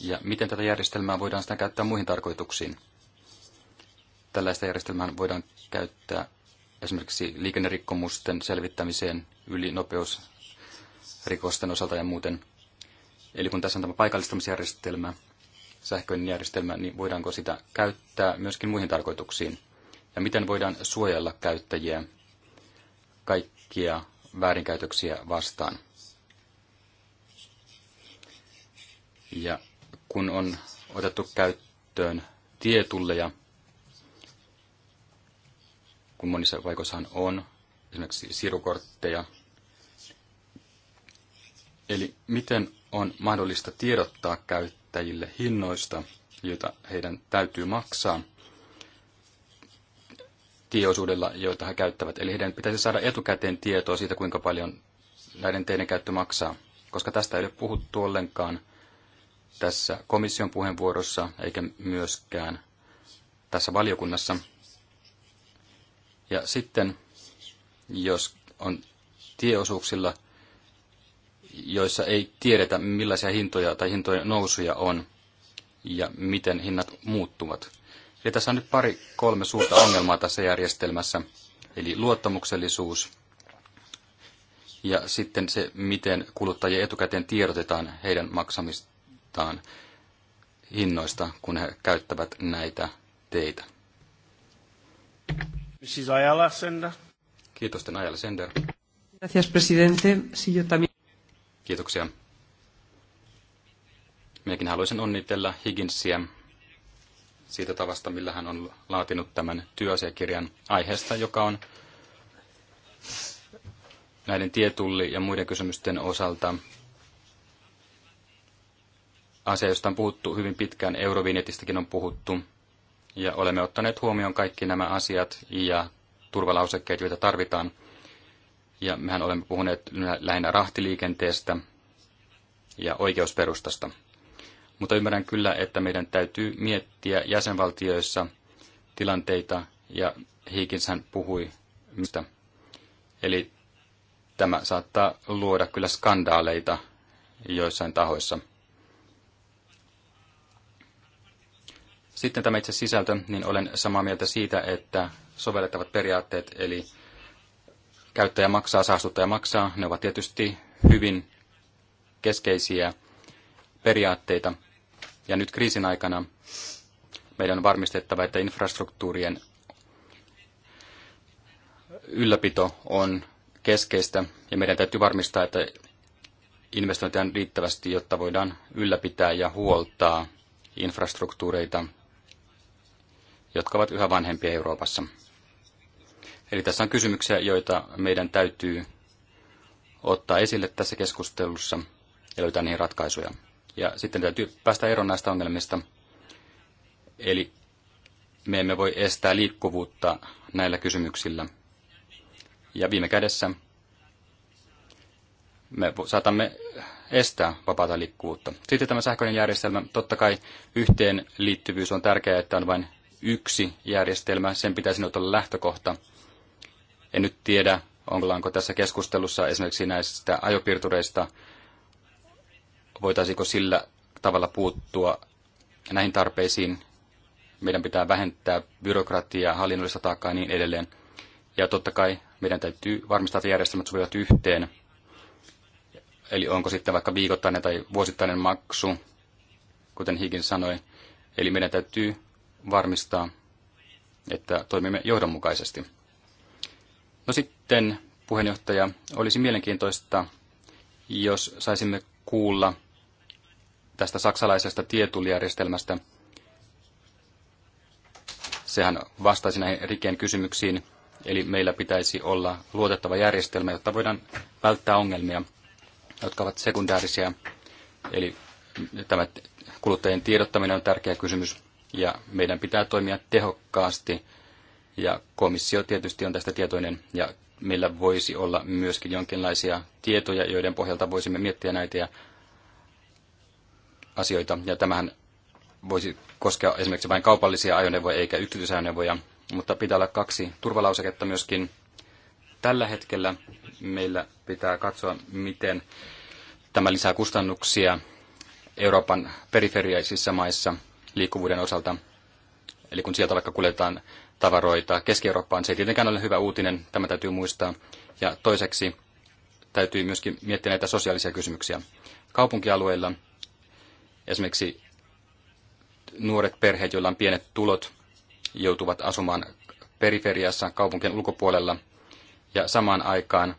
Speaker 2: ja miten tätä järjestelmää voidaan sitä käyttää muihin tarkoituksiin. Tällaista järjestelmää voidaan käyttää esimerkiksi liikennerikkomusten selvittämiseen, ylinopeusrikosten osalta ja muuten. Eli kun tässä on tämä paikallistamisjärjestelmä, sähköinen järjestelmä, niin voidaanko sitä käyttää myöskin muihin tarkoituksiin? ja miten voidaan suojella käyttäjiä kaikkia väärinkäytöksiä vastaan. Ja kun on otettu käyttöön tietulleja, kun monissa paikoissahan on esimerkiksi sirukortteja, eli miten on mahdollista tiedottaa käyttäjille hinnoista, joita heidän täytyy maksaa – tieosuudella, joita he käyttävät. Eli heidän pitäisi saada etukäteen tietoa siitä, kuinka paljon näiden teiden käyttö maksaa, koska tästä ei ole puhuttu ollenkaan tässä komission puheenvuorossa eikä myöskään tässä valiokunnassa. Ja sitten, jos on tieosuuksilla, joissa ei tiedetä millaisia hintoja tai hintojen nousuja on ja miten hinnat muuttuvat, Eli tässä on nyt pari kolme suurta ongelmaa tässä järjestelmässä, eli luottamuksellisuus ja sitten se, miten kuluttajia etukäteen tiedotetaan heidän maksamistaan hinnoista, kun he käyttävät näitä teitä. Mrs. Ayala Sender. Kiitos, ten Ayala Sender.
Speaker 4: Gracias, presidente. Si yo también...
Speaker 2: Kiitoksia. Minäkin haluaisin onnitella Higginsiä siitä tavasta, millä hän on laatinut tämän työasiakirjan aiheesta, joka on näiden tietulli- ja muiden kysymysten osalta asia, josta on puhuttu hyvin pitkään, Eurovinjetistäkin on puhuttu, ja olemme ottaneet huomioon kaikki nämä asiat ja turvalausekkeet, joita tarvitaan. Ja mehän olemme puhuneet lähinnä rahtiliikenteestä ja oikeusperustasta. Mutta ymmärrän kyllä, että meidän täytyy miettiä jäsenvaltioissa tilanteita, ja Hiikinshän puhui mistä. Eli tämä saattaa luoda kyllä skandaaleita joissain tahoissa. Sitten tämä itse sisältö, niin olen samaa mieltä siitä, että sovellettavat periaatteet, eli käyttäjä maksaa, saastuttaja maksaa, ne ovat tietysti hyvin keskeisiä periaatteita. Ja nyt kriisin aikana meidän on varmistettava, että infrastruktuurien ylläpito on keskeistä ja meidän täytyy varmistaa, että investointeja on riittävästi, jotta voidaan ylläpitää ja huoltaa infrastruktuureita, jotka ovat yhä vanhempia Euroopassa. Eli tässä on kysymyksiä, joita meidän täytyy ottaa esille tässä keskustelussa ja löytää niihin ratkaisuja. Ja sitten täytyy päästä eroon näistä ongelmista. Eli me emme voi estää liikkuvuutta näillä kysymyksillä. Ja viime kädessä me saatamme estää vapaata liikkuvuutta. Sitten tämä sähköinen järjestelmä. Totta kai yhteenliittyvyys on tärkeää, että on vain yksi järjestelmä. Sen pitäisi nyt olla lähtökohta. En nyt tiedä, ollaanko tässä keskustelussa esimerkiksi näistä ajopiirtureista voitaisiinko sillä tavalla puuttua näihin tarpeisiin. Meidän pitää vähentää byrokratiaa, hallinnollista taakkaa ja niin edelleen. Ja totta kai meidän täytyy varmistaa, että järjestelmät sopivat yhteen. Eli onko sitten vaikka viikoittainen tai vuosittainen maksu, kuten Higgin sanoi. Eli meidän täytyy varmistaa, että toimimme johdonmukaisesti. No sitten, puheenjohtaja, olisi mielenkiintoista, jos saisimme kuulla – tästä saksalaisesta tietulijärjestelmästä. Sehän vastaisi näihin rikeen kysymyksiin, eli meillä pitäisi olla luotettava järjestelmä, jotta voidaan välttää ongelmia, jotka ovat sekundäärisiä. Eli tämä kuluttajien tiedottaminen on tärkeä kysymys, ja meidän pitää toimia tehokkaasti, ja komissio tietysti on tästä tietoinen, ja meillä voisi olla myöskin jonkinlaisia tietoja, joiden pohjalta voisimme miettiä näitä ja asioita, ja tämähän voisi koskea esimerkiksi vain kaupallisia ajoneuvoja eikä yksityisajoneuvoja, mutta pitää olla kaksi turvalauseketta myöskin. Tällä hetkellä meillä pitää katsoa, miten tämä lisää kustannuksia Euroopan periferiaisissa maissa liikkuvuuden osalta. Eli kun sieltä vaikka kuljetaan tavaroita Keski-Eurooppaan, se ei tietenkään ole hyvä uutinen, tämä täytyy muistaa. Ja toiseksi täytyy myöskin miettiä näitä sosiaalisia kysymyksiä. Kaupunkialueilla Esimerkiksi nuoret perheet, joilla on pienet tulot, joutuvat asumaan periferiassa kaupunkien ulkopuolella ja samaan aikaan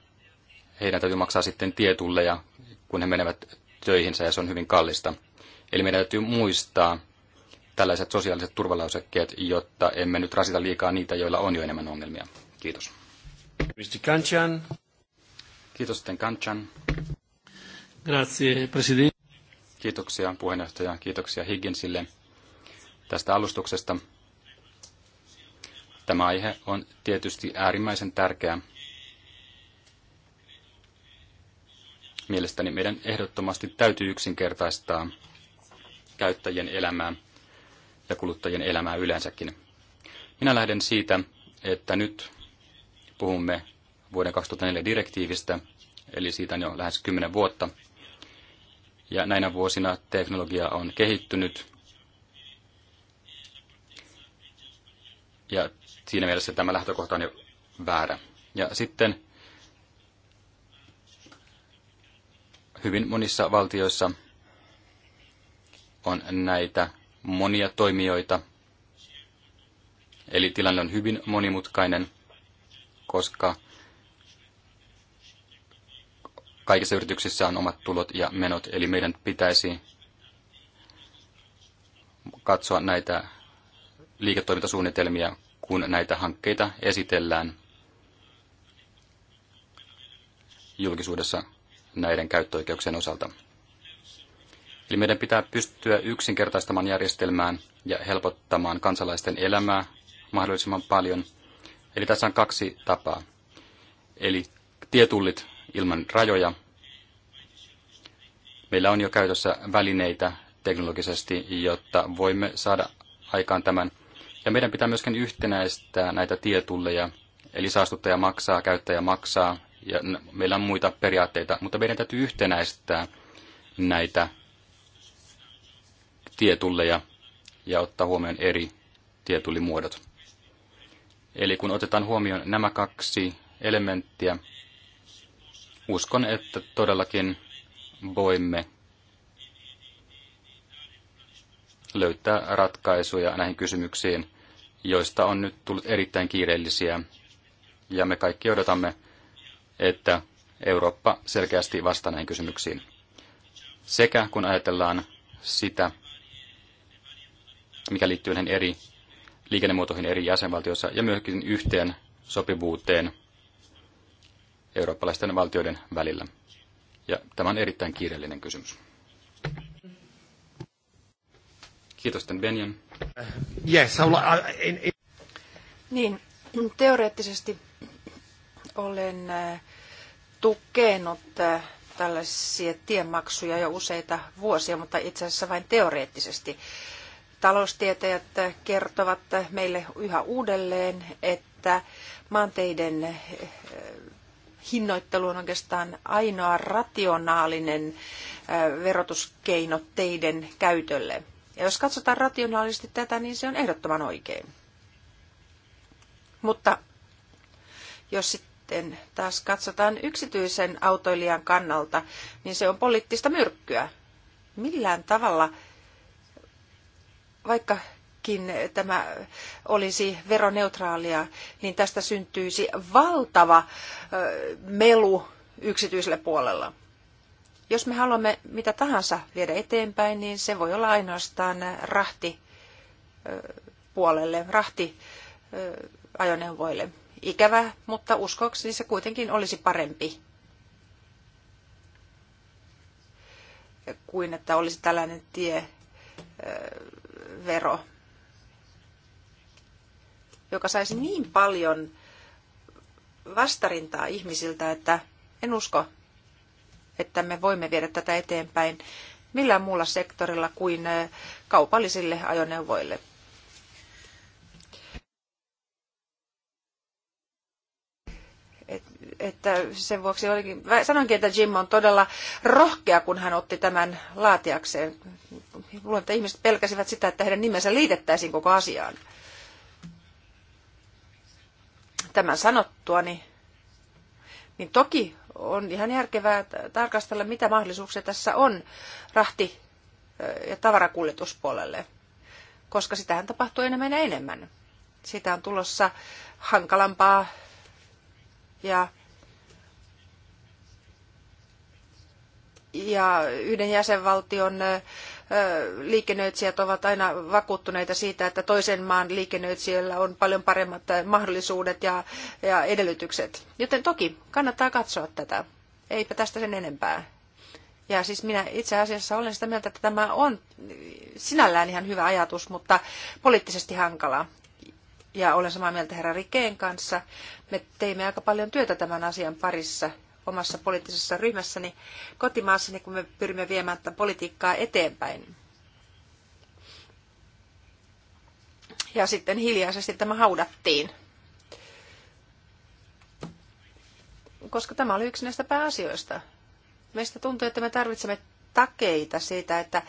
Speaker 2: heidän täytyy maksaa sitten tietulleja, kun he menevät töihinsä ja se on hyvin kallista. Eli meidän täytyy muistaa tällaiset sosiaaliset turvalausekkeet, jotta emme nyt rasita liikaa niitä, joilla on jo enemmän ongelmia. Kiitos. Mr. Kanchan. Kiitos sitten Kanchan.
Speaker 1: Grazie, presidente.
Speaker 2: Kiitoksia puheenjohtaja, kiitoksia Higginsille tästä alustuksesta. Tämä aihe on tietysti äärimmäisen tärkeä. Mielestäni meidän ehdottomasti täytyy yksinkertaistaa käyttäjien elämää ja kuluttajien elämää yleensäkin. Minä lähden siitä, että nyt puhumme vuoden 2004 direktiivistä, eli siitä on jo lähes 10 vuotta – ja näinä vuosina teknologia on kehittynyt. Ja siinä mielessä tämä lähtökohta on jo väärä. Ja sitten hyvin monissa valtioissa on näitä monia toimijoita. Eli tilanne on hyvin monimutkainen, koska kaikissa yrityksissä on omat tulot ja menot, eli meidän pitäisi katsoa näitä liiketoimintasuunnitelmia, kun näitä hankkeita esitellään julkisuudessa näiden käyttöoikeuksien osalta. Eli meidän pitää pystyä yksinkertaistamaan järjestelmään ja helpottamaan kansalaisten elämää mahdollisimman paljon. Eli tässä on kaksi tapaa. Eli tietullit ilman rajoja. Meillä on jo käytössä välineitä teknologisesti, jotta voimme saada aikaan tämän. Ja meidän pitää myöskin yhtenäistää näitä tietulleja, eli saastuttaja maksaa, käyttäjä maksaa, ja meillä on muita periaatteita, mutta meidän täytyy yhtenäistää näitä tietulleja ja ottaa huomioon eri tietullimuodot. Eli kun otetaan huomioon nämä kaksi elementtiä, uskon, että todellakin voimme löytää ratkaisuja näihin kysymyksiin, joista on nyt tullut erittäin kiireellisiä. Ja me kaikki odotamme, että Eurooppa selkeästi vastaa näihin kysymyksiin. Sekä kun ajatellaan sitä, mikä liittyy näihin eri liikennemuotoihin eri jäsenvaltioissa ja myöskin yhteen sopivuuteen – eurooppalaisten valtioiden välillä. Ja tämä on erittäin kiireellinen kysymys. Kiitos, Benjan. Yes,
Speaker 4: Niin, teoreettisesti olen äh, tukenut äh, tällaisia tiemaksuja jo useita vuosia, mutta itse asiassa vain teoreettisesti. Taloustietäjät äh, kertovat meille yhä uudelleen, että maanteiden hinnoittelu on oikeastaan ainoa rationaalinen verotuskeino teiden käytölle. Ja jos katsotaan rationaalisesti tätä, niin se on ehdottoman oikein. Mutta jos sitten taas katsotaan yksityisen autoilijan kannalta, niin se on poliittista myrkkyä. Millään tavalla, vaikka todellakin tämä olisi veroneutraalia, niin tästä syntyisi valtava melu yksityisellä puolella. Jos me haluamme mitä tahansa viedä eteenpäin, niin se voi olla ainoastaan rahti puolelle, rahti ajoneuvoille. Ikävä, mutta uskoakseni se kuitenkin olisi parempi kuin että olisi tällainen tievero joka saisi niin paljon vastarintaa ihmisiltä, että en usko, että me voimme viedä tätä eteenpäin millään muulla sektorilla kuin kaupallisille ajoneuvoille. että sen vuoksi olikin, sanoinkin, että Jim on todella rohkea, kun hän otti tämän laatiakseen. Luulen, että ihmiset pelkäsivät sitä, että heidän nimensä liitettäisiin koko asiaan tämän sanottua, niin toki on ihan järkevää tarkastella, mitä mahdollisuuksia tässä on rahti- ja tavarakuljetuspuolelle, koska sitähän tapahtuu enemmän ja enemmän. Sitä on tulossa hankalampaa ja, ja yhden jäsenvaltion liikennöitsijät ovat aina vakuuttuneita siitä, että toisen maan liikennöitsijöillä on paljon paremmat mahdollisuudet ja, ja edellytykset. Joten toki kannattaa katsoa tätä. Eipä tästä sen enempää. Ja siis minä itse asiassa olen sitä mieltä, että tämä on sinällään ihan hyvä ajatus, mutta poliittisesti hankala. Ja olen samaa mieltä herra Rikeen kanssa. Me teimme aika paljon työtä tämän asian parissa omassa poliittisessa ryhmässäni kotimaassani, kun me pyrimme viemään tätä politiikkaa eteenpäin. Ja sitten hiljaisesti tämä haudattiin. Koska tämä oli yksi näistä pääasioista. Meistä tuntuu, että me tarvitsemme takeita siitä, että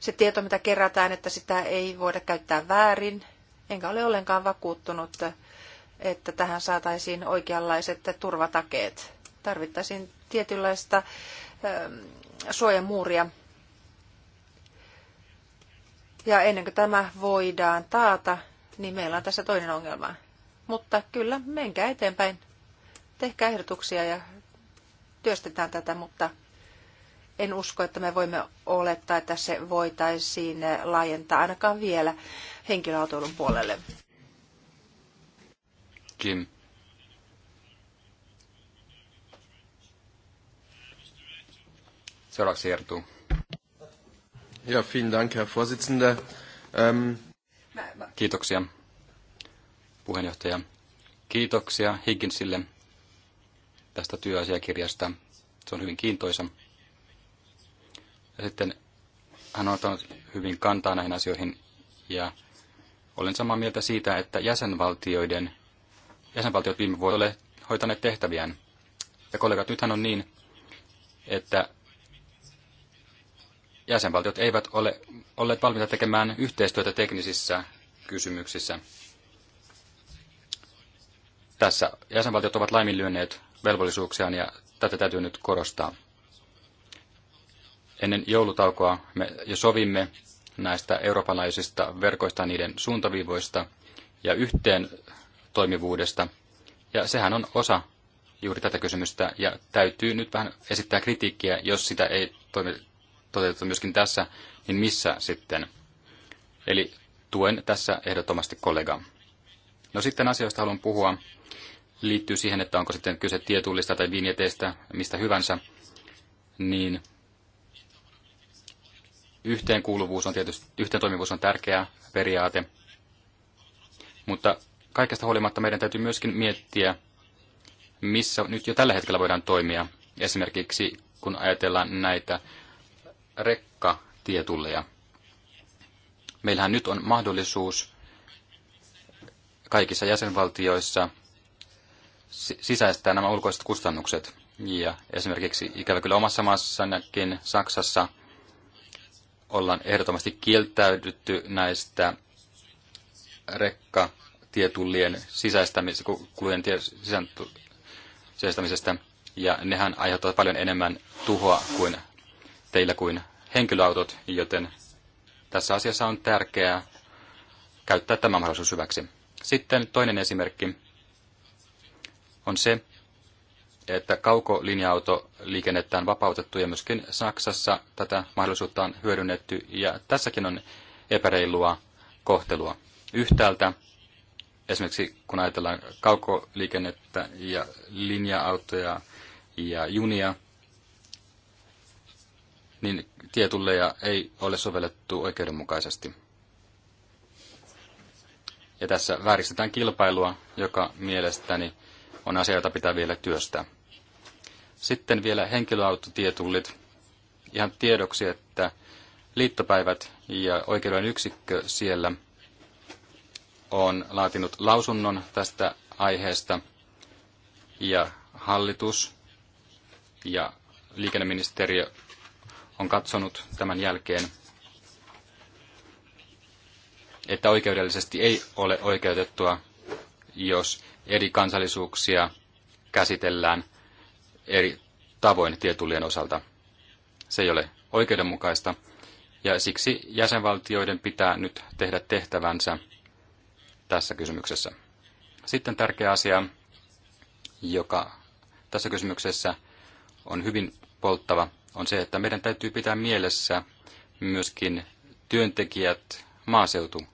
Speaker 4: se tieto, mitä kerätään, että sitä ei voida käyttää väärin. Enkä ole ollenkaan vakuuttunut, että tähän saataisiin oikeanlaiset turvatakeet tarvittaisiin tietynlaista ähm, suojamuuria. Ja ennen kuin tämä voidaan taata, niin meillä on tässä toinen ongelma. Mutta kyllä, menkää eteenpäin. Tehkää ehdotuksia ja työstetään tätä, mutta en usko, että me voimme olettaa, että se voitaisiin laajentaa ainakaan vielä henkilöautoilun puolelle.
Speaker 2: Kim. Seuraavaksi Jertu. Ja, vielen Dank, Herr Vorsitzender. Ähm... Kiitoksia, puheenjohtaja. Kiitoksia Higginsille tästä työasiakirjasta. Se on hyvin kiintoisa. Ja sitten hän on ottanut hyvin kantaa näihin asioihin ja olen samaa mieltä siitä, että jäsenvaltioiden, jäsenvaltiot viime vuodelle hoitaneet tehtäviään. Ja kollegat, nythän on niin, että jäsenvaltiot eivät ole olleet valmiita tekemään yhteistyötä teknisissä kysymyksissä. Tässä jäsenvaltiot ovat laiminlyöneet velvollisuuksiaan ja tätä täytyy nyt korostaa. Ennen joulutaukoa me jo sovimme näistä eurooppalaisista verkoista, niiden suuntaviivoista ja yhteen toimivuudesta. Ja sehän on osa juuri tätä kysymystä ja täytyy nyt vähän esittää kritiikkiä, jos sitä ei toimi toteutettu myöskin tässä, niin missä sitten? Eli tuen tässä ehdottomasti kollegaa. No sitten asioista haluan puhua liittyy siihen, että onko sitten kyse tietullista tai vinjeteistä, mistä hyvänsä, niin yhteenkuuluvuus on tietysti, yhteen toimivuus on tärkeä periaate, mutta kaikesta huolimatta meidän täytyy myöskin miettiä, missä nyt jo tällä hetkellä voidaan toimia. Esimerkiksi kun ajatellaan näitä Rekka tietulleja. Meillähän nyt on mahdollisuus kaikissa jäsenvaltioissa sisäistää nämä ulkoiset kustannukset. Ja esimerkiksi ikävä kyllä omassa maassakin Saksassa ollaan ehdottomasti kieltäydytty näistä tietullien sisäistämiskulujen sisäistämisestä, ja nehän aiheuttavat paljon enemmän tuhoa kuin teillä kuin henkilöautot, joten tässä asiassa on tärkeää käyttää tämä mahdollisuus hyväksi. Sitten toinen esimerkki on se, että kaukolinja liikennettä on vapautettu ja myöskin Saksassa tätä mahdollisuutta on hyödynnetty ja tässäkin on epäreilua kohtelua. Yhtäältä esimerkiksi kun ajatellaan kaukoliikennettä ja linja-autoja ja junia, niin tietulleja ei ole sovellettu oikeudenmukaisesti. Ja tässä vääristetään kilpailua, joka mielestäni on asia, jota pitää vielä työstää. Sitten vielä henkilöautotietullit. Ihan tiedoksi, että liittopäivät ja oikeuden yksikkö siellä on laatinut lausunnon tästä aiheesta. Ja hallitus ja liikenneministeriö on katsonut tämän jälkeen, että oikeudellisesti ei ole oikeutettua, jos eri kansallisuuksia käsitellään eri tavoin tietullien osalta. Se ei ole oikeudenmukaista, ja siksi jäsenvaltioiden pitää nyt tehdä tehtävänsä tässä kysymyksessä. Sitten tärkeä asia, joka tässä kysymyksessä on hyvin polttava, on se, että meidän täytyy pitää mielessä myöskin työntekijät maaseutualueilla.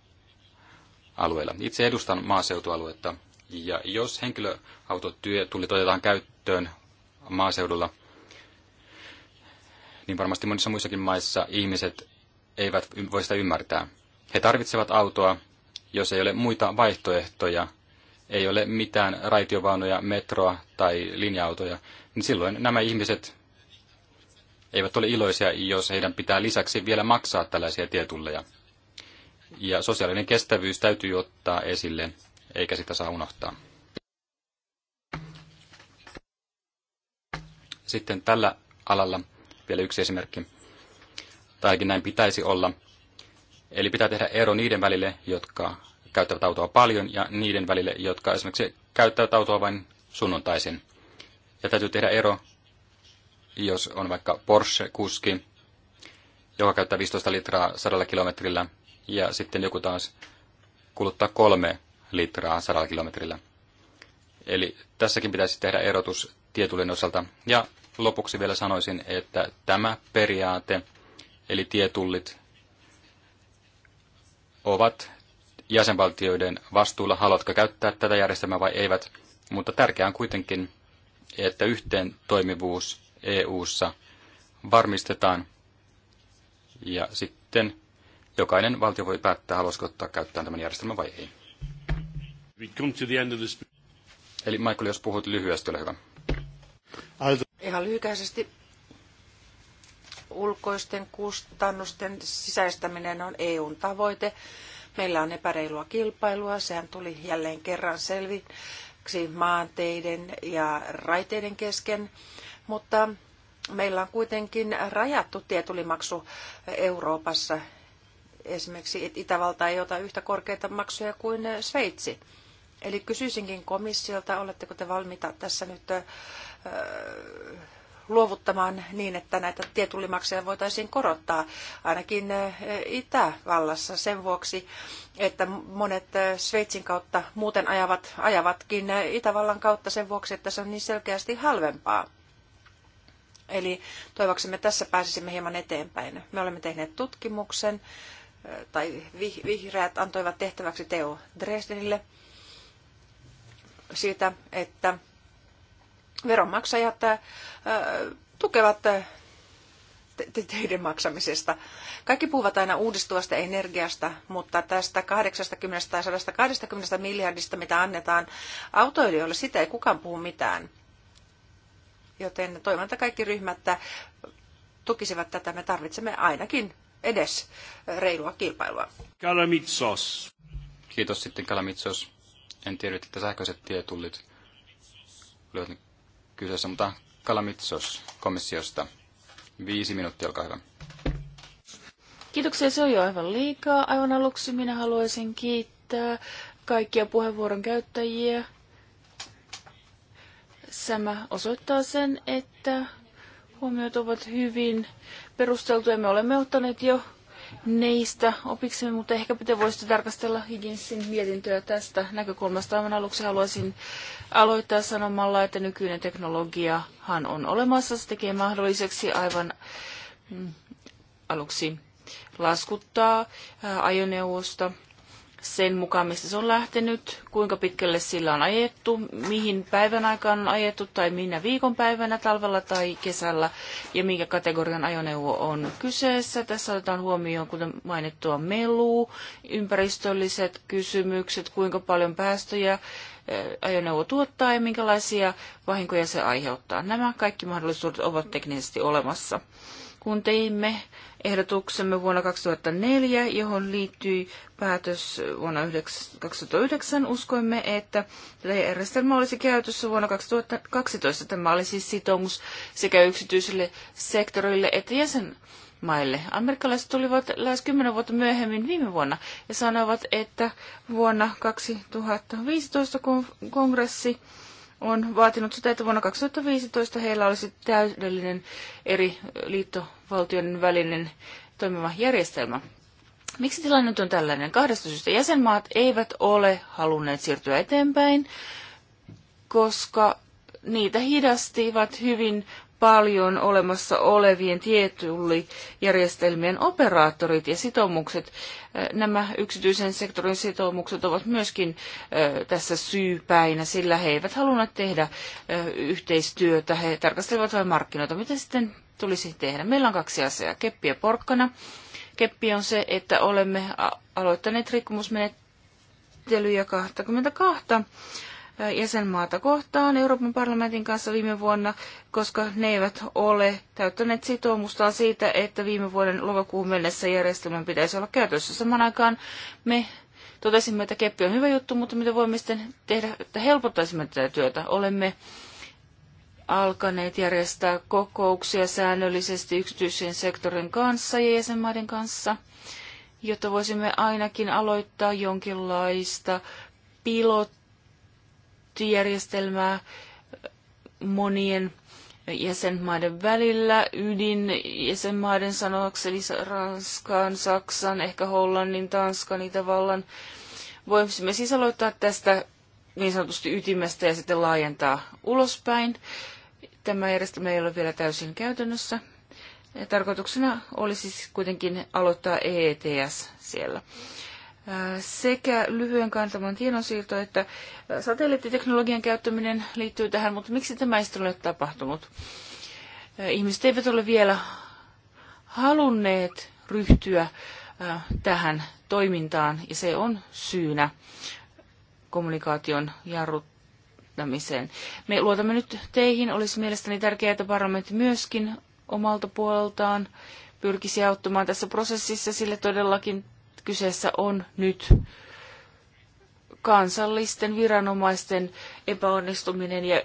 Speaker 2: Itse edustan maaseutualuetta, ja jos henkilöautotyö tuli otetaan käyttöön maaseudulla, niin varmasti monissa muissakin maissa ihmiset eivät voi sitä ymmärtää. He tarvitsevat autoa, jos ei ole muita vaihtoehtoja, ei ole mitään raitiovaunuja, metroa tai linja-autoja, niin silloin nämä ihmiset eivät ole iloisia, jos heidän pitää lisäksi vielä maksaa tällaisia tietulleja. Ja sosiaalinen kestävyys täytyy ottaa esille, eikä sitä saa unohtaa. Sitten tällä alalla vielä yksi esimerkki. Tämäkin näin pitäisi olla. Eli pitää tehdä ero niiden välille, jotka käyttävät autoa paljon, ja niiden välille, jotka esimerkiksi käyttävät autoa vain sunnuntaisin. Ja täytyy tehdä ero jos on vaikka Porsche-kuski, joka käyttää 15 litraa 100 kilometrillä, ja sitten joku taas kuluttaa kolme litraa 100 kilometrillä. Eli tässäkin pitäisi tehdä erotus tietulin osalta. Ja lopuksi vielä sanoisin, että tämä periaate, eli tietullit, ovat jäsenvaltioiden vastuulla, haluatko käyttää tätä järjestelmää vai eivät, mutta tärkeää on kuitenkin, että yhteen toimivuus EU:ssa varmistetaan ja sitten jokainen valtio voi päättää, haluaisiko ottaa käyttöön tämän järjestelmän vai ei. Eli Michael, jos puhut lyhyesti, ole hyvä.
Speaker 4: Ihan lyhykäisesti ulkoisten kustannusten sisäistäminen on EUn tavoite. Meillä on epäreilua kilpailua, sehän tuli jälleen kerran selviksi maanteiden ja raiteiden kesken mutta meillä on kuitenkin rajattu tietulimaksu Euroopassa. Esimerkiksi Itävalta ei ota yhtä korkeita maksuja kuin Sveitsi. Eli kysyisinkin komissiolta, oletteko te valmiita tässä nyt luovuttamaan niin, että näitä tietullimaksuja voitaisiin korottaa ainakin Itävallassa sen vuoksi, että monet Sveitsin kautta muuten ajavat, ajavatkin Itävallan kautta sen vuoksi, että se on niin selkeästi halvempaa. Eli toivoksemme tässä pääsisimme hieman eteenpäin. Me olemme tehneet tutkimuksen, tai vihreät antoivat tehtäväksi Teo Dresdenille siitä, että veronmaksajat tukevat teiden maksamisesta. Kaikki puhuvat aina uudistuvasta energiasta, mutta tästä 80 tai 120 miljardista, mitä annetaan autoilijoille, sitä ei kukaan puhu mitään. Joten toivon, että kaikki ryhmät tukisivat tätä. Me tarvitsemme ainakin edes reilua kilpailua.
Speaker 2: Kalamitsos. Kiitos sitten Kalamitsos. En tiedä, että sähköiset tietullit olivat kyseessä, mutta Kalamitsos komissiosta. Viisi minuuttia, olkaa hyvä.
Speaker 3: Kiitoksia, se on jo aivan liikaa. Aivan aluksi minä haluaisin kiittää kaikkia puheenvuoron käyttäjiä, Tämä osoittaa sen, että huomiot ovat hyvin perusteltuja. Me olemme ottaneet jo neistä opiksemme, mutta ehkä te voisitte tarkastella Higginsin mietintöä tästä näkökulmasta. Aivan aluksi haluaisin aloittaa sanomalla, että nykyinen teknologiahan on olemassa. Se tekee mahdolliseksi aivan mm, aluksi laskuttaa ajoneuvosta sen mukaan, mistä se on lähtenyt, kuinka pitkälle sillä on ajettu, mihin päivän aikaan on ajettu tai minä viikonpäivänä, talvella tai kesällä ja minkä kategorian ajoneuvo on kyseessä. Tässä otetaan huomioon, kuten mainittua, melu, ympäristölliset kysymykset, kuinka paljon päästöjä eh, ajoneuvo tuottaa ja minkälaisia vahinkoja se aiheuttaa. Nämä kaikki mahdollisuudet ovat teknisesti olemassa kun teimme ehdotuksemme vuonna 2004, johon liittyi päätös vuonna 2009, uskoimme, että tämä järjestelmä olisi käytössä vuonna 2012. Tämä oli siis sitoumus sekä yksityiselle sektorille että jäsenmaille. Amerikkalaiset tulivat lähes 10 vuotta myöhemmin viime vuonna ja sanoivat, että vuonna 2015 kongressi on vaatinut sitä, että vuonna 2015 heillä olisi täydellinen eri liittovaltioiden välinen toimiva järjestelmä. Miksi tilanne nyt on tällainen? Kahdesta syystä jäsenmaat eivät ole halunneet siirtyä eteenpäin, koska niitä hidastivat hyvin paljon olemassa olevien tietullijärjestelmien operaattorit ja sitoumukset. Nämä yksityisen sektorin sitoumukset ovat myöskin tässä syypäinä, sillä he eivät halunneet tehdä yhteistyötä. He tarkastelevat vain markkinoita. Mitä sitten tulisi tehdä? Meillä on kaksi asiaa, keppi ja porkkana. Keppi on se, että olemme aloittaneet rikkomusmenettelyjä 22 jäsenmaata kohtaan Euroopan parlamentin kanssa viime vuonna, koska ne eivät ole täyttäneet sitoumustaan siitä, että viime vuoden lokakuun mennessä järjestelmän pitäisi olla käytössä. Saman aikaan me totesimme, että keppi on hyvä juttu, mutta mitä voimme sitten tehdä, että helpottaisimme tätä työtä. Olemme alkaneet järjestää kokouksia säännöllisesti yksityisen sektorin kanssa ja jäsenmaiden kanssa, jotta voisimme ainakin aloittaa jonkinlaista pilot käyttöjärjestelmää monien jäsenmaiden välillä, ydin jäsenmaiden sanoakseni Ranskan, Saksan, ehkä Hollannin, Tanskan, Itävallan. Voisimme siis aloittaa tästä niin sanotusti ytimestä ja sitten laajentaa ulospäin. Tämä järjestelmä ei ole vielä täysin käytännössä. Tarkoituksena olisi siis kuitenkin aloittaa EETS siellä sekä lyhyen kantaman tiedonsiirto että satelliittiteknologian käyttäminen liittyy tähän, mutta miksi tämä ei ole tapahtunut? Ihmiset eivät ole vielä halunneet ryhtyä tähän toimintaan ja se on syynä kommunikaation jarruttamiseen. Me luotamme nyt teihin. Olisi mielestäni tärkeää, että parlamentti myöskin omalta puoleltaan pyrkisi auttamaan tässä prosessissa, sillä todellakin kyseessä on nyt kansallisten viranomaisten epäonnistuminen ja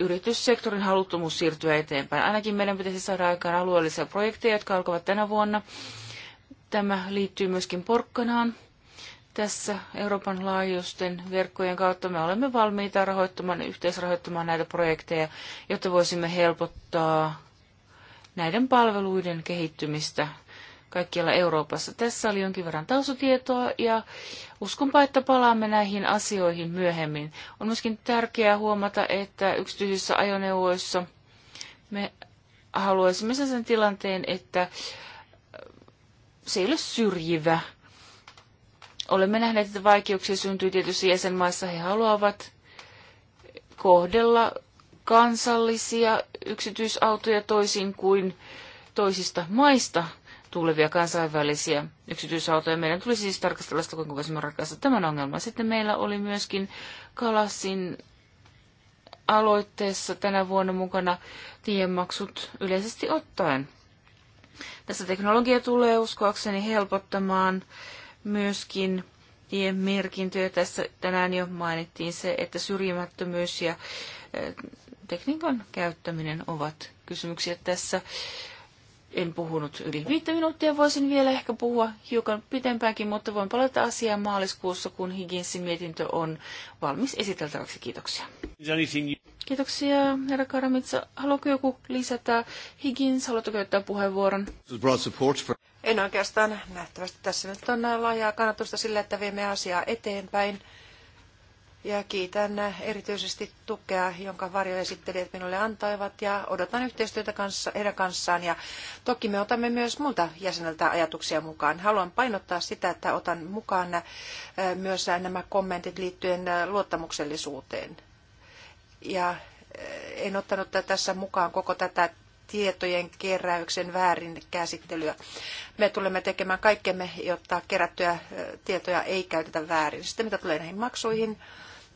Speaker 3: yrityssektorin haluttomuus siirtyä eteenpäin. Ainakin meidän pitäisi saada aikaan alueellisia projekteja, jotka alkavat tänä vuonna. Tämä liittyy myöskin porkkanaan. Tässä Euroopan laajuisten verkkojen kautta me olemme valmiita rahoittamaan, yhteisrahoittamaan näitä projekteja, jotta voisimme helpottaa näiden palveluiden kehittymistä kaikkialla Euroopassa. Tässä oli jonkin verran taustatietoa ja uskonpa, että palaamme näihin asioihin myöhemmin. On myöskin tärkeää huomata, että yksityisissä ajoneuvoissa me haluaisimme sen tilanteen, että se ei ole syrjivä. Olemme nähneet, että vaikeuksia syntyy tietysti jäsenmaissa. He haluavat kohdella kansallisia yksityisautoja toisin kuin toisista maista tulevia kansainvälisiä yksityisautoja. Meidän tulisi siis tarkastella sitä, kuinka voisimme ratkaista tämän ongelman. Sitten meillä oli myöskin Kalasin aloitteessa tänä vuonna mukana tiemaksut yleisesti ottaen. Tässä teknologia tulee uskoakseni helpottamaan myöskin tiemerkintöjä. Tässä tänään jo mainittiin se, että syrjimättömyys ja eh, tekniikan käyttäminen ovat kysymyksiä tässä en
Speaker 1: puhunut yli
Speaker 3: viittä minuuttia, voisin vielä ehkä puhua hiukan pitempäänkin, mutta voin palata asiaan maaliskuussa, kun Higginsin mietintö on valmis esiteltäväksi. Kiitoksia. Kiitoksia, herra Karamitsa. Haluatko joku lisätä? Higgins, haluatko käyttää puheenvuoron?
Speaker 4: En oikeastaan nähtävästi. Tässä nyt on laajaa kannatusta sille, että viemme asiaa eteenpäin ja kiitän erityisesti tukea, jonka varjoesittelijät minulle antoivat ja odotan yhteistyötä kanssa, heidän kanssaan. Ja toki me otamme myös muilta jäseneltä ajatuksia mukaan. Haluan painottaa sitä, että otan mukaan äh, myös nämä kommentit liittyen äh, luottamuksellisuuteen. Ja äh, en ottanut tässä mukaan koko tätä tietojen keräyksen väärinkäsittelyä. Me tulemme tekemään kaikkemme, jotta kerättyjä tietoja ei käytetä väärin. Sitten mitä tulee näihin maksuihin,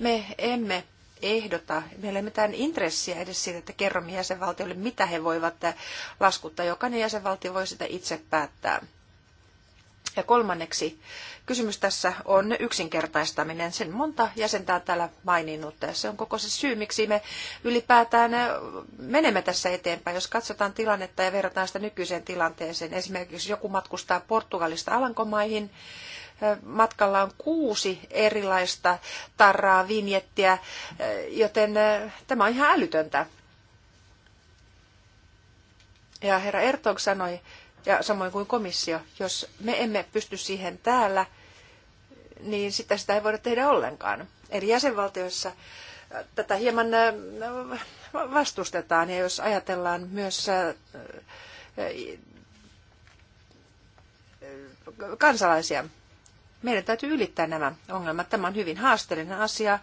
Speaker 4: me emme ehdota, meillä ei mitään intressiä edes siitä, että kerromme jäsenvaltioille, mitä he voivat laskuttaa. Jokainen jäsenvaltio voi sitä itse päättää. Ja kolmanneksi, kysymys tässä on yksinkertaistaminen. Sen monta jäsentää täällä maininnut. Se on koko se syy, miksi me ylipäätään menemme tässä eteenpäin. Jos katsotaan tilannetta ja verrataan sitä nykyiseen tilanteeseen, esimerkiksi joku matkustaa Portugalista Alankomaihin, matkalla on kuusi erilaista tarraa, vinjettiä, joten tämä on ihan älytöntä. Ja herra Ertog sanoi, ja samoin kuin komissio, jos me emme pysty siihen täällä, niin sitä, sitä ei voida tehdä ollenkaan. Eli jäsenvaltioissa tätä hieman vastustetaan, ja jos ajatellaan myös kansalaisia, meidän täytyy ylittää nämä ongelmat. Tämä on hyvin haasteellinen asia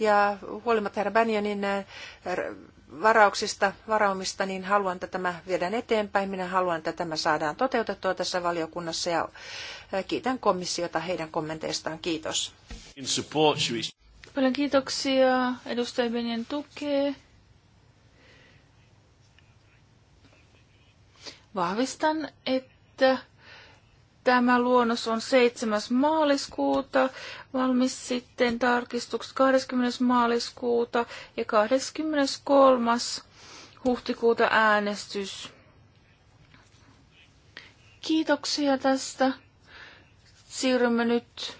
Speaker 4: ja huolimatta herra Banionin äh, varauksista, varaumista, niin haluan, että tämä viedään eteenpäin. Minä haluan, että tämä saadaan toteutettua tässä valiokunnassa ja äh, kiitän komissiota heidän kommenteistaan. Kiitos. Paljon kiitoksia. Edustaja Benjen tukee.
Speaker 3: Vahvistan, että Tämä luonnos on 7. maaliskuuta, valmis sitten tarkistukset 20. maaliskuuta ja 23. huhtikuuta äänestys. Kiitoksia tästä. Siirrymme nyt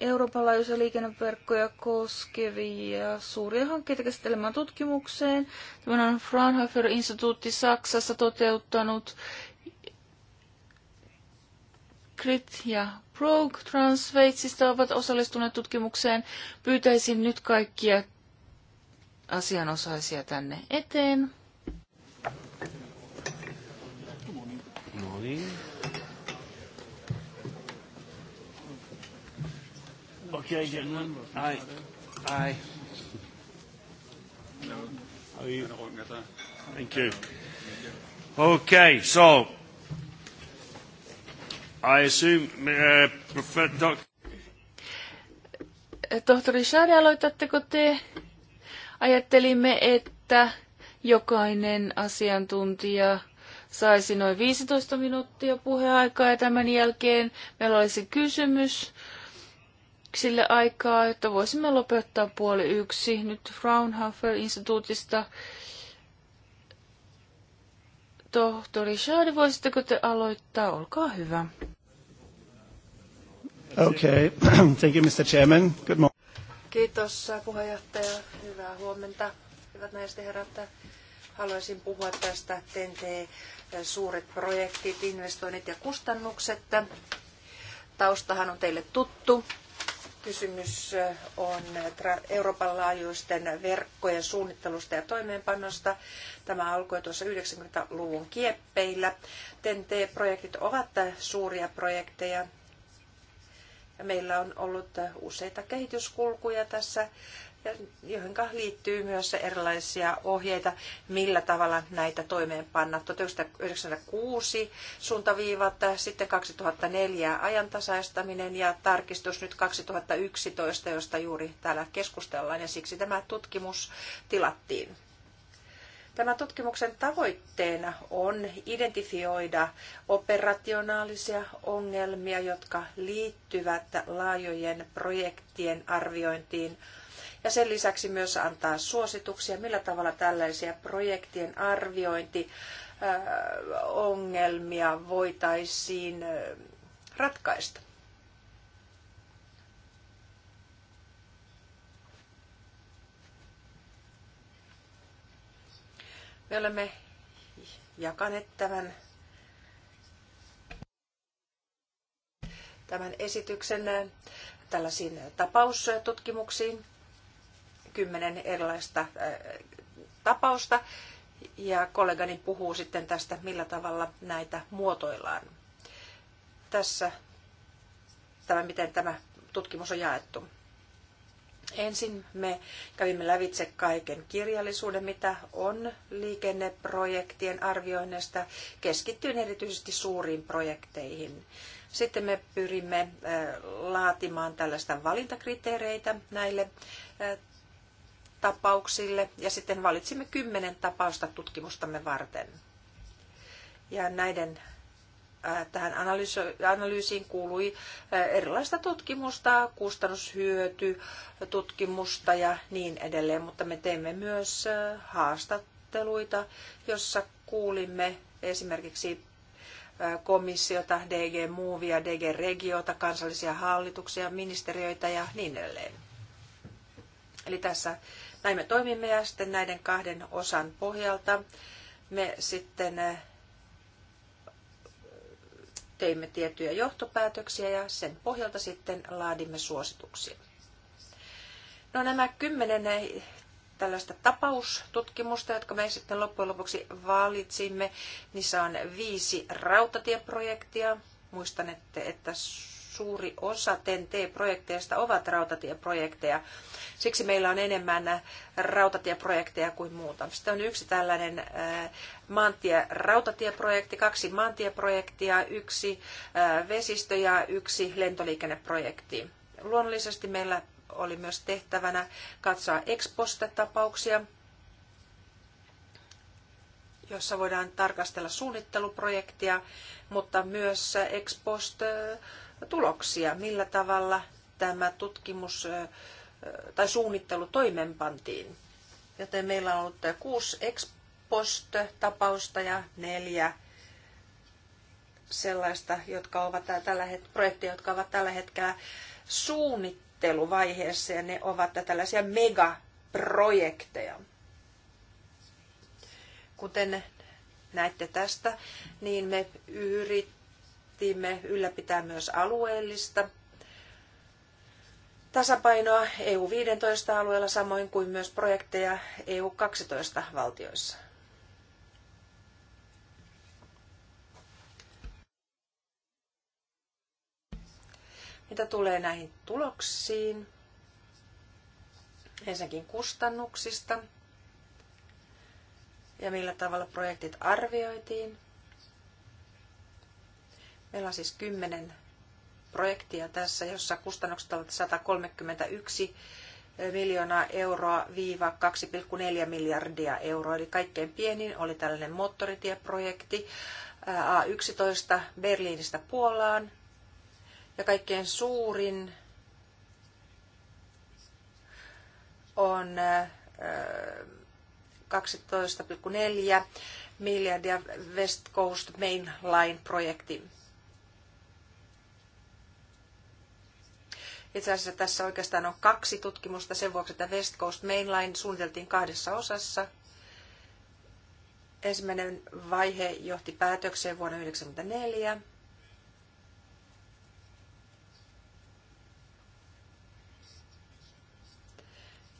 Speaker 3: Euroopan laajuisia liikenneverkkoja koskevia suuria hankkeita käsittelemään tutkimukseen. Tämä on Fraunhofer-instituutti Saksassa toteuttanut Krit ja Broke Transveitsistä ovat osallistuneet tutkimukseen. Pyytäisin nyt kaikkia asianosaisia tänne eteen.
Speaker 1: Okay, gentlemen. Aye. Aye. No. are you? No, no, Thank you. Okay, so I assume, uh, prefer, doc...
Speaker 3: Tohtori Shari, aloitatteko te? Ajattelimme, että jokainen asiantuntija saisi noin 15 minuuttia puheaikaa ja tämän jälkeen meillä olisi kysymys sille aikaa, että voisimme lopettaa puoli yksi. Nyt Fraunhofer-instituutista tohtori Schade, voisitteko te aloittaa? Olkaa hyvä.
Speaker 4: Okay.
Speaker 1: Thank you, Mr. Chairman. Good morning.
Speaker 4: Kiitos äh, puheenjohtaja. Hyvää huomenta. Hyvät naiset ja herrat. Haluaisin puhua tästä TNT äh, suuret projektit, investoinnit ja kustannukset. Taustahan on teille tuttu. Kysymys äh, on Euroopan laajuisten verkkojen suunnittelusta ja toimeenpanosta. Tämä alkoi tuossa 90-luvun kieppeillä. TNT-projektit ovat suuria projekteja, ja meillä on ollut useita kehityskulkuja tässä, joihin liittyy myös erilaisia ohjeita, millä tavalla näitä toimeenpanna. 1996 suuntaviivat, sitten 2004 ajantasaistaminen ja tarkistus nyt 2011, josta juuri täällä keskustellaan ja siksi tämä tutkimus tilattiin. Tämän tutkimuksen tavoitteena on identifioida operationaalisia ongelmia, jotka liittyvät laajojen projektien arviointiin ja sen lisäksi myös antaa suosituksia, millä tavalla tällaisia projektien arviointiongelmia äh, voitaisiin äh, ratkaista. Me olemme jakaneet tämän, tämän esityksen tällaisiin tapaustutkimuksiin, kymmenen erilaista äh, tapausta, ja kollegani puhuu sitten tästä, millä tavalla näitä muotoillaan. Tässä tämä, miten tämä tutkimus on jaettu. Ensin me kävimme lävitse kaiken kirjallisuuden, mitä on liikenneprojektien arvioinnista, keskittyen erityisesti suuriin projekteihin. Sitten me pyrimme äh, laatimaan tällaista valintakriteereitä näille äh, tapauksille ja sitten valitsimme kymmenen tapausta tutkimustamme varten. Ja näiden tähän analyysiin kuului erilaista tutkimusta, kustannushyöty, tutkimusta ja niin edelleen, mutta me teemme myös haastatteluita, jossa kuulimme esimerkiksi komissiota, DG Movia, DG Regiota, kansallisia hallituksia, ministeriöitä ja niin edelleen. Eli tässä näin me toimimme ja sitten näiden kahden osan pohjalta me sitten teimme tiettyjä johtopäätöksiä ja sen pohjalta sitten laadimme suosituksia. No nämä kymmenen eh, tällaista tapaustutkimusta, jotka me sitten loppujen lopuksi valitsimme, niissä on viisi rautatieprojektia. Muistan, että, että suuri osa TEN-T-projekteista ovat rautatieprojekteja. Siksi meillä on enemmän rautatieprojekteja kuin muuta. Sitten on yksi tällainen äh, maantie-rautatieprojekti, kaksi maantieprojektia, yksi äh, vesistö ja yksi lentoliikenneprojekti. Luonnollisesti meillä oli myös tehtävänä katsoa exposte tapauksia jossa voidaan tarkastella suunnitteluprojektia, mutta myös Exposte tuloksia, millä tavalla tämä tutkimus tai suunnittelu toimenpantiin. Joten meillä on ollut kuusi ex post-tapausta ja neljä sellaista, jotka ovat tällä hetkellä, projekteja, jotka ovat tällä hetkellä suunnitteluvaiheessa ja ne ovat tällaisia megaprojekteja. Kuten näette tästä, niin me yritämme yritämme ylläpitää myös alueellista tasapainoa EU-15 alueella samoin kuin myös projekteja EU-12 valtioissa. Mitä tulee näihin tuloksiin? Ensinnäkin kustannuksista ja millä tavalla projektit arvioitiin. Meillä on siis kymmenen projektia tässä, jossa kustannukset ovat 131 miljoonaa euroa viiva 2,4 miljardia euroa. Eli kaikkein pienin oli tällainen moottoritieprojekti A11 Berliinistä Puolaan. Ja kaikkein suurin on 12,4 miljardia West Coast Main Line projekti Itse asiassa tässä oikeastaan on kaksi tutkimusta sen vuoksi, että West Coast Mainline suunniteltiin kahdessa osassa. Ensimmäinen vaihe johti päätökseen vuonna 1994.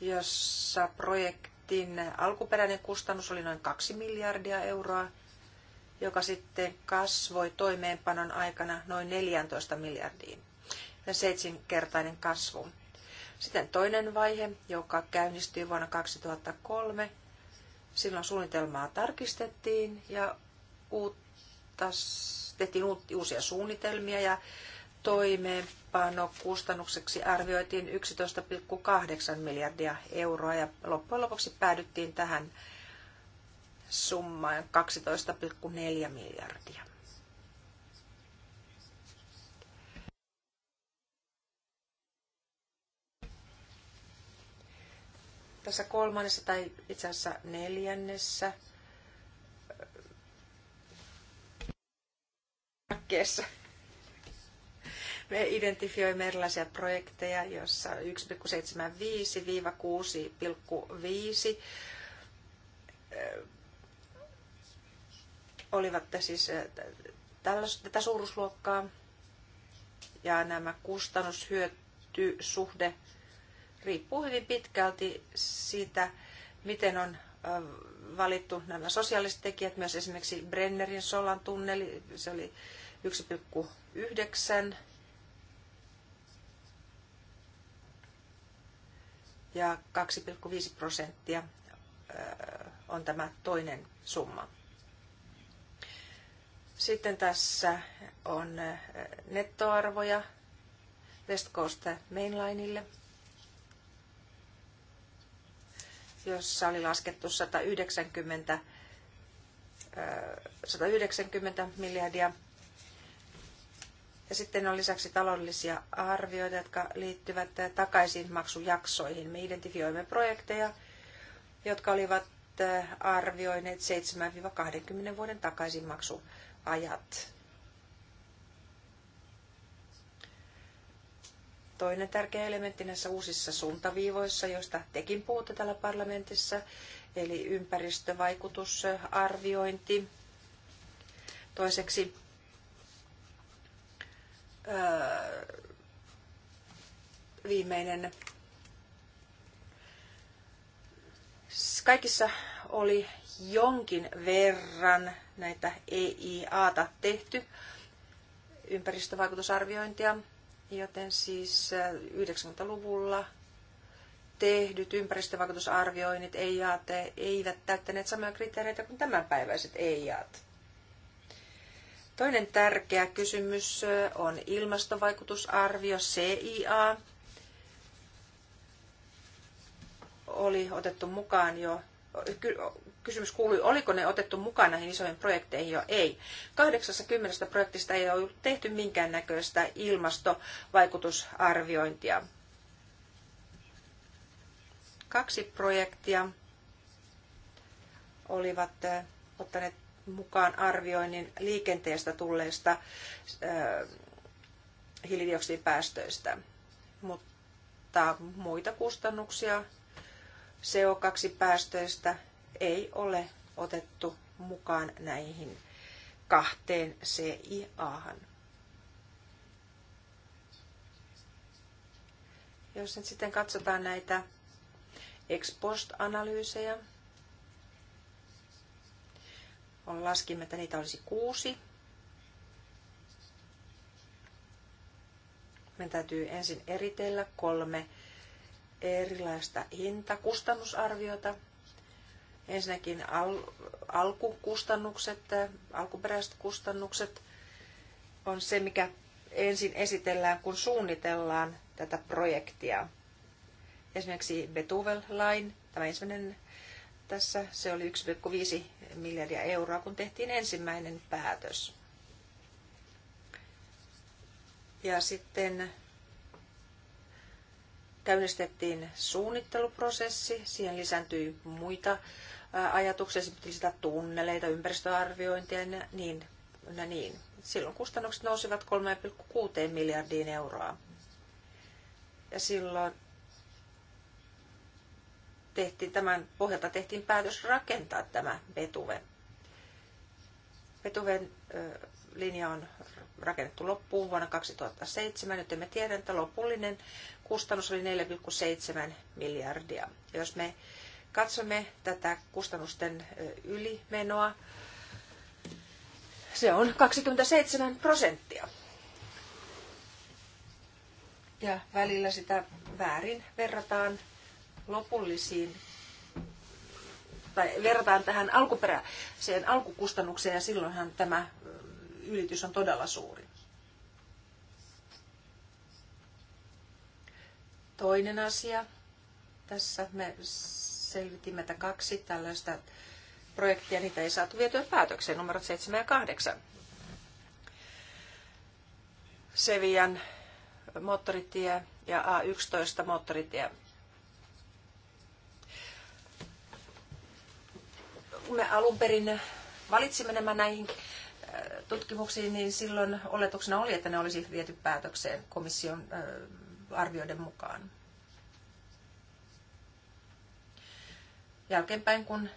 Speaker 4: jossa projektin alkuperäinen kustannus oli noin 2 miljardia euroa, joka sitten kasvoi toimeenpanon aikana noin 14 miljardiin seitsinkertainen kasvu. Sitten toinen vaihe, joka käynnistyi vuonna 2003. Silloin suunnitelmaa tarkistettiin ja uutta, tehtiin uusia suunnitelmia ja toimeenpano kustannukseksi arvioitiin 11,8 miljardia euroa ja loppujen lopuksi päädyttiin tähän summaan 12,4 miljardia. tässä kolmannessa tai itse asiassa neljännessä hankkeessa. Me identifioimme erilaisia projekteja, joissa 1,75-6,5 eh, olivat siis eh, tätä suuruusluokkaa. Ja nämä kustannushyötysuhde suhde riippuu hyvin pitkälti siitä, miten on valittu nämä sosiaaliset tekijät, myös esimerkiksi Brennerin Solan tunneli, se oli 1,9. Ja 2,5 prosenttia on tämä toinen summa. Sitten tässä on nettoarvoja West Coast Mainlineille. jossa oli laskettu 190, 190 miljardia. Ja sitten on lisäksi taloudellisia arvioita, jotka liittyvät takaisinmaksujaksoihin. Me identifioimme projekteja, jotka olivat arvioineet 7-20 vuoden takaisinmaksuajat. toinen tärkeä elementti näissä uusissa suuntaviivoissa, joista tekin puhutte täällä parlamentissa, eli ympäristövaikutusarviointi. Toiseksi öö, viimeinen. Kaikissa oli jonkin verran näitä EIAta tehty, ympäristövaikutusarviointia, Joten siis 90-luvulla äh, tehdyt ympäristövaikutusarvioinnit EIAT eivät täyttäneet samoja kriteereitä kuin tämänpäiväiset EIAT. Toinen tärkeä kysymys äh, on ilmastovaikutusarvio CIA. Oli otettu mukaan jo kysymys kuului, oliko ne otettu mukaan näihin isoihin projekteihin jo ei. 80 projektista ei ole tehty minkäännäköistä ilmastovaikutusarviointia. Kaksi projektia olivat eh, ottaneet mukaan arvioinnin liikenteestä tulleista eh, hiilidioksidipäästöistä, mutta muita kustannuksia CO2-päästöistä ei ole otettu mukaan näihin kahteen CIAhan. Jos nyt sitten katsotaan näitä ex post-analyysejä, on laskimme, että niitä olisi kuusi. Meidän täytyy ensin eritellä kolme erilaista hintakustannusarviota. Ensinnäkin al- alkukustannukset, alkuperäiset kustannukset on se, mikä ensin esitellään, kun suunnitellaan tätä projektia. Esimerkiksi Betuvel Line, tämä ensimmäinen tässä, se oli 1,5 miljardia euroa, kun tehtiin ensimmäinen päätös. Ja sitten käynnistettiin suunnitteluprosessi, siihen lisääntyi muita ajatuksia, esimerkiksi sitä tunneleita, ympäristöarviointia ja niin, ja niin. Silloin kustannukset nousivat 3,6 miljardiin euroa. Ja silloin tehtiin, tämän pohjalta tehtiin päätös rakentaa tämä betuven betuven linja on rakennettu loppuun vuonna 2007. Nyt me tiedän, että lopullinen kustannus oli 4,7 miljardia. Jos me katsomme tätä kustannusten ylimenoa, se on 27 prosenttia. Ja välillä sitä väärin verrataan lopullisiin tai verrataan tähän alkuperäiseen alkukustannukseen ja silloinhan tämä ylitys on todella suuri. Toinen asia. Tässä me selvitimme, että kaksi tällaista projektia, niitä ei saatu vietyä päätökseen, numerot 7 ja 8. Sevian moottoritie ja A11 moottoritie. Me alun perin valitsimme nämä näihin tutkimuksiin, niin silloin oletuksena oli, että ne olisi viety päätökseen komission arvioiden mukaan. Jälkeenpäin, kun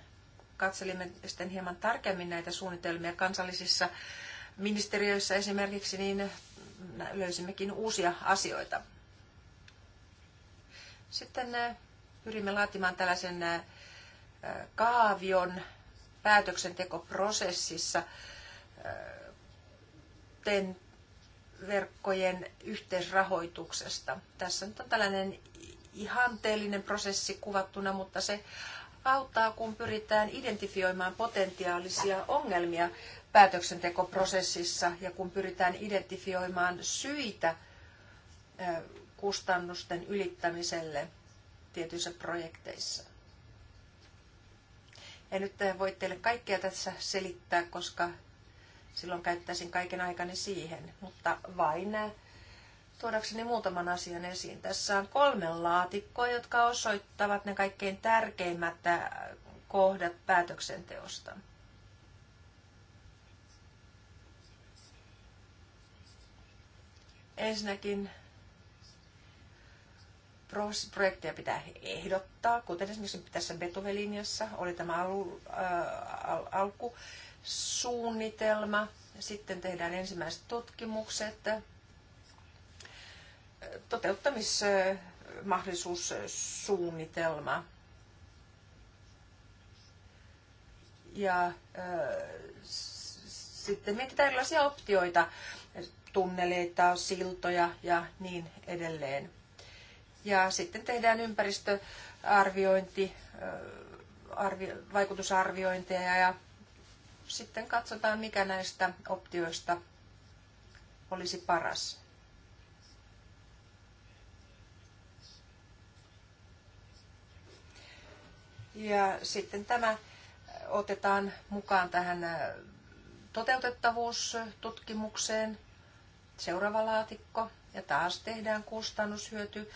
Speaker 4: katselimme sitten hieman tarkemmin näitä suunnitelmia kansallisissa ministeriöissä esimerkiksi, niin löysimmekin uusia asioita. Sitten pyrimme laatimaan tällaisen kaavion päätöksentekoprosessissa, ten verkkojen yhteisrahoituksesta. Tässä nyt on tällainen ihanteellinen prosessi kuvattuna, mutta se auttaa, kun pyritään identifioimaan potentiaalisia ongelmia päätöksentekoprosessissa ja kun pyritään identifioimaan syitä kustannusten ylittämiselle tietyissä projekteissa. En nyt voi teille kaikkea tässä selittää, koska Silloin käyttäisin kaiken aikani siihen, mutta vain tuodakseni muutaman asian esiin. Tässä on kolme laatikkoa, jotka osoittavat ne kaikkein tärkeimmät äh, kohdat päätöksenteosta. Ensinnäkin projekteja pitää ehdottaa, kuten esimerkiksi tässä Beethoven-linjassa oli tämä alu, äh, al, alku suunnitelma, sitten tehdään ensimmäiset tutkimukset, toteuttamismahdollisuussuunnitelma ja sitten mietitään erilaisia optioita, tunneleita, siltoja ja niin edelleen. Ja sitten tehdään ympäristöarviointi, arvi, vaikutusarviointeja ja sitten katsotaan, mikä näistä optioista olisi paras. Ja sitten tämä otetaan mukaan tähän äh, toteutettavuustutkimukseen, seuraava laatikko, ja taas tehdään kustannushyöty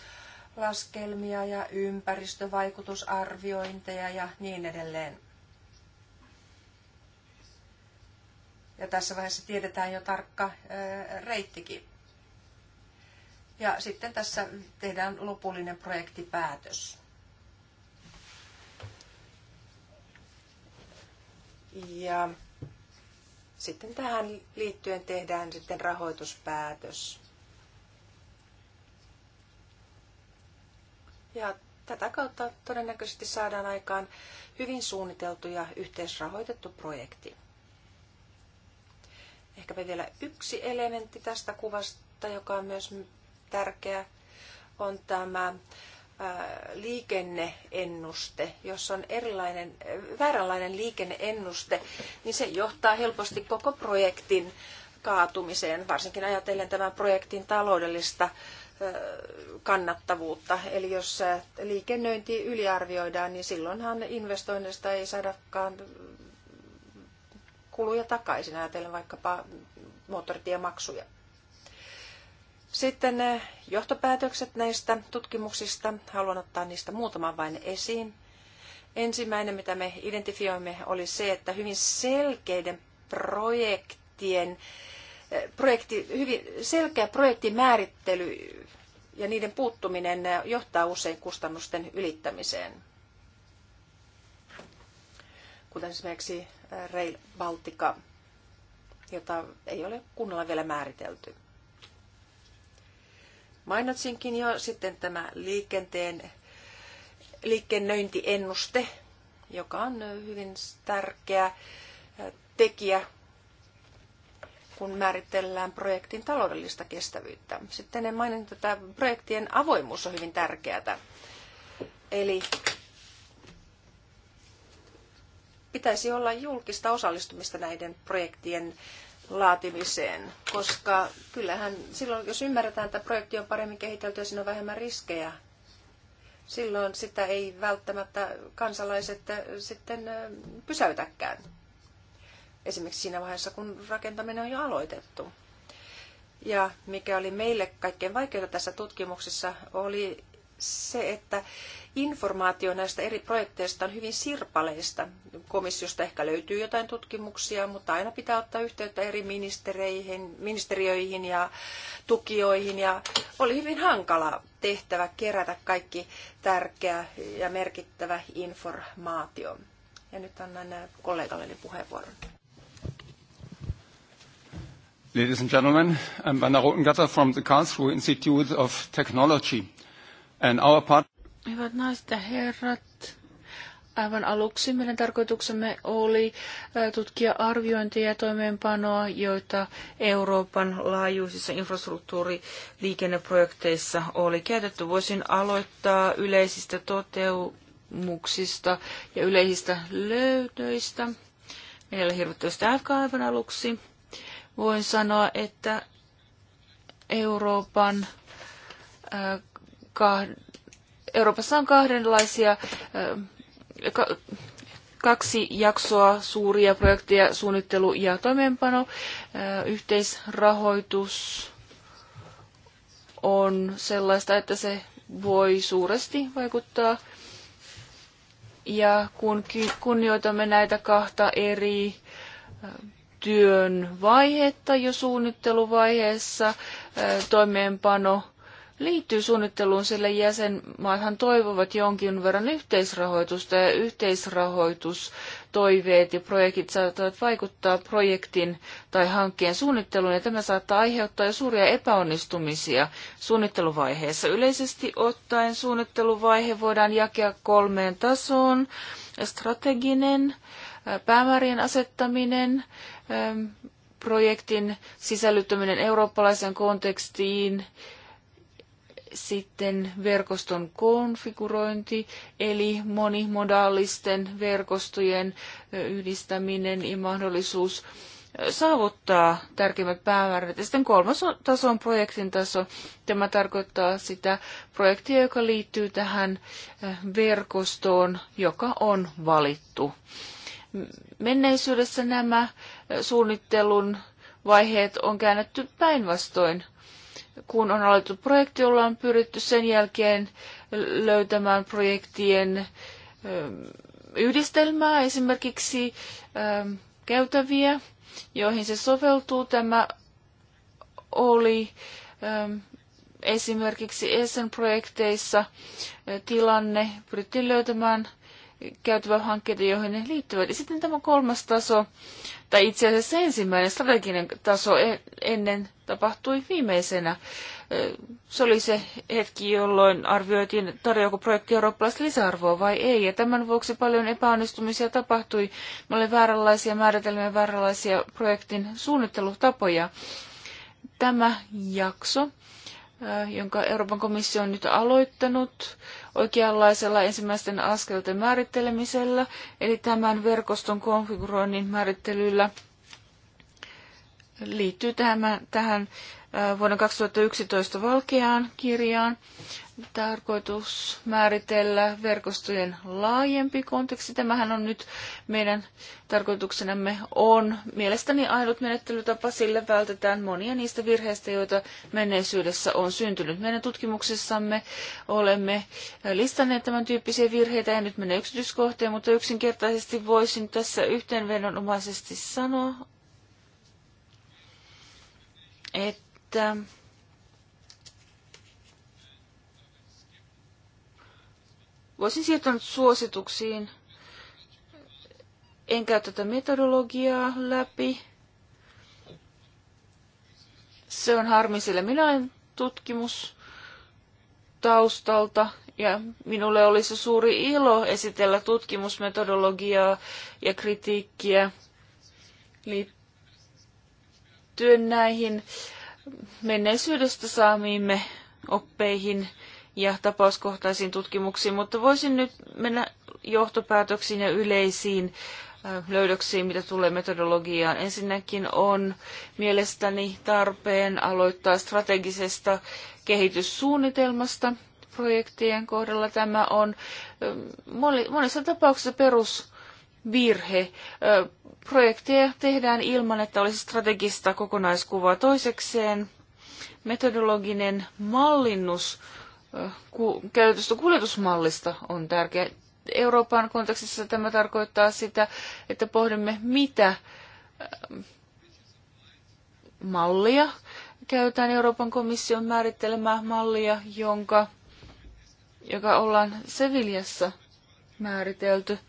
Speaker 4: laskelmia ja ympäristövaikutusarviointeja ja niin edelleen. Ja tässä vaiheessa tiedetään jo tarkka reittikin. Ja sitten tässä tehdään lopullinen projektipäätös. Ja sitten tähän liittyen tehdään sitten rahoituspäätös. Ja tätä kautta todennäköisesti saadaan aikaan hyvin suunniteltu ja yhteisrahoitettu projekti. Ehkäpä vielä yksi elementti tästä kuvasta, joka on myös tärkeä, on tämä liikenneennuste, jos on erilainen, vääränlainen liikenneennuste, niin se johtaa helposti koko projektin kaatumiseen, varsinkin ajatellen tämän projektin taloudellista kannattavuutta. Eli jos liikennöinti yliarvioidaan, niin silloinhan investoinnista ei saadakaan kuluja takaisin, ajatellen vaikkapa moottoritiemaksuja. Sitten eh, johtopäätökset näistä tutkimuksista. Haluan ottaa niistä muutaman vain esiin. Ensimmäinen, mitä me identifioimme, oli se, että hyvin selkeiden projektien, eh, projekti, hyvin selkeä projektimäärittely ja niiden puuttuminen eh, johtaa usein kustannusten ylittämiseen kuten esimerkiksi Rail Baltica, jota ei ole kunnolla vielä määritelty. Mainitsinkin jo sitten tämä liikenteen liikennöintiennuste, joka on hyvin tärkeä tekijä, kun määritellään projektin taloudellista kestävyyttä. Sitten en maininnut, että projektien avoimuus on hyvin tärkeää. Eli pitäisi olla julkista osallistumista näiden projektien laatimiseen, koska kyllähän silloin, jos ymmärretään, että projekti on paremmin kehitelty ja siinä on vähemmän riskejä, silloin sitä ei välttämättä kansalaiset äh, sitten äh, pysäytäkään. Esimerkiksi siinä vaiheessa, kun rakentaminen on jo aloitettu. Ja mikä oli meille kaikkein vaikeinta tässä tutkimuksessa, oli se, että informaatio näistä eri projekteista on hyvin sirpaleista. Komissiosta ehkä löytyy jotain tutkimuksia, mutta aina pitää ottaa yhteyttä eri ministereihin, ministeriöihin ja tukijoihin. Ja oli hyvin hankala tehtävä kerätä kaikki tärkeä ja merkittävä informaatio. Ja nyt annan äh, kollegalleni puheenvuoron.
Speaker 2: Ladies and gentlemen, I'm Werner Rotengatter from the Karlsruhe Institute of Technology. And our part-
Speaker 3: Hyvät naiset ja herrat, aivan aluksi meidän tarkoituksemme oli tutkia arviointia ja toimeenpanoa, joita Euroopan laajuisissa infrastruktuuriliikenneprojekteissa oli käytetty. Voisin aloittaa yleisistä toteumuksista ja yleisistä löydöistä. Meillä oli hirveästi aikaa aivan aluksi. Voin sanoa, että Euroopan Euroopassa on kahdenlaisia kaksi jaksoa suuria projekteja, suunnittelu ja toimeenpano. Yhteisrahoitus on sellaista, että se voi suuresti vaikuttaa. Ja kun kunnioitamme näitä kahta eri työn vaihetta jo suunnitteluvaiheessa, toimeenpano liittyy suunnitteluun, sillä jäsenmaathan toivovat jonkin verran yhteisrahoitusta ja yhteisrahoitustoiveet ja projektit saattavat vaikuttaa projektin tai hankkeen suunnitteluun ja tämä saattaa aiheuttaa jo suuria epäonnistumisia suunnitteluvaiheessa. Yleisesti ottaen suunnitteluvaihe voidaan jakaa kolmeen tasoon. Strateginen, päämäärien asettaminen, projektin sisällyttäminen eurooppalaiseen kontekstiin, sitten verkoston konfigurointi, eli monimodaalisten verkostojen yhdistäminen ja mahdollisuus saavuttaa tärkeimmät päämäärät. Ja sitten kolmas taso on projektin taso. Tämä tarkoittaa sitä projektia, joka liittyy tähän verkostoon, joka on valittu. Menneisyydessä nämä suunnittelun vaiheet on käännetty päinvastoin kun on aloitettu projekti, ollaan pyritty sen jälkeen löytämään projektien ähm, yhdistelmää, esimerkiksi ähm, käytäviä, joihin se soveltuu. Tämä oli ähm, esimerkiksi ESN-projekteissa äh, tilanne, pyrittiin löytämään käytävä hankkeita, joihin ne liittyvät. Ja sitten tämä kolmas taso, tai itse asiassa ensimmäinen strateginen taso e- ennen tapahtui viimeisenä. Se oli se hetki, jolloin arvioitiin, tarjoako projekti eurooppalaista lisäarvoa vai ei. Ja tämän vuoksi paljon epäonnistumisia tapahtui. Me oli vääränlaisia määritelmiä, vääränlaisia projektin suunnittelutapoja. Tämä jakso Äh, jonka Euroopan komissio on nyt aloittanut oikeanlaisella ensimmäisten askelten määrittelemisellä, eli tämän verkoston konfiguroinnin määrittelyllä liittyy tähän, tähän äh, vuoden 2011 valkeaan kirjaan tarkoitus määritellä verkostojen laajempi konteksti. Tämähän on nyt meidän tarkoituksenamme on mielestäni ainut menettelytapa, sillä vältetään monia niistä virheistä, joita menneisyydessä on syntynyt. Meidän tutkimuksessamme olemme listanneet tämän tyyppisiä virheitä, ja nyt menee yksityiskohteen, mutta yksinkertaisesti voisin tässä yhteenvedonomaisesti sanoa, että Voisin siirtyä suosituksiin. En käy tätä metodologiaa läpi. Se on harmi, sillä minä olen tutkimus taustalta ja minulle oli se suuri ilo esitellä tutkimusmetodologiaa ja kritiikkiä liittyen näihin menneisyydestä saamiimme oppeihin ja tapauskohtaisiin tutkimuksiin, mutta voisin nyt mennä johtopäätöksiin ja yleisiin löydöksiin, mitä tulee metodologiaan. Ensinnäkin on mielestäni tarpeen aloittaa strategisesta kehityssuunnitelmasta projektien kohdalla. Tämä on monessa tapauksessa perusvirhe. Projekteja tehdään ilman, että olisi strategista kokonaiskuvaa. Toisekseen metodologinen mallinnus käytöstä kuljetusmallista on tärkeä. Euroopan kontekstissa tämä tarkoittaa sitä, että pohdimme, mitä ähm, mallia käytetään Euroopan komission määrittelemää mallia, jonka, joka ollaan Seviljassa määritelty –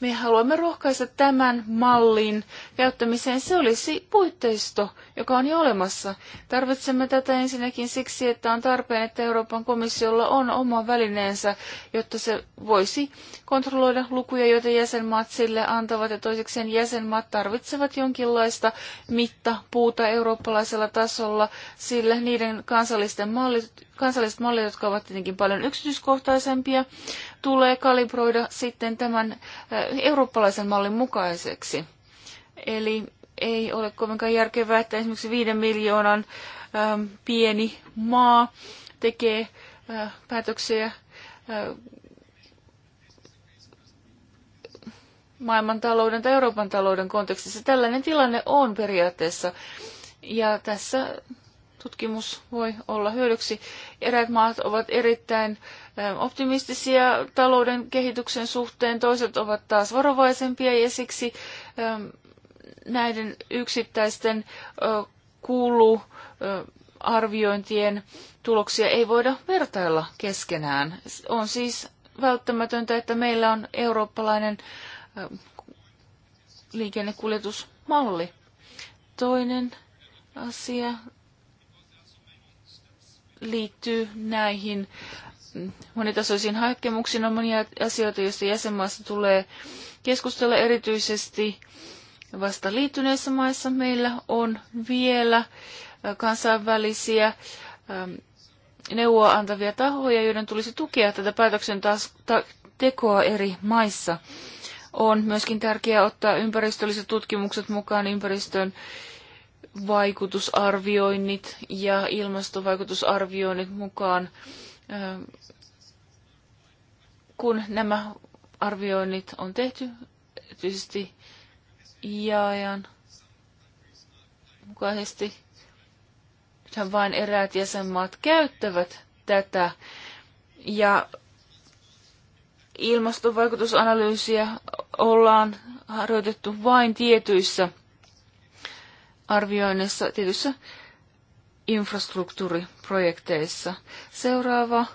Speaker 3: me haluamme rohkaista tämän mallin käyttämiseen. Se olisi puitteisto, joka on jo olemassa. Tarvitsemme tätä ensinnäkin siksi, että on tarpeen, että Euroopan komissiolla on oma välineensä, jotta se voisi kontrolloida lukuja, joita jäsenmaat sille antavat. Ja toisekseen jäsenmaat tarvitsevat jonkinlaista mittapuuta eurooppalaisella tasolla, sillä niiden kansallisten mallit kansalliset mallit, jotka ovat tietenkin paljon yksityiskohtaisempia, tulee kalibroida sitten tämän eh, eurooppalaisen mallin mukaiseksi. Eli ei ole kovinkaan järkevää, että esimerkiksi viiden miljoonan eh, pieni maa tekee eh, päätöksiä maailmantalouden tai Euroopan talouden kontekstissa. Tällainen tilanne on periaatteessa. Ja tässä tutkimus voi olla hyödyksi. Eräät maat ovat erittäin optimistisia talouden kehityksen suhteen, toiset ovat taas varovaisempia ja siksi näiden yksittäisten kuuluarviointien tuloksia ei voida vertailla keskenään. On siis välttämätöntä, että meillä on eurooppalainen liikennekuljetusmalli. Toinen asia liittyy näihin monitasoisiin hakemuksiin. On monia asioita, joista jäsenmaassa tulee keskustella erityisesti vasta liittyneissä maissa. Meillä on vielä kansainvälisiä ähm, neuvoa antavia tahoja, joiden tulisi tukea tätä päätöksentekoa eri maissa. On myöskin tärkeää ottaa ympäristölliset tutkimukset mukaan ympäristön vaikutusarvioinnit ja ilmastovaikutusarvioinnit mukaan, kun nämä arvioinnit on tehty, erityisesti IAEAn mukaisesti, nythän vain eräät jäsenmaat käyttävät tätä. Ja ilmastovaikutusanalyysiä ollaan harjoitettu vain tietyissä arvioinnissa tietyissä infrastruktuuriprojekteissa. Seuraava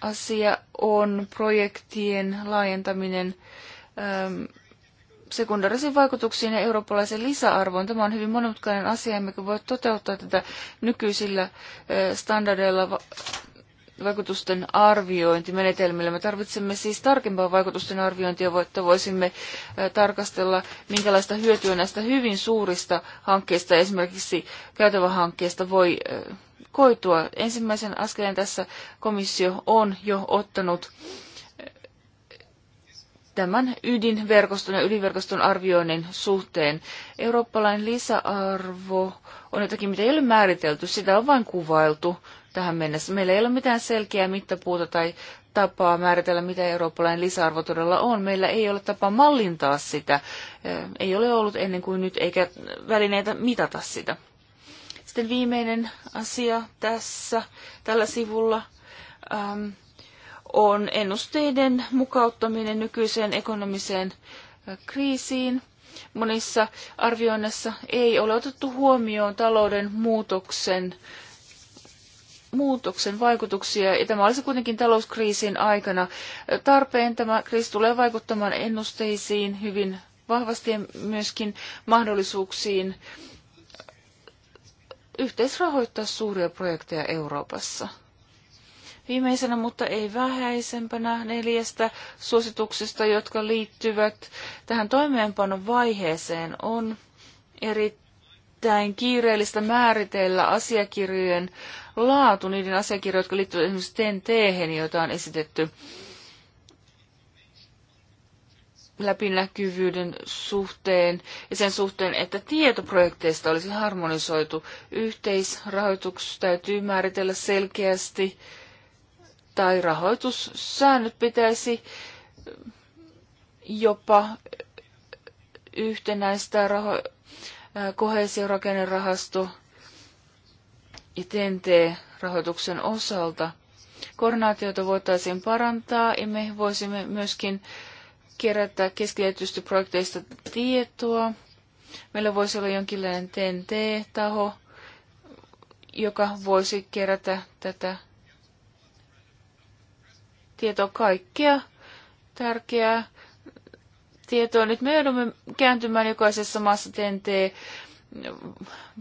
Speaker 3: asia on projektien laajentaminen äm, sekundaarisiin vaikutuksiin ja eurooppalaisen lisäarvoon. Tämä on hyvin monimutkainen asia, emmekä voi toteuttaa tätä nykyisillä äh, standardeilla vaikutusten arviointimenetelmillä. Me tarvitsemme siis tarkempaa vaikutusten arviointia, että voisimme tarkastella, minkälaista hyötyä näistä hyvin suurista hankkeista, esimerkiksi käytävähankkeesta, voi koitua. Ensimmäisen askeleen tässä komissio on jo ottanut tämän ydinverkoston ja ydinverkoston arvioinnin suhteen. Eurooppalainen lisäarvo on jotakin, mitä ei ole määritelty, sitä on vain kuvailtu tähän mennessä. Meillä ei ole mitään selkeää mittapuuta tai tapaa määritellä, mitä eurooppalainen lisäarvo todella on. Meillä ei ole tapaa mallintaa sitä. Ei ole ollut ennen kuin nyt, eikä välineitä mitata sitä. Sitten viimeinen asia tässä, tällä sivulla, ähm, on ennusteiden mukauttaminen nykyiseen ekonomiseen kriisiin. Monissa arvioinnissa ei ole otettu huomioon talouden muutoksen äh, muutoksen vaikutuksia, ja tämä olisi kuitenkin talouskriisin aikana tarpeen. Tämä kriisi tulee vaikuttamaan ennusteisiin hyvin vahvasti ja myöskin mahdollisuuksiin yhteisrahoittaa suuria projekteja Euroopassa. Viimeisenä, mutta ei vähäisempänä, neljästä suosituksesta, jotka liittyvät tähän toimeenpanon vaiheeseen, on erittäin kiireellistä määritellä asiakirjojen laatu niiden asiakirjoja, jotka liittyvät esimerkiksi TNT, joita on esitetty läpinäkyvyyden suhteen ja sen suhteen, että tietoprojekteista olisi harmonisoitu. Yhteisrahoitus täytyy määritellä selkeästi tai rahoitussäännöt pitäisi jopa yhtenäistä raho- kohesiorakennerahasto ja TNT-rahoituksen osalta. Koordinaatiota voitaisiin parantaa ja me voisimme myöskin kerätä keskitetysti projekteista tietoa. Meillä voisi olla jonkinlainen TNT-taho, joka voisi kerätä tätä tietoa kaikkea tärkeää tietoa. Nyt me joudumme kääntymään jokaisessa maassa TNT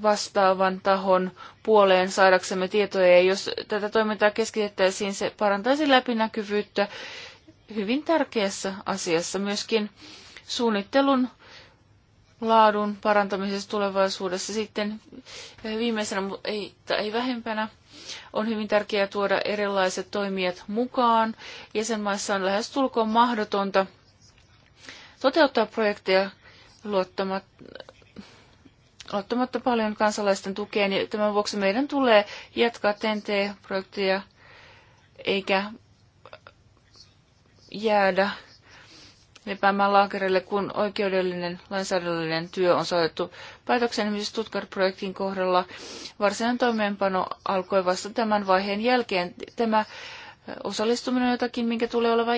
Speaker 3: vastaavan tahon puoleen saadaksemme tietoja. Ja jos tätä toimintaa keskitettäisiin, se parantaisi läpinäkyvyyttä hyvin tärkeässä asiassa. Myöskin suunnittelun laadun parantamisessa tulevaisuudessa sitten eh, viimeisenä, mutta ei, ei vähempänä, on hyvin tärkeää tuoda erilaiset toimijat mukaan. Jäsenmaissa on lähes tulkoon mahdotonta toteuttaa projekteja luottamatta ottamatta paljon kansalaisten tukea, niin tämän vuoksi meidän tulee jatkaa TNT-projekteja eikä jäädä lepäämään laakerille, kun oikeudellinen lainsäädännöllinen työ on saatettu päätöksen esimerkiksi Stuttgart-projektin kohdalla. Varsinainen toimeenpano alkoi vasta tämän vaiheen jälkeen. Tämä osallistuminen on jotakin, minkä tulee oleva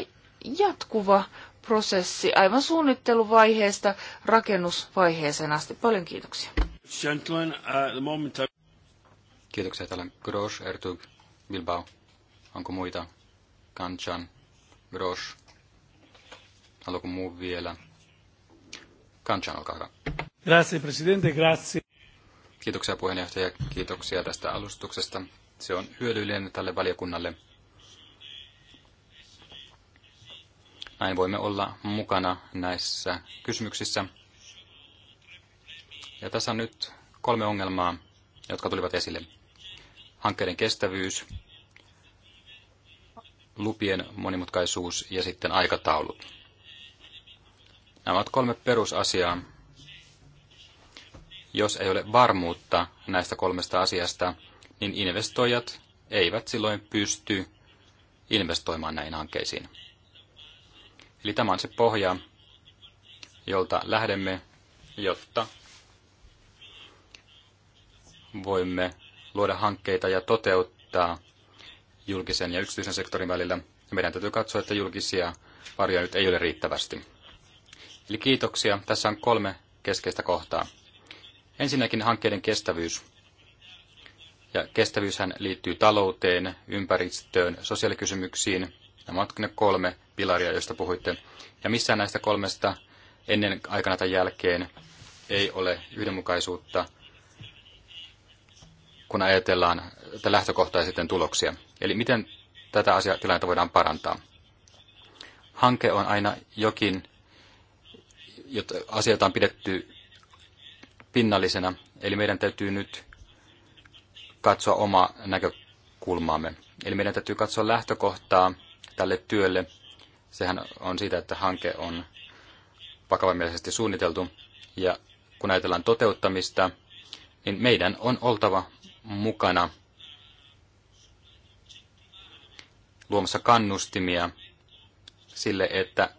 Speaker 3: jatkuva prosessi aivan suunnitteluvaiheesta rakennusvaiheeseen asti. Paljon kiitoksia.
Speaker 2: Kiitoksia täällä Gros, Ertug, Bilbao. Onko muita? Kanchan, Gros, Haluatko muu vielä? Kanchan, olkaa hyvä.
Speaker 1: Grazie, presidente, grazie.
Speaker 2: Kiitoksia puheenjohtaja, kiitoksia tästä alustuksesta. Se on hyödyllinen tälle valiokunnalle. Näin voimme olla mukana näissä kysymyksissä. Ja tässä on nyt kolme ongelmaa, jotka tulivat esille. Hankkeiden kestävyys, lupien monimutkaisuus ja sitten aikataulut. Nämä ovat kolme perusasiaa. Jos ei ole varmuutta näistä kolmesta asiasta, niin investoijat eivät silloin pysty investoimaan näihin hankkeisiin. Eli tämä on se pohja, jolta lähdemme, jotta voimme luoda hankkeita ja toteuttaa julkisen ja yksityisen sektorin välillä. Meidän täytyy katsoa, että julkisia varjoja nyt ei ole riittävästi. Eli kiitoksia. Tässä on kolme keskeistä kohtaa. Ensinnäkin hankkeiden kestävyys. Ja kestävyyshän liittyy talouteen, ympäristöön, sosiaalikysymyksiin Nämä ovat ne kolme pilaria, joista puhuitte. Ja missään näistä kolmesta ennen aikana tai jälkeen ei ole yhdenmukaisuutta, kun ajatellaan lähtökohtaisesti tuloksia. Eli miten tätä asiatilannetta voidaan parantaa? Hanke on aina jokin, jota asioita on pidetty pinnallisena, eli meidän täytyy nyt katsoa omaa näkökulmaamme. Eli meidän täytyy katsoa lähtökohtaa tälle työlle. Sehän on siitä, että hanke on vakavamielisesti suunniteltu. Ja kun ajatellaan toteuttamista, niin meidän on oltava mukana luomassa kannustimia sille, että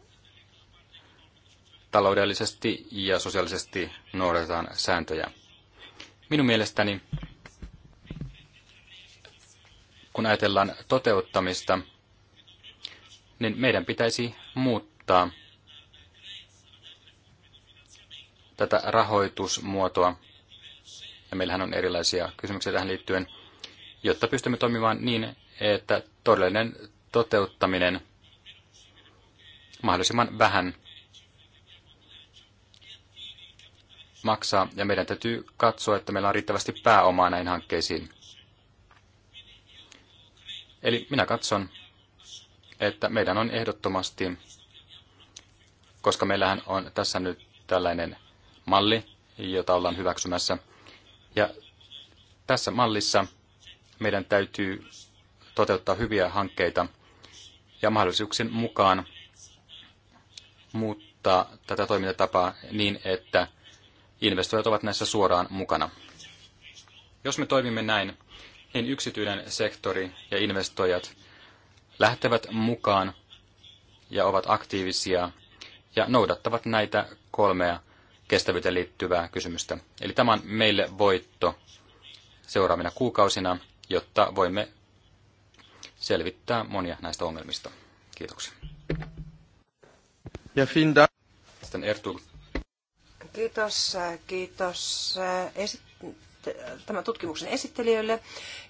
Speaker 2: taloudellisesti ja sosiaalisesti noudatetaan sääntöjä. Minun mielestäni, kun ajatellaan toteuttamista, niin meidän pitäisi muuttaa tätä rahoitusmuotoa. Ja meillähän on erilaisia kysymyksiä tähän liittyen, jotta pystymme toimimaan niin, että todellinen toteuttaminen mahdollisimman vähän maksaa, ja meidän täytyy katsoa, että meillä on riittävästi pääomaa näihin hankkeisiin. Eli minä katson, että meidän on ehdottomasti, koska meillähän on tässä nyt tällainen malli, jota ollaan hyväksymässä, ja tässä mallissa meidän täytyy toteuttaa hyviä hankkeita ja mahdollisuuksien mukaan muuttaa tätä toimintatapaa niin, että investoijat ovat näissä suoraan mukana. Jos me toimimme näin, niin yksityinen sektori ja investoijat lähtevät mukaan ja ovat aktiivisia ja noudattavat näitä kolmea kestävyyteen liittyvää kysymystä. Eli tämä on meille voitto seuraavina kuukausina, jotta voimme selvittää monia näistä ongelmista. Kiitoksia. Ja Finda. Sitten Ertu.
Speaker 4: Kiitos, kiitos äh, tämän tutkimuksen esittelijöille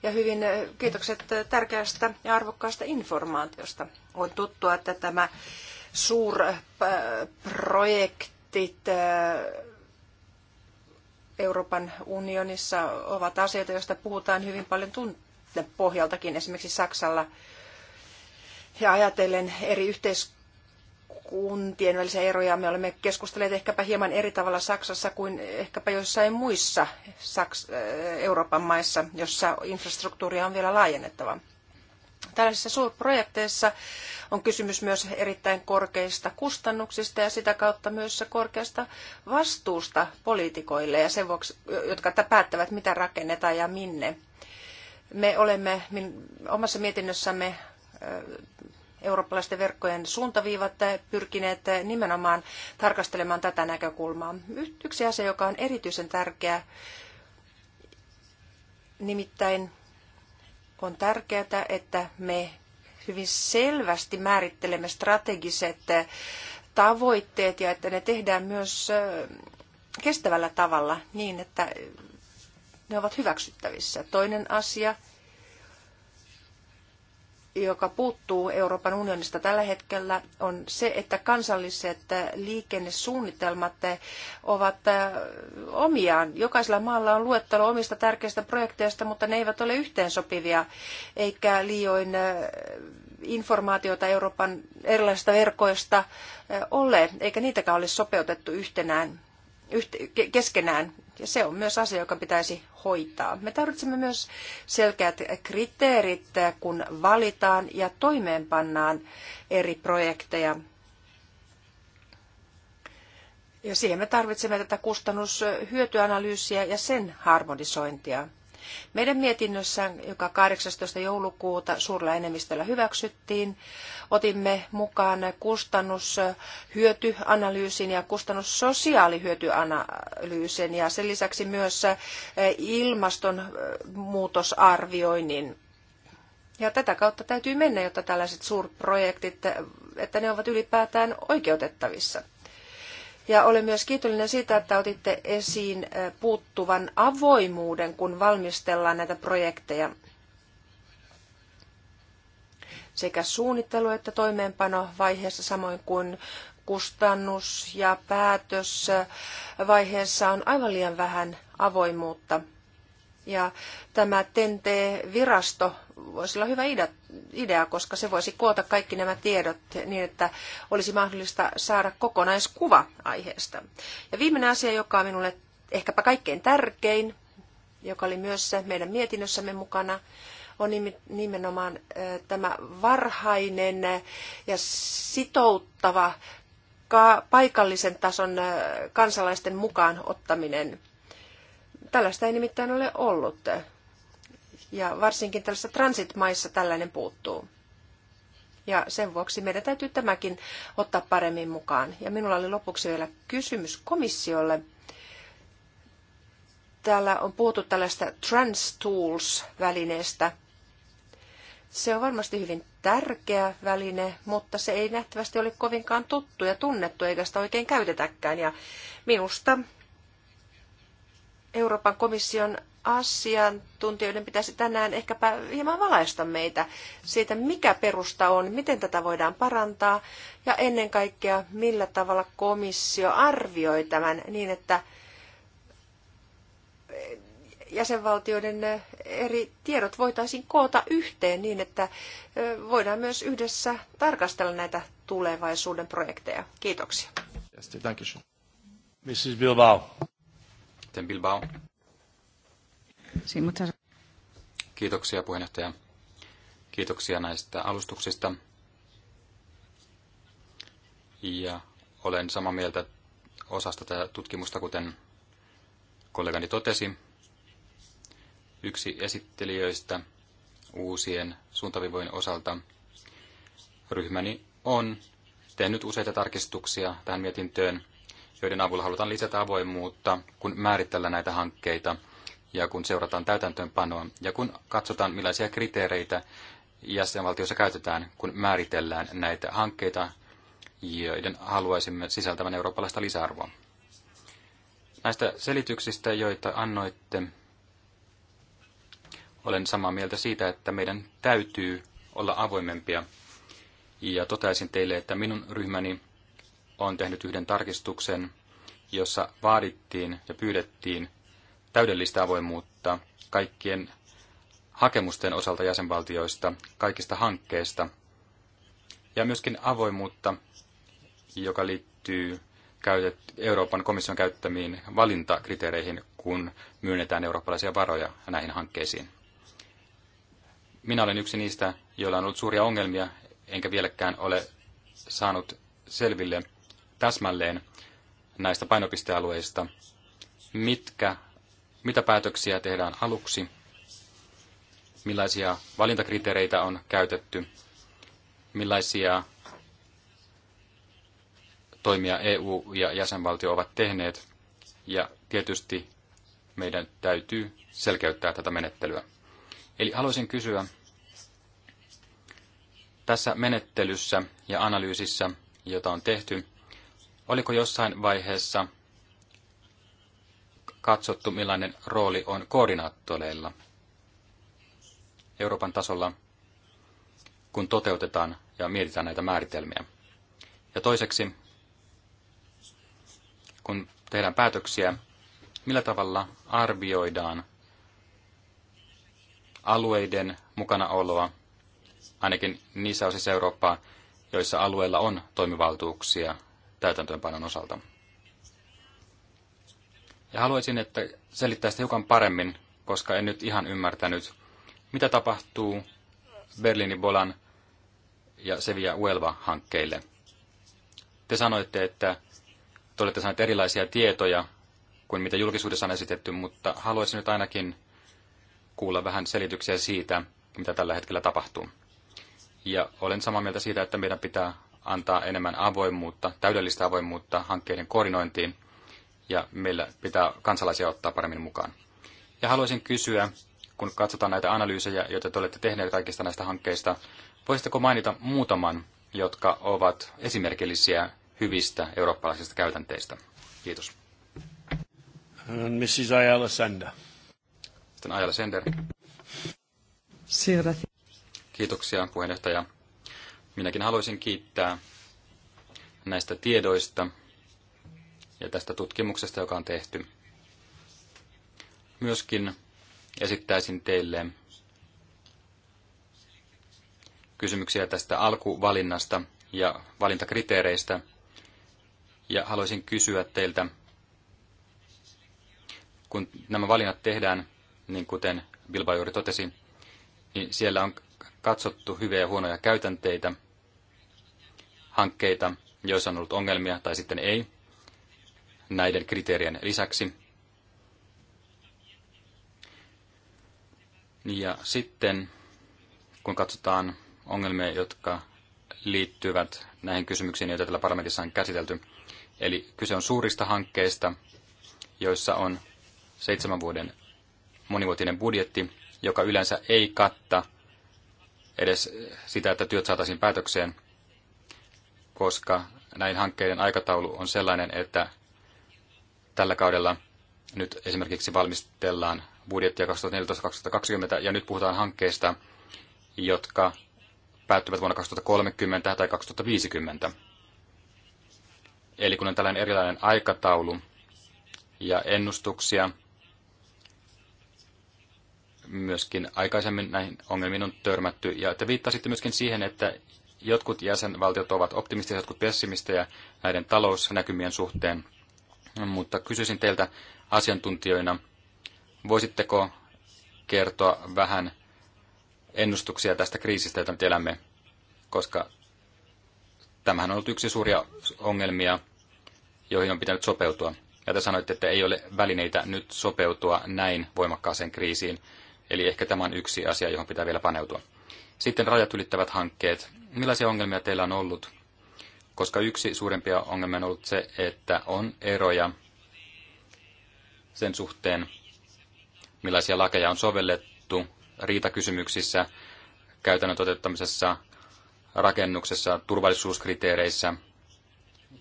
Speaker 4: ja hyvin kiitokset tärkeästä ja arvokkaasta informaatiosta. On tuttua, että tämä suurprojektit Euroopan unionissa ovat asioita, joista puhutaan hyvin paljon tunnepohjaltakin, esimerkiksi Saksalla ja ajatellen eri yhteiskuntia kuntien välisiä eroja. Me olemme keskustelleet ehkäpä hieman eri tavalla Saksassa kuin ehkäpä joissain muissa Saks- äh, Euroopan maissa, jossa infrastruktuuria on vielä laajennettava. Tällaisissa suurprojekteissa on kysymys myös erittäin korkeista kustannuksista ja sitä kautta myös korkeasta vastuusta poliitikoille, ja sen vuoksi, jotka päättävät, mitä rakennetaan ja minne. Me olemme omassa mietinnössämme äh, eurooppalaisten verkkojen suuntaviivat pyrkineet nimenomaan tarkastelemaan tätä näkökulmaa. Yksi asia, joka on erityisen tärkeä, nimittäin on tärkeää, että me hyvin selvästi määrittelemme strategiset tavoitteet ja että ne tehdään myös äh, kestävällä tavalla niin, että ne ovat hyväksyttävissä. Toinen asia, joka puuttuu Euroopan unionista tällä hetkellä, on se, että kansalliset liikennesuunnitelmat ovat äh, omiaan. Jokaisella maalla on luettelo omista tärkeistä projekteista, mutta ne eivät ole yhteensopivia, eikä liioin äh, informaatiota Euroopan erilaisista verkoista äh, ole, eikä niitäkään ole sopeutettu yhtenään keskenään. Ja se on myös asia, joka pitäisi hoitaa. Me tarvitsemme myös selkeät kriteerit, kun valitaan ja toimeenpannaan eri projekteja. Ja siihen me tarvitsemme tätä kustannushyötyanalyysiä ja sen harmonisointia. Meidän mietinnössämme, joka 18. joulukuuta suurella enemmistöllä hyväksyttiin, otimme mukaan kustannushyötyanalyysin ja kustannussosiaalihyötyanalyysin ja sen lisäksi myös ilmastonmuutosarvioinnin. Ja tätä kautta täytyy mennä, jotta tällaiset suurprojektit, että ne ovat ylipäätään oikeutettavissa. Ja olen myös kiitollinen siitä, että otitte esiin puuttuvan avoimuuden, kun valmistellaan näitä projekteja. Sekä suunnittelu- että toimeenpanovaiheessa, samoin kuin kustannus- ja päätösvaiheessa on aivan liian vähän avoimuutta – ja tämä TENTE-virasto voisi olla hyvä idea, koska se voisi koota kaikki nämä tiedot niin, että olisi mahdollista saada kokonaiskuva aiheesta. Ja viimeinen asia, joka on minulle ehkäpä kaikkein tärkein, joka oli myös meidän mietinnössämme mukana, on nimenomaan tämä varhainen ja sitouttava paikallisen tason kansalaisten mukaan ottaminen – Tällaista ei nimittäin ole ollut. Ja varsinkin tällaisissa transitmaissa tällainen puuttuu. Ja sen vuoksi meidän täytyy tämäkin ottaa paremmin mukaan. Ja minulla oli lopuksi vielä kysymys komissiolle. Täällä on puhuttu tällaista Trans Tools-välineestä. Se on varmasti hyvin tärkeä väline, mutta se ei nähtävästi ole kovinkaan tuttu ja tunnettu, eikä sitä oikein käytetäkään. Ja minusta Euroopan komission asiantuntijoiden pitäisi tänään ehkäpä hieman valaista meitä siitä, mikä perusta on, miten tätä voidaan parantaa ja ennen kaikkea, millä tavalla komissio arvioi tämän niin, että jäsenvaltioiden eri tiedot voitaisiin koota yhteen niin, että voidaan myös yhdessä tarkastella näitä tulevaisuuden projekteja. Kiitoksia.
Speaker 2: Mrs. Bilbao. Sitten Bilbao. Kiitoksia puheenjohtaja. Kiitoksia näistä alustuksista. Ja olen samaa mieltä osasta tätä tutkimusta, kuten kollegani totesi. Yksi esittelijöistä uusien suuntavivojen osalta ryhmäni on tehnyt useita tarkistuksia tähän mietintöön joiden avulla halutaan lisätä avoimuutta, kun määritellään näitä hankkeita ja kun seurataan täytäntöönpanoa ja kun katsotaan, millaisia kriteereitä jäsenvaltiossa käytetään, kun määritellään näitä hankkeita, joiden haluaisimme sisältävän eurooppalaista lisäarvoa. Näistä selityksistä, joita annoitte, olen samaa mieltä siitä, että meidän täytyy olla avoimempia. Ja toteaisin teille, että minun ryhmäni on tehnyt yhden tarkistuksen, jossa vaadittiin ja pyydettiin täydellistä avoimuutta kaikkien hakemusten osalta jäsenvaltioista, kaikista hankkeista ja myöskin avoimuutta, joka liittyy Euroopan komission käyttämiin valintakriteereihin, kun myönnetään eurooppalaisia varoja näihin hankkeisiin. Minä olen yksi niistä, joilla on ollut suuria ongelmia, enkä vieläkään ole saanut selville, täsmälleen näistä painopistealueista, mitkä, mitä päätöksiä tehdään aluksi, millaisia valintakriteereitä on käytetty, millaisia toimia EU ja jäsenvaltio ovat tehneet, ja tietysti meidän täytyy selkeyttää tätä menettelyä. Eli haluaisin kysyä tässä menettelyssä ja analyysissä, jota on tehty, Oliko jossain vaiheessa katsottu, millainen rooli on koordinaattoreilla Euroopan tasolla, kun toteutetaan ja mietitään näitä määritelmiä? Ja toiseksi, kun tehdään päätöksiä, millä tavalla arvioidaan alueiden mukanaoloa, ainakin niissä osissa Eurooppaa, joissa alueella on toimivaltuuksia täytäntöönpanon osalta. Ja haluaisin, että selittäisitte hiukan paremmin, koska en nyt ihan ymmärtänyt, mitä tapahtuu Berliinin Bolan ja Sevilla Uelva-hankkeille. Te sanoitte, että te olette saaneet erilaisia tietoja kuin mitä julkisuudessa on esitetty, mutta haluaisin nyt ainakin kuulla vähän selityksiä siitä, mitä tällä hetkellä tapahtuu. Ja olen samaa mieltä siitä, että meidän pitää antaa enemmän avoimuutta, täydellistä avoimuutta hankkeiden koordinointiin, ja meillä pitää kansalaisia ottaa paremmin mukaan. Ja haluaisin kysyä, kun katsotaan näitä analyysejä, joita te olette tehneet kaikista näistä hankkeista, voisitteko mainita muutaman, jotka ovat esimerkillisiä hyvistä eurooppalaisista käytänteistä? Kiitos. Mrs. Ayala Sander. Sitten Ayala Sender. Kiitoksia puheenjohtaja. Minäkin haluaisin kiittää näistä tiedoista ja tästä tutkimuksesta, joka on tehty. Myöskin esittäisin teille kysymyksiä tästä alkuvalinnasta ja valintakriteereistä. Ja haluaisin kysyä teiltä, kun nämä valinnat tehdään, niin kuten Bilba juuri totesi, niin siellä on katsottu hyviä ja huonoja käytänteitä – hankkeita, joissa on ollut ongelmia tai sitten ei näiden kriteerien lisäksi. Ja sitten kun katsotaan ongelmia, jotka liittyvät näihin kysymyksiin, joita tällä parlamentissa on käsitelty. Eli kyse on suurista hankkeista, joissa on seitsemän vuoden monivuotinen budjetti, joka yleensä ei katta edes sitä, että työt saataisiin päätökseen – koska näin hankkeiden aikataulu on sellainen, että tällä kaudella nyt esimerkiksi valmistellaan budjettia 2014-2020 ja nyt puhutaan hankkeista, jotka päättyvät vuonna 2030 tai 2050. Eli kun on tällainen erilainen aikataulu ja ennustuksia, myöskin aikaisemmin näihin ongelmiin on törmätty. Ja te viittasitte myöskin siihen, että Jotkut jäsenvaltiot ovat optimistisia, jotkut pessimistejä näiden talousnäkymien suhteen, mutta kysyisin teiltä asiantuntijoina, voisitteko kertoa vähän ennustuksia tästä kriisistä, jota nyt elämme, koska tämähän on ollut yksi suuria ongelmia, joihin on pitänyt sopeutua. Ja te sanoitte, että ei ole välineitä nyt sopeutua näin voimakkaaseen kriisiin. Eli ehkä tämä on yksi asia, johon pitää vielä paneutua. Sitten rajat ylittävät hankkeet millaisia ongelmia teillä on ollut? Koska yksi suurimpia ongelmia on ollut se, että on eroja sen suhteen, millaisia lakeja on sovellettu riitakysymyksissä, käytännön toteuttamisessa, rakennuksessa, turvallisuuskriteereissä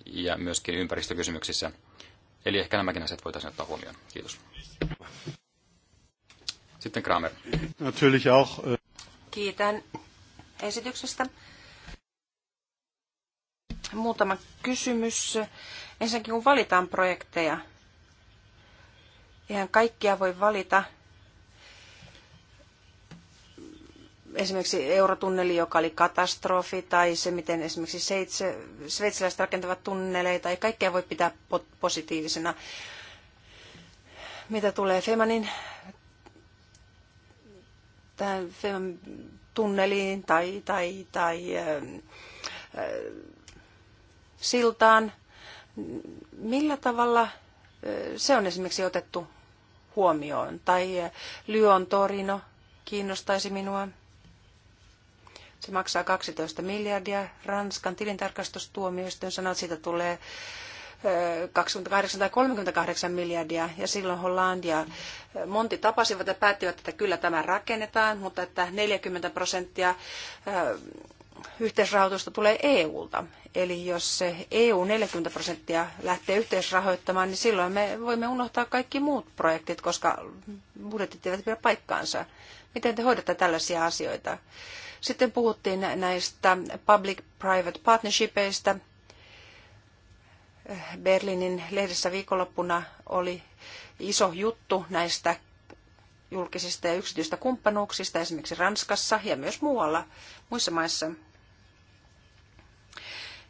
Speaker 2: ja myöskin ympäristökysymyksissä. Eli ehkä nämäkin asiat voitaisiin ottaa huomioon. Kiitos. Sitten Kramer.
Speaker 4: Äh, Kiitän esityksestä muutama kysymys. Ensinnäkin kun valitaan projekteja, eihän kaikkia voi valita. Esimerkiksi eurotunneli, joka oli katastrofi, tai se, miten esimerkiksi seitse, sveitsiläiset rakentavat tunneleita, ei kaikkea voi pitää positiivisena. Mitä tulee Femanin tähän Feman tunneliin tai, tai, tai äh, äh, siltaan. Millä tavalla se on esimerkiksi otettu huomioon? Tai Lyon Torino kiinnostaisi minua. Se maksaa 12 miljardia. Ranskan tilintarkastustuomioistuin sanoo, että siitä tulee 28 tai 38 miljardia ja silloin Hollandia ja Monti tapasivat ja päättivät, että kyllä tämä rakennetaan, mutta että 40 prosenttia yhteisrahoitusta tulee EUlta. Eli jos se EU 40 prosenttia lähtee yhteisrahoittamaan, niin silloin me voimme unohtaa kaikki muut projektit, koska budjetit eivät pidä paikkaansa. Miten te hoidatte tällaisia asioita? Sitten puhuttiin näistä public-private partnershipeista. Berliinin lehdessä viikonloppuna oli iso juttu näistä julkisista ja yksityistä kumppanuuksista esimerkiksi Ranskassa ja myös muualla muissa maissa –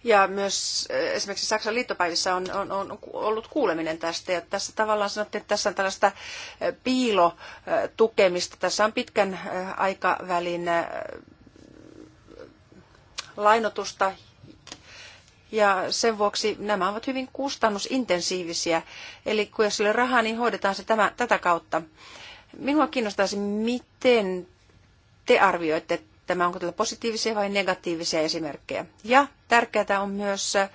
Speaker 4: ja myös eh, esimerkiksi Saksan liittopäivissä on, on, on ollut kuuleminen tästä ja tässä tavallaan sanottiin, että tässä on tällaista eh, piilotukemista. Tässä on pitkän eh, aikavälin lainotusta ja sen vuoksi nämä ovat hyvin kustannusintensiivisiä. Eli kun jos ei rahaa, niin hoidetaan se tämä, tätä kautta. Minua kiinnostaisi, miten te arvioitte tämä, onko tällä positiivisia vai negatiivisia esimerkkejä. Ja tärkeää on myös äh,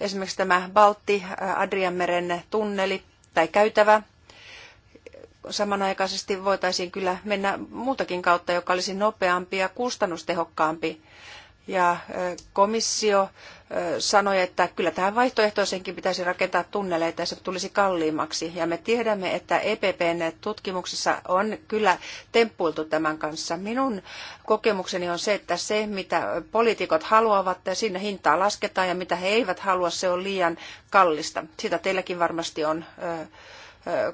Speaker 4: esimerkiksi tämä Baltti-Adrianmeren äh, tunneli tai käytävä. Samanaikaisesti voitaisiin kyllä mennä muutakin kautta, joka olisi nopeampi ja kustannustehokkaampi ja komissio sanoi, että kyllä tähän vaihtoehtoisenkin pitäisi rakentaa tunneleita ja se tulisi kalliimmaksi. Ja me tiedämme, että EPPn tutkimuksissa on kyllä temppuiltu tämän kanssa. Minun kokemukseni on se, että se mitä poliitikot haluavat, siinä hintaa lasketaan ja mitä he eivät halua, se on liian kallista. Sitä teilläkin varmasti on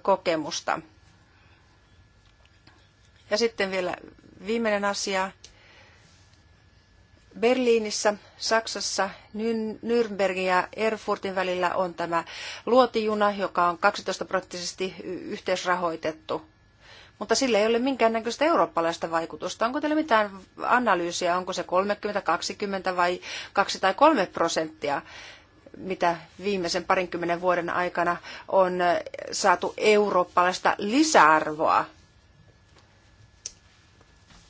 Speaker 4: kokemusta. Ja sitten vielä viimeinen asia Berliinissä, Saksassa, Nürnbergin ja Erfurtin välillä on tämä luotijuna, joka on 12 prosenttisesti yhteisrahoitettu. Mutta sillä ei ole minkäännäköistä eurooppalaista vaikutusta. Onko teillä mitään analyysiä, onko se 30, 20 vai 2 tai 3 prosenttia? mitä viimeisen parinkymmenen vuoden aikana on saatu eurooppalaista lisäarvoa.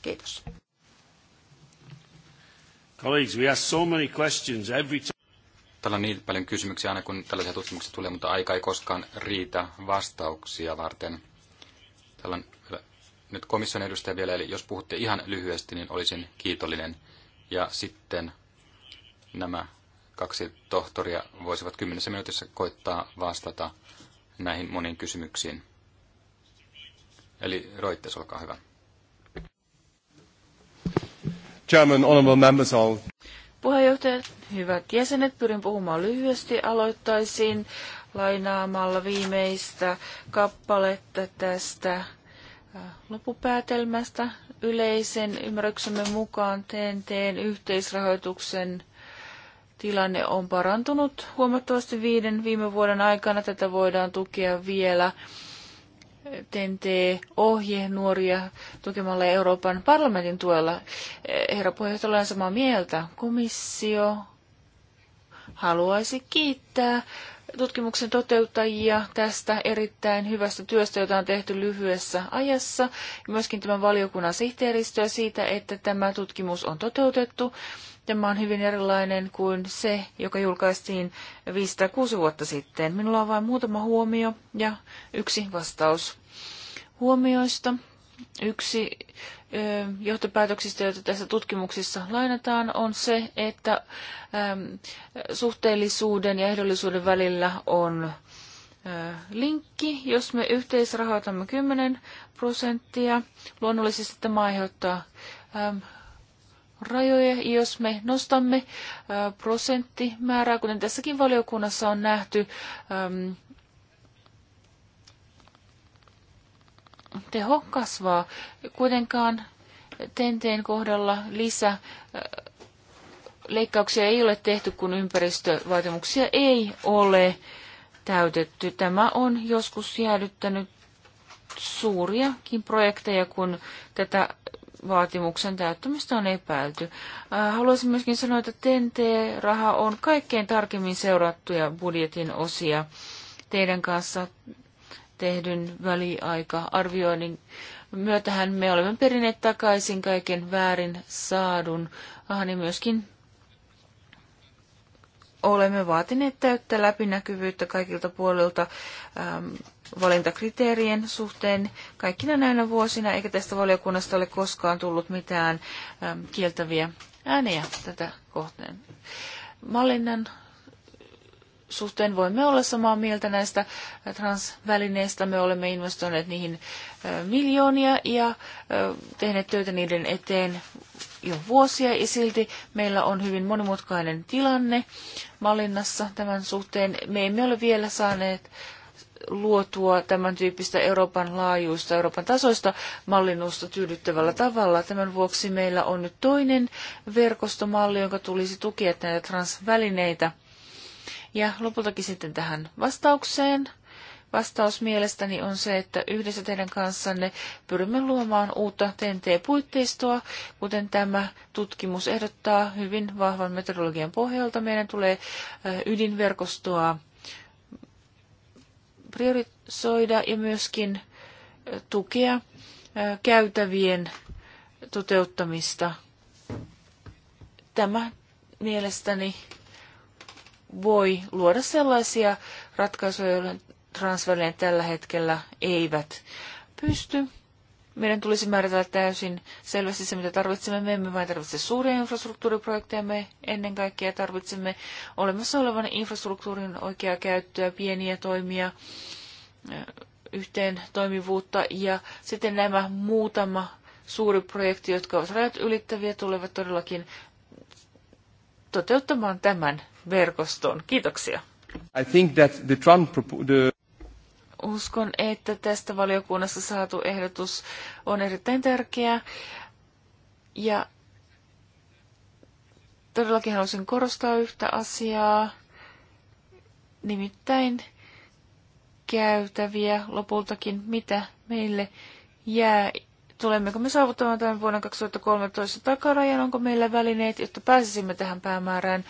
Speaker 2: Kiitos. Colleagues, we ask so many questions every time. Täällä on niin paljon kysymyksiä aina, kun tällaisia tutkimuksia tulee, mutta aika ei koskaan riitä vastauksia varten. Täällä on nyt komission edustaja vielä, eli jos puhutte ihan lyhyesti, niin olisin kiitollinen. Ja sitten nämä kaksi tohtoria voisivat kymmenessä minuutissa koittaa vastata näihin moniin kysymyksiin. Eli Roittes, olkaa hyvä. Chairman, honorable members, I'll...
Speaker 3: Puheenjohtaja, hyvät jäsenet, pyrin puhumaan lyhyesti. Aloittaisin lainaamalla viimeistä kappaletta tästä äh, lopupäätelmästä yleisen ymmärryksemme mukaan TNTn yhteisrahoituksen tilanne on parantunut huomattavasti viiden viime vuoden aikana. Tätä voidaan tukea vielä TNT-ohje nuoria tukemalla Euroopan parlamentin tuella. Herra puheenjohtaja, olen samaa mieltä. Komissio haluaisi kiittää tutkimuksen toteuttajia tästä erittäin hyvästä työstä, jota on tehty lyhyessä ajassa. Myöskin tämän valiokunnan sihteeristöä siitä, että tämä tutkimus on toteutettu. Tämä on hyvin erilainen kuin se, joka julkaistiin 506 vuotta sitten. Minulla on vain muutama huomio ja yksi vastaus huomioista. Yksi johtopäätöksistä, joita tässä tutkimuksessa lainataan, on se, että suhteellisuuden ja ehdollisuuden välillä on linkki. Jos me yhteisrahoitamme 10 prosenttia, luonnollisesti tämä aiheuttaa rajoja, jos me nostamme prosenttimäärää, kuten tässäkin valiokunnassa on nähty, teho kasvaa. Kuitenkaan tenteen kohdalla lisä leikkauksia ei ole tehty, kun ympäristövaatimuksia ei ole täytetty. Tämä on joskus jäädyttänyt suuriakin projekteja, kun tätä vaatimuksen täyttämistä on epäilty. Äh, haluaisin myöskin sanoa, että TNT-raha on kaikkein tarkemmin seurattuja budjetin osia teidän kanssa tehdyn väliaika-arvioinnin myötähän me olemme perineet takaisin kaiken väärin saadun niin myöskin olemme vaatineet täyttä läpinäkyvyyttä kaikilta puolilta. Ähm, valintakriteerien suhteen kaikkina näinä vuosina, eikä tästä valiokunnasta ole koskaan tullut mitään ähm, kieltäviä ääniä tätä kohteen. Mallinnan suhteen voimme olla samaa mieltä näistä transvälineistä. Me olemme investoineet niihin äh, miljoonia ja äh, tehneet töitä niiden eteen jo vuosia ja silti meillä on hyvin monimutkainen tilanne mallinnassa tämän suhteen. Me emme ole vielä saaneet luotua tämän tyyppistä Euroopan laajuista, Euroopan tasoista mallinnusta tyydyttävällä tavalla. Tämän vuoksi meillä on nyt toinen verkostomalli, jonka tulisi tukea näitä transvälineitä. Ja lopultakin sitten tähän vastaukseen. Vastaus mielestäni on se, että yhdessä teidän kanssanne pyrimme luomaan uutta TNT-puitteistoa, kuten tämä tutkimus ehdottaa hyvin vahvan metodologian pohjalta. Meidän tulee ydinverkostoa priorisoida ja myöskin tukea käytävien toteuttamista. Tämä mielestäni voi luoda sellaisia ratkaisuja, joilla transvälineet tällä hetkellä eivät pysty. Meidän tulisi määritellä täysin selvästi se, mitä tarvitsemme. Me emme vain tarvitse suuria infrastruktuuriprojekteja, me ennen kaikkea tarvitsemme olemassa olevan infrastruktuurin oikeaa käyttöä, pieniä toimia, yhteen toimivuutta ja sitten nämä muutama suuri projekti, jotka ovat rajat ylittäviä, tulevat todellakin toteuttamaan tämän verkoston. Kiitoksia.
Speaker 2: I think that the Trump, the...
Speaker 3: Uskon, että tästä valiokunnassa saatu ehdotus on erittäin tärkeä. Ja todellakin haluaisin korostaa yhtä asiaa, nimittäin käytäviä lopultakin, mitä meille jää. Tulemmeko me saavuttamaan tämän vuonna 2013 takarajan, onko meillä välineet, jotta pääsisimme tähän päämäärään.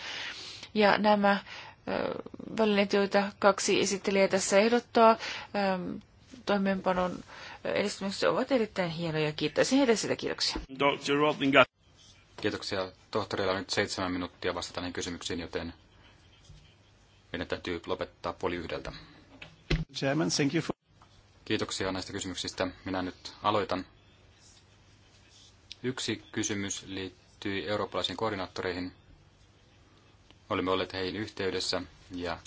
Speaker 3: Ja nämä välineet, joita kaksi esittelijää tässä ehdottaa ähm, toimeenpanon edistymisessä, ovat erittäin hienoja. Kiittäisin heille sitä.
Speaker 2: Kiitoksia. Kiitoksia. Tohtorilla on nyt seitsemän minuuttia vastata näihin kysymyksiin, joten meidän täytyy lopettaa puoli yhdeltä.
Speaker 1: Chairman, thank you for...
Speaker 2: Kiitoksia näistä kysymyksistä. Minä nyt aloitan. Yksi kysymys liittyy eurooppalaisiin koordinaattoreihin olimme olleet heihin yhteydessä ja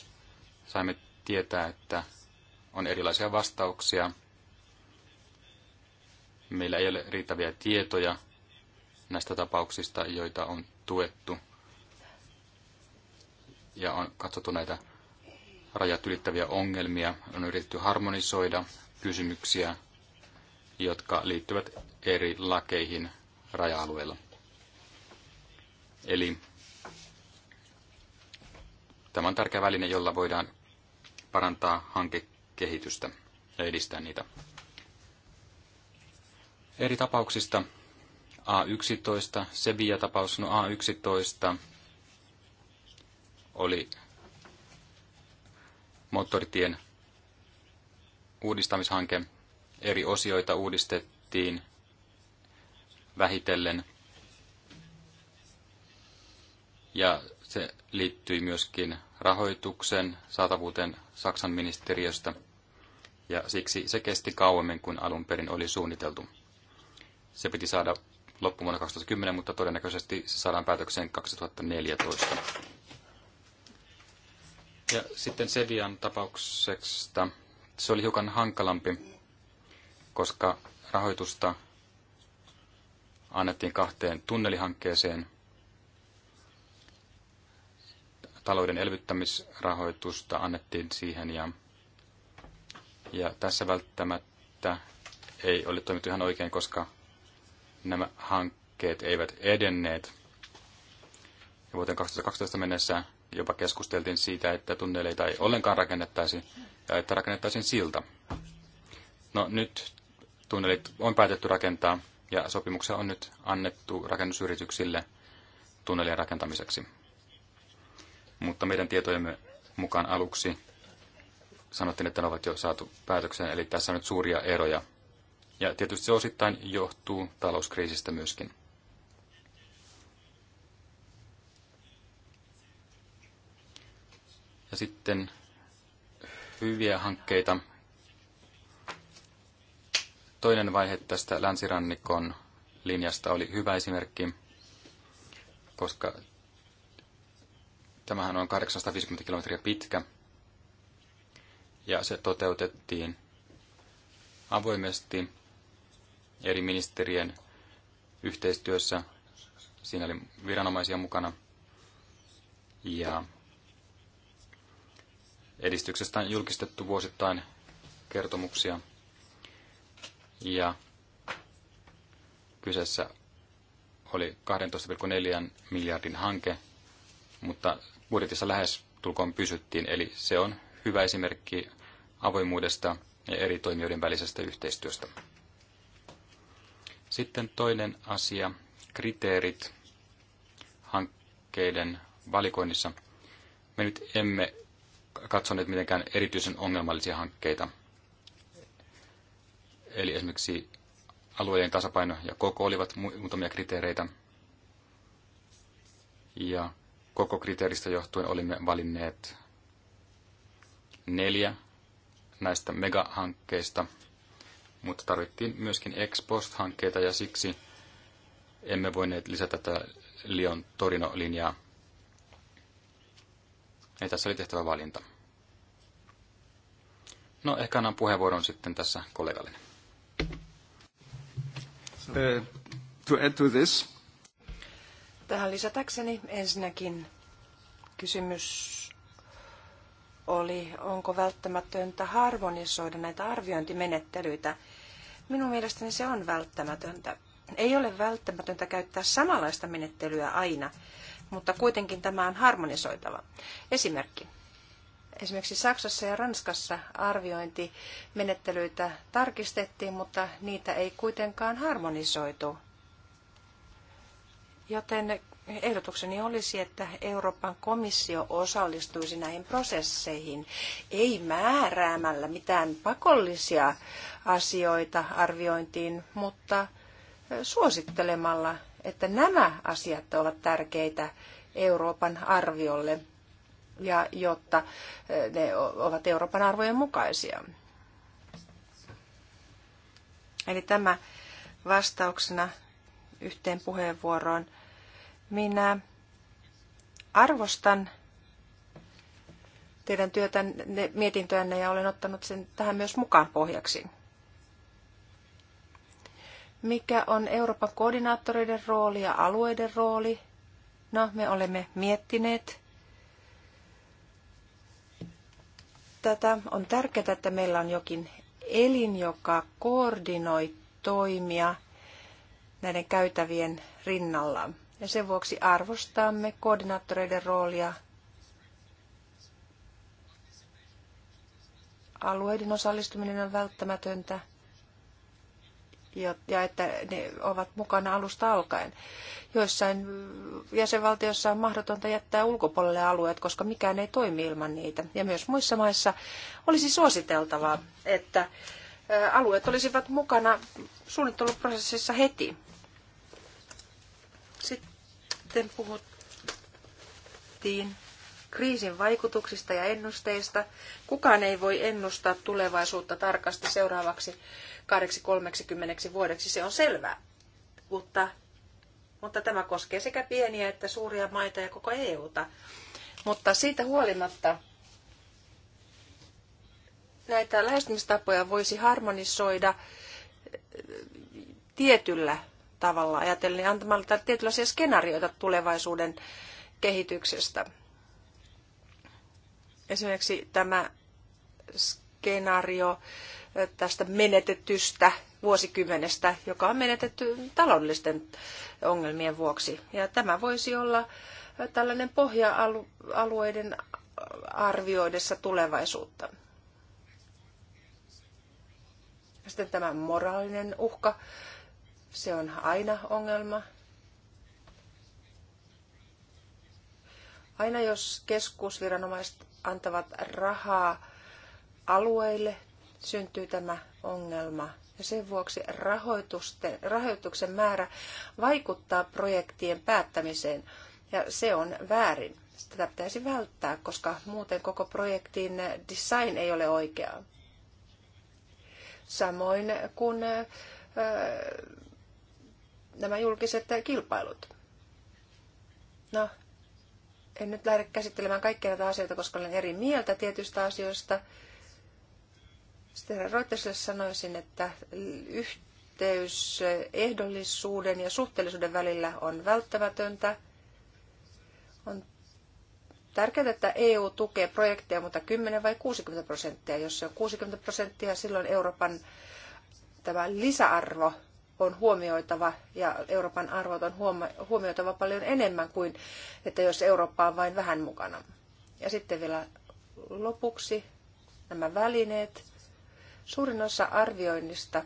Speaker 2: saimme tietää, että on erilaisia vastauksia. Meillä ei ole riittäviä tietoja näistä tapauksista, joita on tuettu. Ja on katsottu näitä rajat ylittäviä ongelmia, on yritetty harmonisoida kysymyksiä, jotka liittyvät eri lakeihin raja-alueilla. Eli Tämä on tärkeä väline, jolla voidaan parantaa hankekehitystä ja edistää niitä. Eri tapauksista A11, Sevilla-tapaus, no A11 oli moottoritien uudistamishanke. Eri osioita uudistettiin vähitellen. Ja se liittyi myöskin rahoituksen saatavuuteen Saksan ministeriöstä, ja siksi se kesti kauemmin kuin alun perin oli suunniteltu. Se piti saada loppuvuonna 2010, mutta todennäköisesti se saadaan päätökseen 2014. Ja sitten Sevian tapauksesta se oli hiukan hankalampi, koska rahoitusta annettiin kahteen tunnelihankkeeseen, talouden elvyttämisrahoitusta annettiin siihen ja, ja tässä välttämättä ei ole toimittu ihan oikein, koska nämä hankkeet eivät edenneet. Ja vuoteen 2012 mennessä jopa keskusteltiin siitä, että tunneleita ei ollenkaan rakennettaisi ja että rakennettaisiin silta. No nyt tunnelit on päätetty rakentaa ja sopimuksia on nyt annettu rakennusyrityksille tunnelien rakentamiseksi mutta meidän tietojemme mukaan aluksi sanottiin, että ne ovat jo saatu päätökseen, eli tässä on nyt suuria eroja. Ja tietysti se osittain johtuu talouskriisistä myöskin. Ja sitten hyviä hankkeita. Toinen vaihe tästä länsirannikon linjasta oli hyvä esimerkki, koska Tämähän on 850 kilometriä pitkä ja se toteutettiin avoimesti eri ministerien yhteistyössä. Siinä oli viranomaisia mukana ja edistyksestä on julkistettu vuosittain kertomuksia. Ja kyseessä oli 12,4 miljardin hanke, mutta budjetissa lähes tulkoon pysyttiin, eli se on hyvä esimerkki avoimuudesta ja eri toimijoiden välisestä yhteistyöstä. Sitten toinen asia, kriteerit hankkeiden valikoinnissa. Me nyt emme katsoneet mitenkään erityisen ongelmallisia hankkeita. Eli esimerkiksi alueiden tasapaino ja koko olivat muutamia kriteereitä. Ja koko kriteeristä johtuen olimme valinneet neljä näistä megahankkeista, mutta tarvittiin myöskin ex post-hankkeita ja siksi emme voineet lisätä tätä Lion Torino-linjaa. Ei tässä oli tehtävä valinta. No, ehkä annan puheenvuoron sitten tässä kollegalle. Uh, to add to this,
Speaker 4: tähän lisätäkseni. Ensinnäkin kysymys oli, onko välttämätöntä harmonisoida näitä arviointimenettelyitä. Minun mielestäni se on välttämätöntä. Ei ole välttämätöntä käyttää samanlaista menettelyä aina, mutta kuitenkin tämä on harmonisoitava. Esimerkki. Esimerkiksi Saksassa ja Ranskassa arviointimenettelyitä tarkistettiin, mutta niitä ei kuitenkaan harmonisoitu Joten ehdotukseni olisi, että Euroopan komissio osallistuisi näihin prosesseihin, ei määräämällä mitään pakollisia asioita arviointiin, mutta suosittelemalla, että nämä asiat ovat tärkeitä Euroopan arviolle ja jotta ne ovat Euroopan arvojen mukaisia. Eli tämä vastauksena yhteen puheenvuoroon. Minä arvostan teidän työtänne, mietintöänne ja olen ottanut sen tähän myös mukaan pohjaksi. Mikä on Euroopan koordinaattoreiden rooli ja alueiden rooli? No, me olemme miettineet tätä. On tärkeää, että meillä on jokin elin, joka koordinoi toimia – näiden käytävien rinnalla. Ja sen vuoksi arvostamme koordinaattoreiden roolia alueiden osallistuminen on välttämätöntä ja että ne ovat mukana alusta alkaen. Joissain jäsenvaltioissa on mahdotonta jättää ulkopuolelle alueet, koska mikään ei toimi ilman niitä. Ja myös muissa maissa olisi suositeltavaa, että alueet olisivat mukana suunnitteluprosessissa heti. Sitten puhuttiin kriisin vaikutuksista ja ennusteista. Kukaan ei voi ennustaa tulevaisuutta tarkasti seuraavaksi 8-30 vuodeksi, se on selvää. Mutta, mutta tämä koskee sekä pieniä että suuria maita ja koko EUta. Mutta siitä huolimatta näitä lähestymistapoja voisi harmonisoida tietyllä tavalla ajatellen niin antamalla tietynlaisia skenaarioita tulevaisuuden kehityksestä. Esimerkiksi tämä skenaario tästä menetetystä vuosikymmenestä, joka on menetetty taloudellisten ongelmien vuoksi. Ja tämä voisi olla tällainen pohja-alueiden arvioidessa tulevaisuutta. Sitten tämä moraalinen uhka se on aina ongelma. Aina jos keskusviranomaiset antavat rahaa alueille, syntyy tämä ongelma. Ja sen vuoksi rahoituksen määrä vaikuttaa projektien päättämiseen. Ja se on väärin. Sitä pitäisi välttää, koska muuten koko projektin design ei ole oikea. Samoin kun nämä julkiset kilpailut. No, en nyt lähde käsittelemään kaikkia näitä asioita, koska olen eri mieltä tietystä asioista. Sitten Reutersille sanoisin, että yhteys ehdollisuuden ja suhteellisuuden välillä on välttämätöntä. On tärkeää, että EU tukee projekteja, mutta 10 vai 60 prosenttia. Jos se on 60 prosenttia, silloin Euroopan tämä lisäarvo on huomioitava ja Euroopan arvot on huomioitava paljon enemmän kuin, että jos Eurooppa on vain vähän mukana. Ja sitten vielä lopuksi nämä välineet. Suurin osa arvioinnista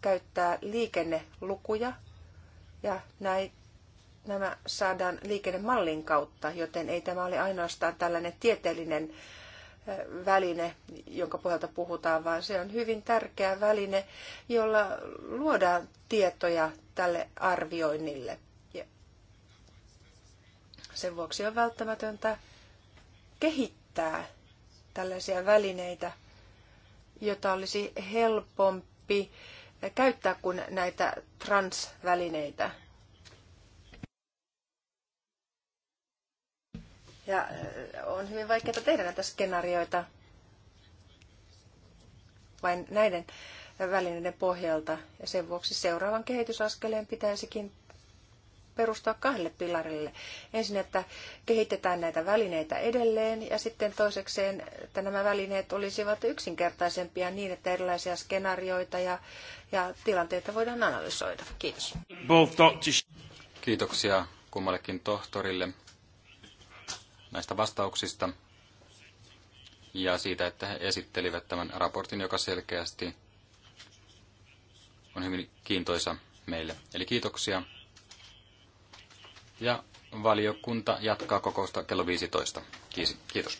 Speaker 4: käyttää liikennelukuja ja näin, nämä saadaan liikennemallin kautta, joten ei tämä ole ainoastaan tällainen tieteellinen väline, jonka pohjalta puhutaan, vaan se on hyvin tärkeä väline, jolla luodaan tietoja tälle arvioinnille. Ja sen vuoksi on välttämätöntä kehittää tällaisia välineitä, jota olisi helpompi käyttää kuin näitä transvälineitä. Ja äh, on hyvin vaikeaa tehdä näitä skenaarioita vain näiden välineiden pohjalta. Ja sen vuoksi seuraavan kehitysaskeleen pitäisikin perustua kahdelle pilarille. Ensin, että kehitetään näitä välineitä edelleen ja sitten toisekseen, että nämä välineet olisivat yksinkertaisempia niin, että erilaisia skenaarioita ja, ja tilanteita voidaan
Speaker 1: analysoida.
Speaker 4: Kiitos.
Speaker 2: Kiitoksia kummallekin tohtorille näistä vastauksista ja siitä, että he esittelivät tämän raportin, joka selkeästi on hyvin kiintoisa meille. Eli kiitoksia. Ja valiokunta jatkaa kokousta kello 15. Kiitos.